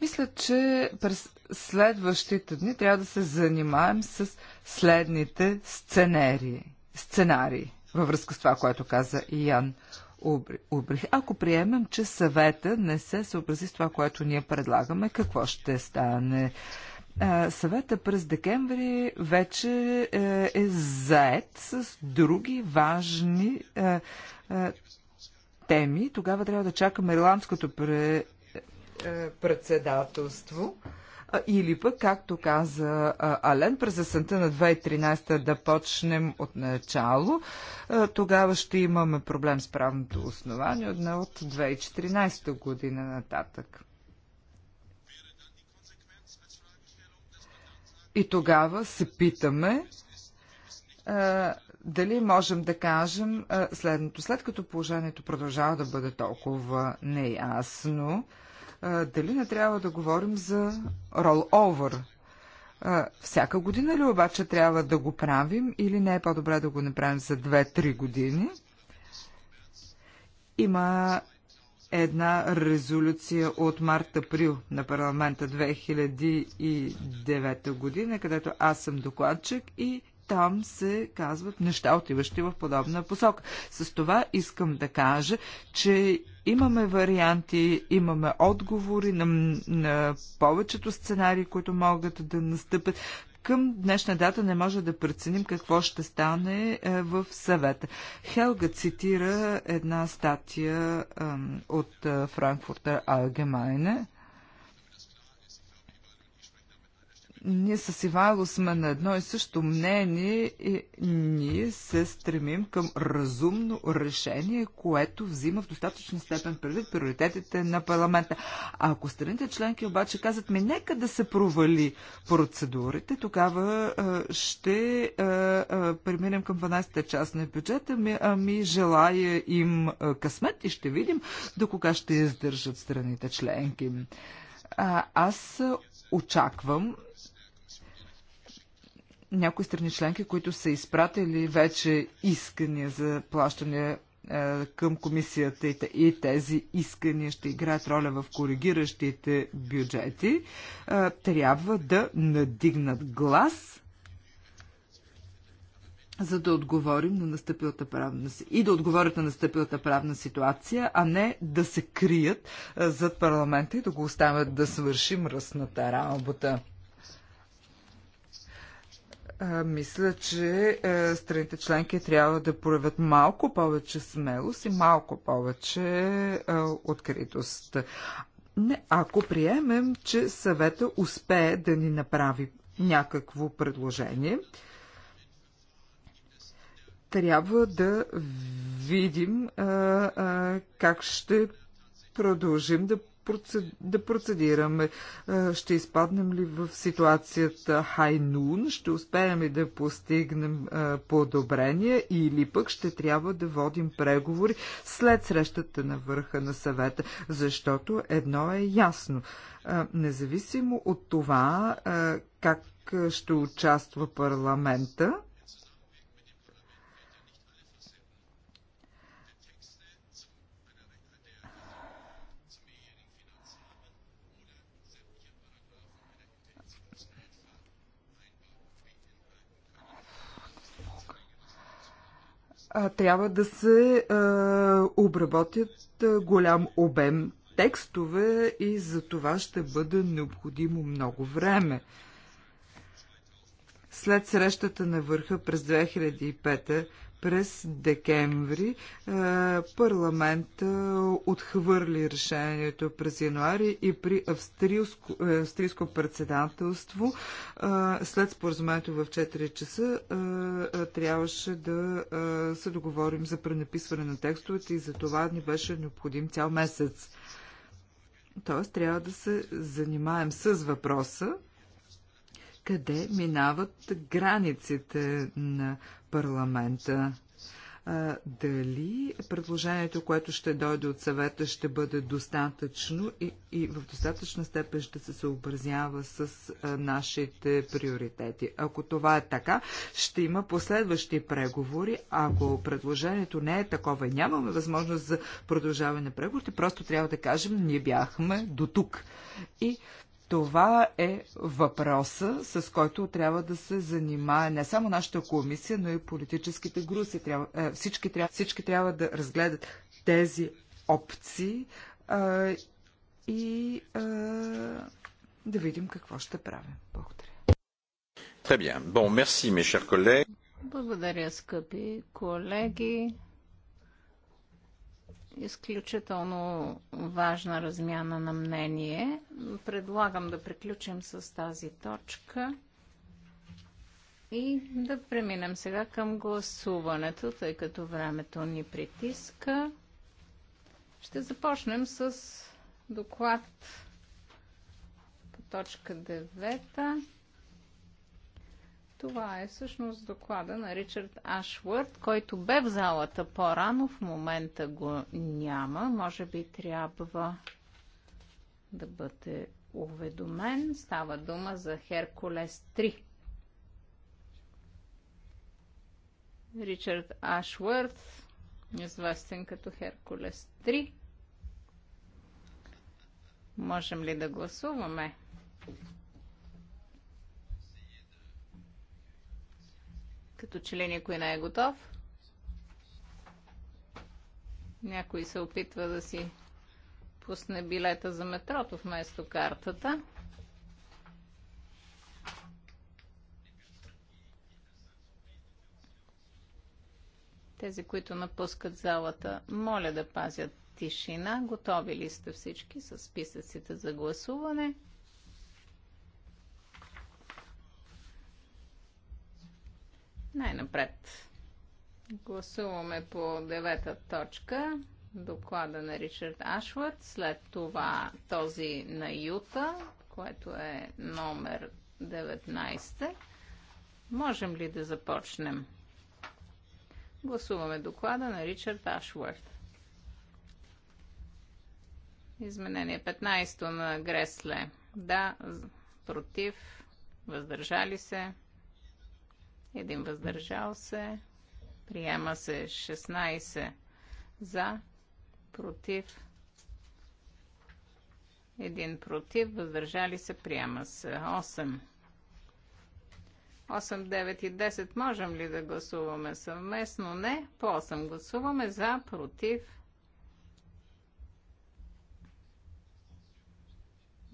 Мисля, че през следващите дни трябва да се занимаем с следните сценарии, сценарии във връзка с това, което каза Ян Убрих. Ако приемем, че съвета не се съобрази с това, което ние предлагаме, какво ще стане? съвета през декември вече е, е заед с други важни е, е, теми. Тогава трябва да чакаме ирландското е, председателство. Или пък, както каза Ален, през есента на 2013 да почнем от начало. Е, тогава ще имаме проблем с правното основание от 2014 година нататък. И тогава се питаме а, е, дали можем да кажем а, следното. След като положението продължава да бъде толкова неясно, дали не трябва да говорим за рол рол-овър? Всяка година ли обаче трябва да го правим или не е по-добре да го направим за 2-3 години? Има една резолюция от март-април на парламента 2009 година, където аз съм докладчик и там се казват неща, отиващи в подобна посока. С това искам да кажа, че Имаме варианти, имаме отговори на, на повечето сценарии, които могат да настъпят. Към днешна дата не може да преценим какво ще стане е, в съвета. Хелга цитира една статия от Франкфурта Алгемайне. Ние с Ивайло сме на едно и също мнение и ние се стремим към разумно решение, което взима в достатъчна степен предвид приоритетите на парламента. А ако страните членки обаче казват ми, нека да се провали процедурите, тогава а, ще преминем към 12-та част на бюджета. Ми, ами желая им а, късмет и ще видим до кога ще издържат страните членки. А, аз очаквам някои страни членки, които са изпратили вече искания за плащане е, към комисията и тези искания ще играят роля в коригиращите бюджети, е, трябва да надигнат глас, за да отговорим на настъпилата правна и да отговорят на настъпилата правна ситуация, а не да се крият е, зад парламента и да го оставят да свършим мръсната работа мисля, че е, страните членки трябва да проявят малко повече смелост и малко повече е, откритост. Не, ако приемем, че съвета успее да ни направи някакво предложение, трябва да видим а, е, а, как ще продължим да да процедираме. Е, ще изпаднем ли в ситуацията Хайнун? Ще успеем ли да постигнем е, подобрения или пък ще трябва да водим преговори след срещата на върха на съвета? Защото едно е ясно. Е, независимо от това как ще участва парламента, трябва да се обработят голям обем текстове и за това ще бъде необходимо много време. След срещата на върха през 2005 през декември е, парламент е, отхвърли решението през януари и при австрийско, е, австрийско председателство след споразумението в 4 часа трябваше да се договорим за пренаписване на текстовете и за това ни беше необходим цял месец. Тоест трябва да се занимаем с въпроса къде минават границите на парламента. Дали предложението, което ще дойде от съвета, ще бъде достатъчно и, и в достатъчна степен ще се съобразява с нашите приоритети. Ако това е така, ще има последващи преговори. Ако предложението не е такова, и нямаме възможност за продължаване на преговорите, просто трябва да кажем, ние бяхме до тук. И това е въпроса, с който трябва да се занимае не само нашата комисия, но и политическите груси. Е, всички, трябва, всички трябва да разгледат тези опции а, и а, да видим какво ще правим. Благодаря. Très bien. Bon, merci, mes chers collègues. Благодаря, скъпи колеги изключително важна размяна на мнение. Предлагам да приключим с тази точка и да преминем сега към гласуването, тъй като времето ни притиска. Ще започнем с доклад по точка 9. Това е всъщност доклада на Ричард Ашвард, който бе в залата по-рано, в момента го няма. Може би трябва да бъде уведомен. Става дума за Херкулес 3. Ричард Ашвард, известен като Херкулес 3. Можем ли да гласуваме? Като че ли никой не е готов? Някой се опитва да си пусне билета за метрото вместо картата. Тези, които напускат залата, моля да пазят тишина. Готови ли сте всички с писъците за гласуване? напред. Гласуваме по девета точка доклада на Ричард Ашвард, след това този на Юта, което е номер 19. Можем ли да започнем? Гласуваме доклада на Ричард Ашвард. Изменение 15 на Гресле. Да, против, въздържали се един въздържал се. Приема се 16 за, против, един против, въздържали се, приема се 8. 8, 9 и 10 можем ли да гласуваме съвместно? Не. По 8 гласуваме за, против,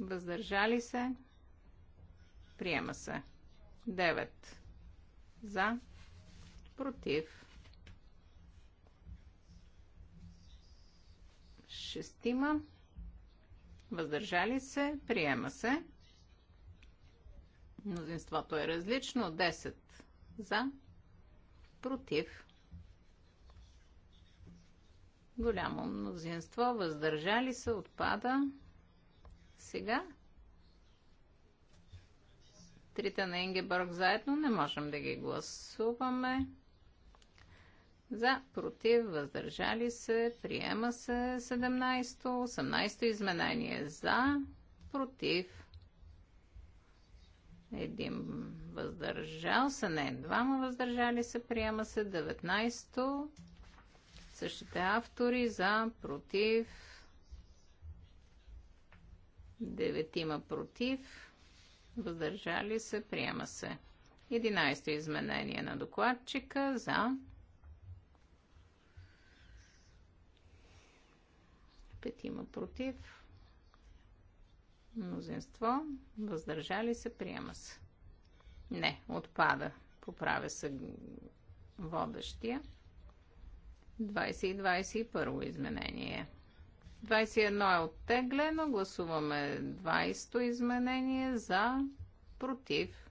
въздържали се, приема се 9 за, против. Шестима. Въздържали се. Приема се. Мнозинството е различно. 10 за. Против. Голямо мнозинство. Въздържали се. Отпада. Сега трите на Ингеборг заедно не можем да ги гласуваме. За, против, въздържали се, приема се 17-то, 18-то изменение за, против, един въздържал се, не, двама въздържали се, приема се 19-то, същите автори за, против, деветима против, въздържали се, приема се. 11 то изменение на докладчика за петима против мнозинство, въздържали се, приема се. Не, отпада. Поправя се водещия. 20 и 21 изменение. 21 е оттеглено. Гласуваме 20-то изменение за против.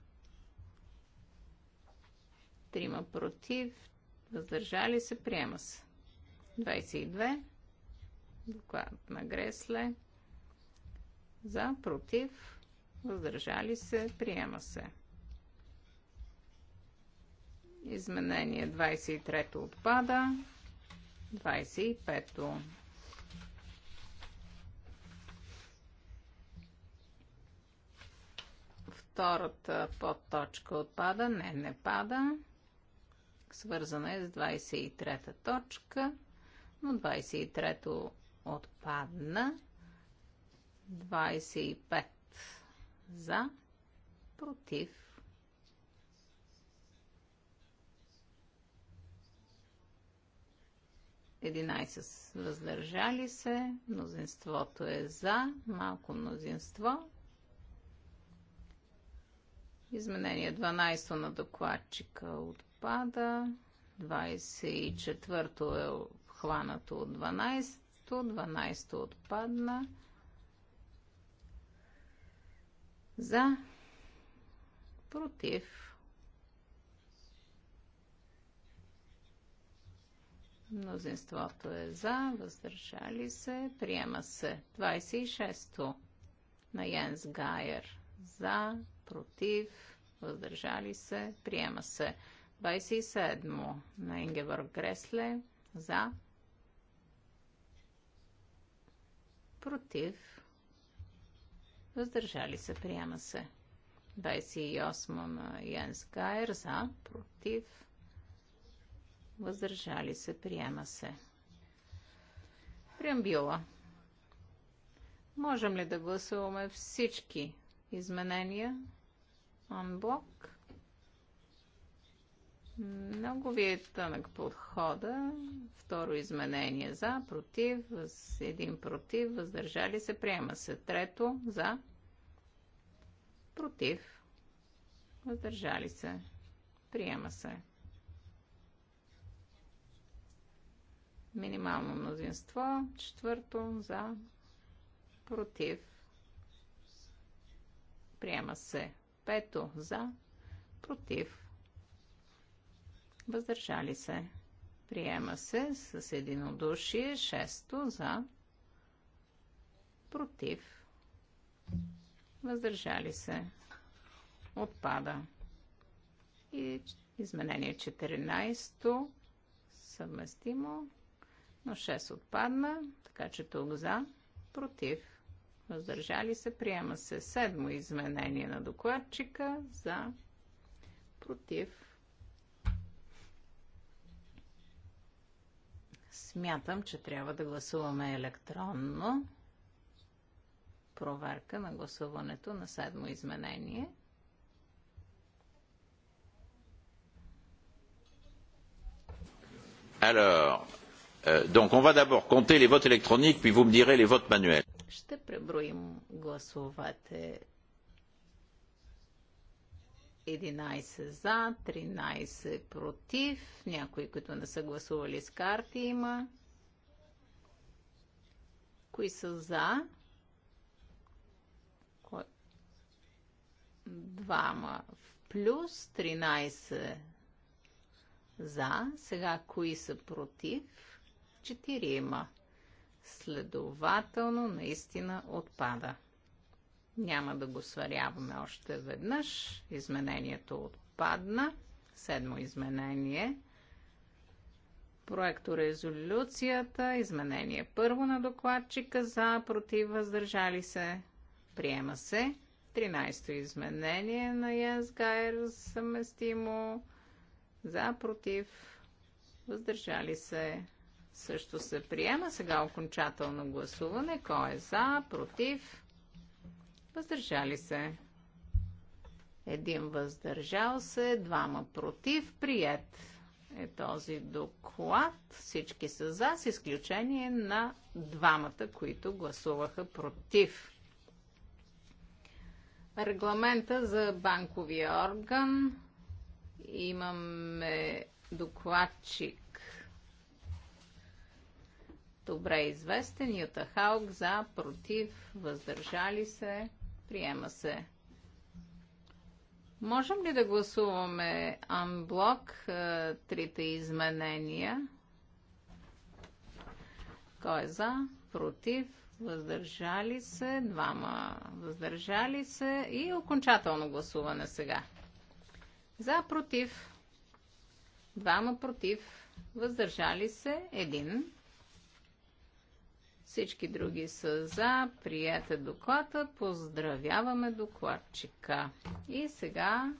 Трима против. Въздържали се. Приема се. 22. Доклад на Гресле. За против. Въздържали се. Приема се. Изменение 23 отпада. 25 -то. втората подточка отпада. Не, не пада. Свързана е с 23-та точка, но 23-то отпадна. 25 за, против. Единайсет въздържали се, мнозинството е за, малко мнозинство, Изменение 12 на докладчика отпада. 24-то е хванато от 12-то. 12-то отпадна. За. Против. Мнозинството е за, въздържали се, приема се. 26-то на Йенс Гайер за, против, въздържали се, приема се. 27 на Ингевър Гресле, за, против, въздържали се, приема се. 28 на Йенс Гайер, за, против, въздържали се, приема се. Преамбюла. Можем ли да гласуваме всички изменения? Анблок. Много ви е тънък подхода. Второ изменение за, против, въз, един против, въздържали се, приема се. Трето за, против, въздържали се, приема се. Минимално мнозинство. Четвърто за, против, приема се. Пето за, против, въздържали се. Приема се с единодушие. Шесто за, против, въздържали се. Отпада. И изменение 14 съвместимо, но 6 отпадна, така че тук за, против, въздържали се, приема се. Седмо изменение на докладчика за против. Смятам, че трябва да гласуваме електронно. Проверка на гласуването на седмо изменение. Alors, euh, donc on va d'abord compter les votes électroniques, puis vous me direz les votes manuels. Ще преброим гласовете. 11 за, 13 против. Някои, които не са гласували с карти, има. Кои са за? Двама в плюс, 13 за. Сега кои са против? 4 има. Следователно, наистина отпада. Няма да го сваряваме още веднъж. Изменението отпадна. Седмо изменение. Проекто резолюцията. Изменение първо на докладчика за против въздържали се. Приема се. 13-то изменение на Янсгайер съместимо за против въздържали се също се приема. Сега окончателно гласуване. Кой е за, против, въздържали се. Един въздържал се, двама против, прият е този доклад. Всички са за, с изключение на двамата, които гласуваха против. Регламента за банковия орган. Имаме докладчик добре известен. Юта Халк за, против, въздържали се, приема се. Можем ли да гласуваме анблок е, трите изменения? Кой е за? Против? Въздържали се? Двама въздържали се? И окончателно гласуване сега. За? Против? Двама против? Въздържали се? Един. Всички други са за. прияте доклада. Поздравяваме докладчика. И сега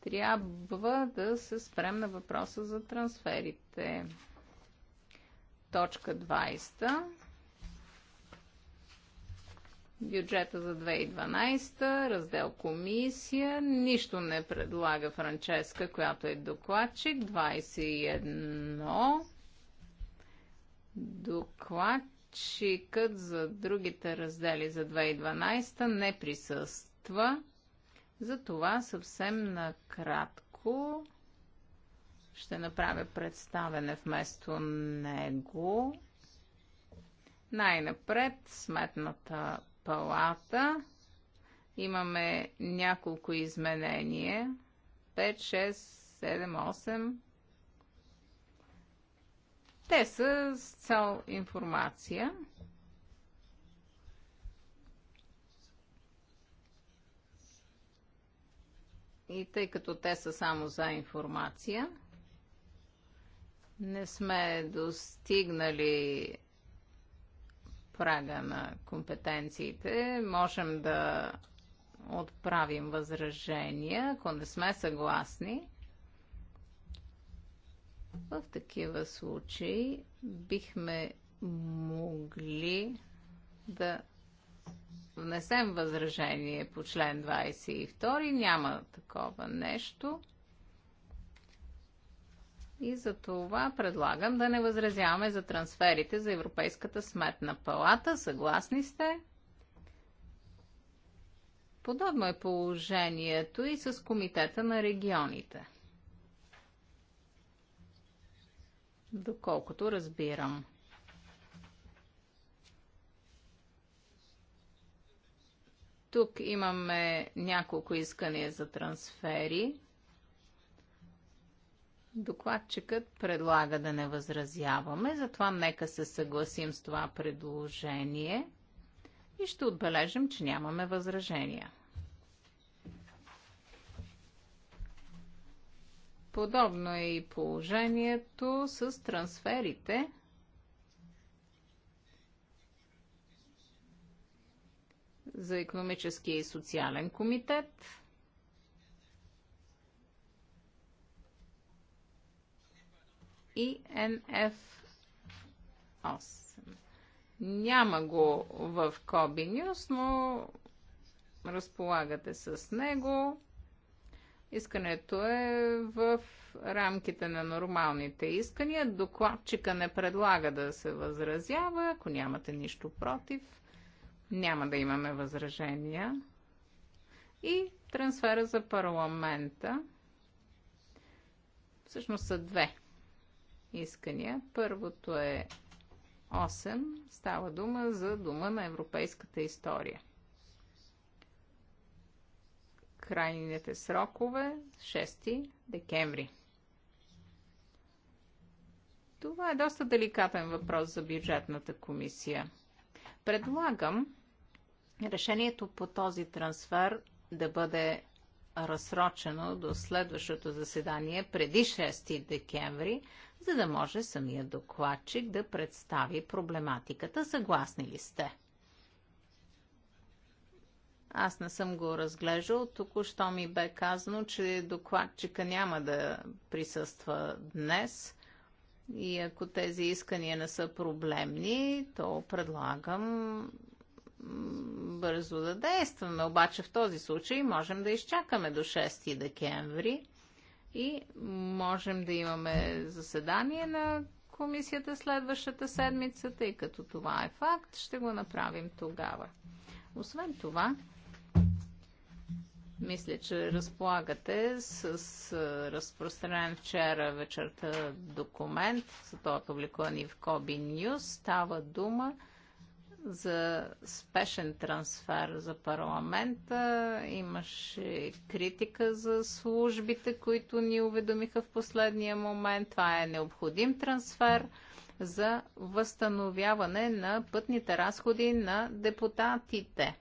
трябва да се спрем на въпроса за трансферите. Точка 20. Бюджета за 2012, раздел комисия. Нищо не предлага Франческа, която е докладчик. 21. Доклад докладчикът за другите раздели за 2012 не присъства. Затова съвсем накратко ще направя представене вместо него. Най-напред сметната палата. Имаме няколко изменения. 5, 6, 7, 8, те са с цел информация. И тъй като те са само за информация, не сме достигнали прага на компетенциите. Можем да отправим възражения, ако не сме съгласни. В такива случаи бихме могли да внесем възражение по член 22. Няма такова нещо. И за това предлагам да не възразяваме за трансферите за Европейската сметна палата. Съгласни сте? Подобно е положението и с Комитета на регионите. доколкото разбирам. Тук имаме няколко искания за трансфери. Докладчикът предлага да не възразяваме, затова нека се съгласим с това предложение и ще отбележим, че нямаме възражения. Подобно е и положението с трансферите. за економическия и социален комитет. И НФ8. Няма го в Коби Нюс, но разполагате с него. Искането е в рамките на нормалните искания. Докладчика не предлага да се възразява. Ако нямате нищо против, няма да имаме възражения. И трансфера за парламента. Всъщност са две искания. Първото е 8. Става дума за дума на европейската история крайните срокове 6 декември. Това е доста деликатен въпрос за бюджетната комисия. Предлагам решението по този трансфер да бъде разсрочено до следващото заседание преди 6 декември, за да може самия докладчик да представи проблематиката. Съгласни ли сте? Аз не съм го разглеждал. Току-що ми бе казано, че докладчика няма да присъства днес. И ако тези искания не са проблемни, то предлагам бързо да действаме. Обаче в този случай можем да изчакаме до 6 декември и можем да имаме заседание на комисията следващата седмица, тъй като това е факт, ще го направим тогава. Освен това, мисля, че разполагате с, с разпространен вчера вечерта документ, за това е публикуван и в Коби Ньюс. Става дума за спешен трансфер за парламента. Имаше критика за службите, които ни уведомиха в последния момент. Това е необходим трансфер за възстановяване на пътните разходи на депутатите.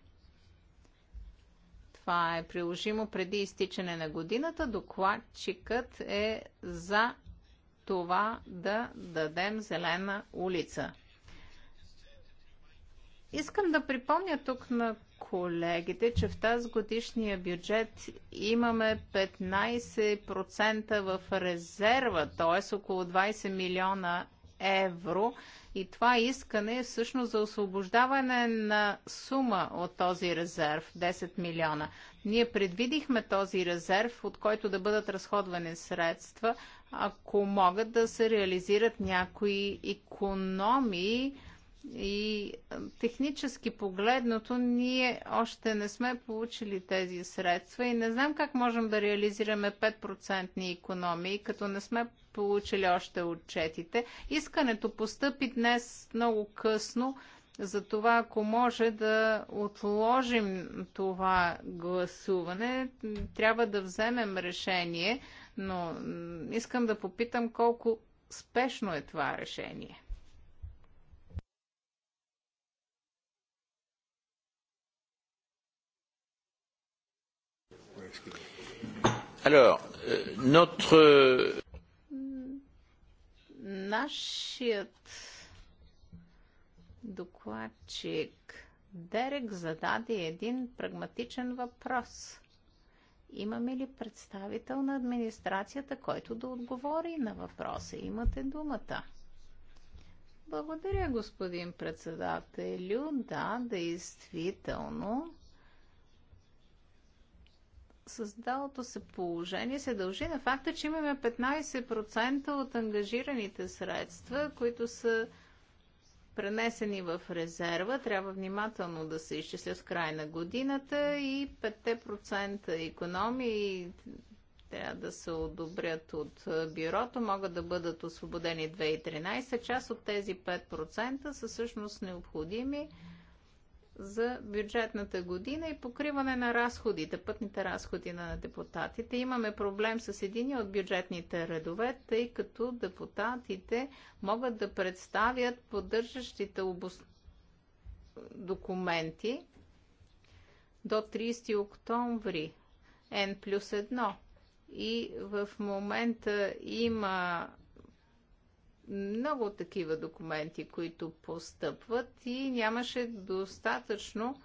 Това е приложимо преди изтичане на годината. Докладчикът е за това да дадем зелена улица. Искам да припомня тук на колегите, че в тази годишния бюджет имаме 15% в резерва, т.е. около 20 милиона евро и това искане е всъщност за освобождаване на сума от този резерв 10 милиона. Ние предвидихме този резерв, от който да бъдат разходвани средства, ако могат да се реализират някои економии и технически погледното, ние още не сме получили тези средства и не знам как можем да реализираме 5% економии, като не сме получили още отчетите. Искането постъпи днес много късно, за това, ако може да отложим това гласуване, трябва да вземем решение, но искам да попитам колко спешно е това решение. Alors, euh, notre... Нашият докладчик Дерек зададе един прагматичен въпрос. Имаме ли представител на администрацията, който да отговори на въпроса? Имате думата. Благодаря, господин председателю. Да, действително Създалото се положение се дължи на факта, че имаме 15% от ангажираните средства, които са пренесени в резерва. Трябва внимателно да се изчислят в край на годината и 5% економии трябва да се одобрят от бюрото, могат да бъдат освободени 2013. Част от тези 5% са всъщност необходими за бюджетната година и покриване на разходите, пътните разходи на депутатите. Имаме проблем с един от бюджетните редове, тъй като депутатите могат да представят поддържащите обос... документи до 30 октомври N плюс 1. И в момента има много такива документи, които постъпват и нямаше достатъчно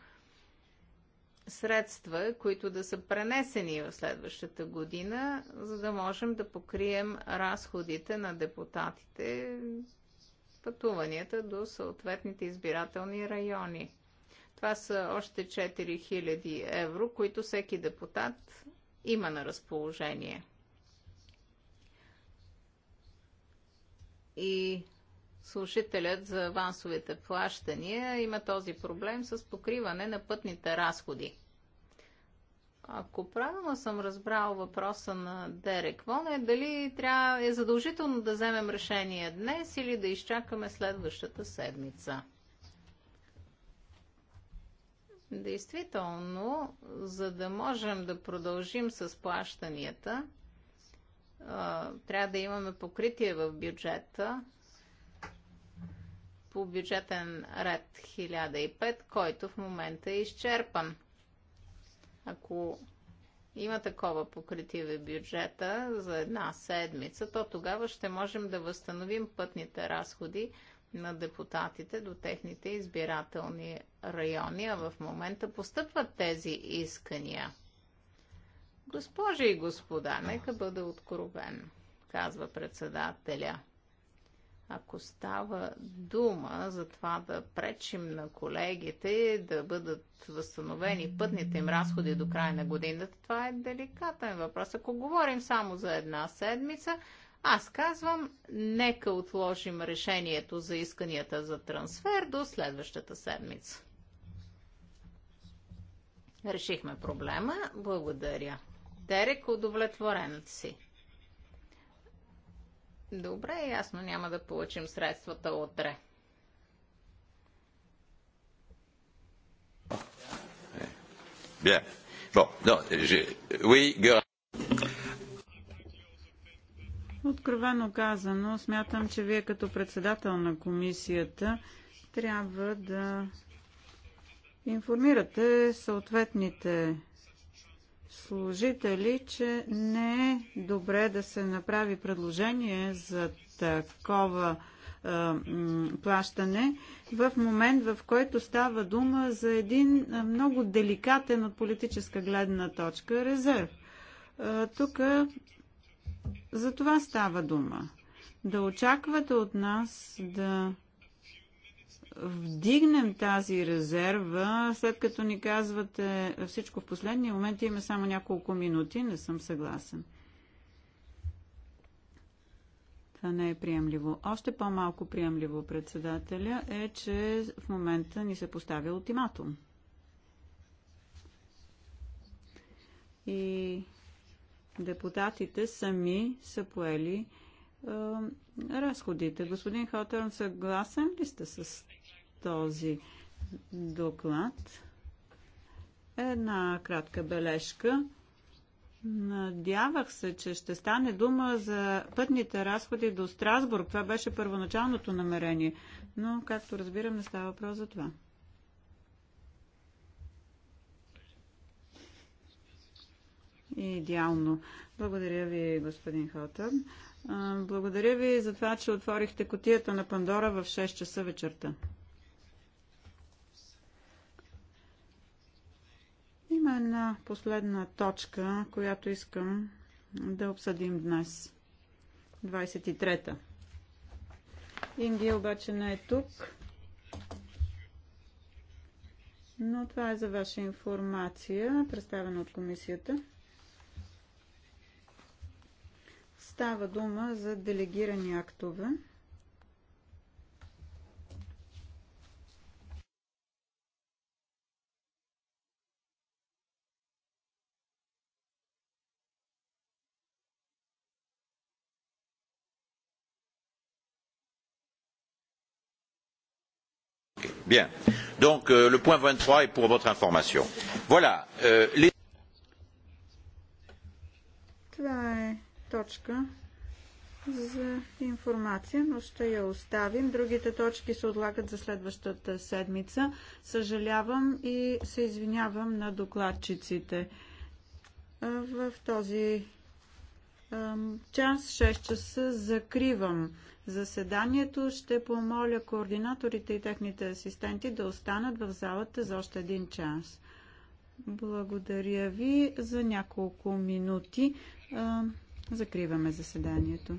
средства, които да са пренесени в следващата година, за да можем да покрием разходите на депутатите, пътуванията до съответните избирателни райони. Това са още 4000 евро, които всеки депутат има на разположение. и слушателят за авансовите плащания има този проблем с покриване на пътните разходи. Ако правилно съм разбрал въпроса на Дерек Вон е дали трябва, е задължително да вземем решение днес или да изчакаме следващата седмица. Действително, за да можем да продължим с плащанията, трябва да имаме покритие в бюджета по бюджетен ред 1005, който в момента е изчерпан. Ако има такова покритие в бюджета за една седмица, то тогава ще можем да възстановим пътните разходи на депутатите до техните избирателни райони, а в момента постъпват тези искания. Госпожи и господа, нека бъда откровен, казва председателя. Ако става дума за това да пречим на колегите да бъдат възстановени пътните им разходи до края на годината, това е деликатен въпрос. Ако говорим само за една седмица, аз казвам, нека отложим решението за исканията за трансфер до следващата седмица. Решихме проблема. Благодаря. Дерек удовлетворен си. Добре, ясно, няма да получим средствата утре. Bien. Bon, non, je... Oui, Откровено казано, смятам, че вие като председател на комисията трябва да информирате съответните служители, че не е добре да се направи предложение за такова е, плащане в момент, в който става дума за един е, много деликатен от политическа гледна точка резерв. Е, тук за това става дума. Да очаквате от нас да вдигнем тази резерва, след като ни казвате всичко в последния момент, има само няколко минути, не съм съгласен. Това не е приемливо. Още по-малко приемливо председателя е, че в момента ни се поставя ултиматум. И депутатите сами са поели разходите. Господин Хотърн, съгласен ли сте с този доклад. Една кратка бележка. Надявах се, че ще стане дума за пътните разходи до Страсбург. Това беше първоначалното намерение. Но, както разбирам, не става въпрос за това. Идеално. Благодаря ви, господин Халтън. Благодаря ви за това, че отворихте котията на Пандора в 6 часа вечерта. Има една последна точка, която искам да обсъдим днес. 23-та. Ингия обаче не е тук. Но това е за ваша информация, представена от комисията. Става дума за делегирани актове. Bien. Donc euh, le point 23 est pour votre information. Voilà. Euh, les... Това е точка за информация, но ще я оставим. Другите точки се отлагат за следващата седмица. Съжалявам и се извинявам на докладчиците. В този час, 6 часа, закривам заседанието. Ще помоля координаторите и техните асистенти да останат в залата за още един час. Благодаря ви за няколко минути. Закриваме заседанието.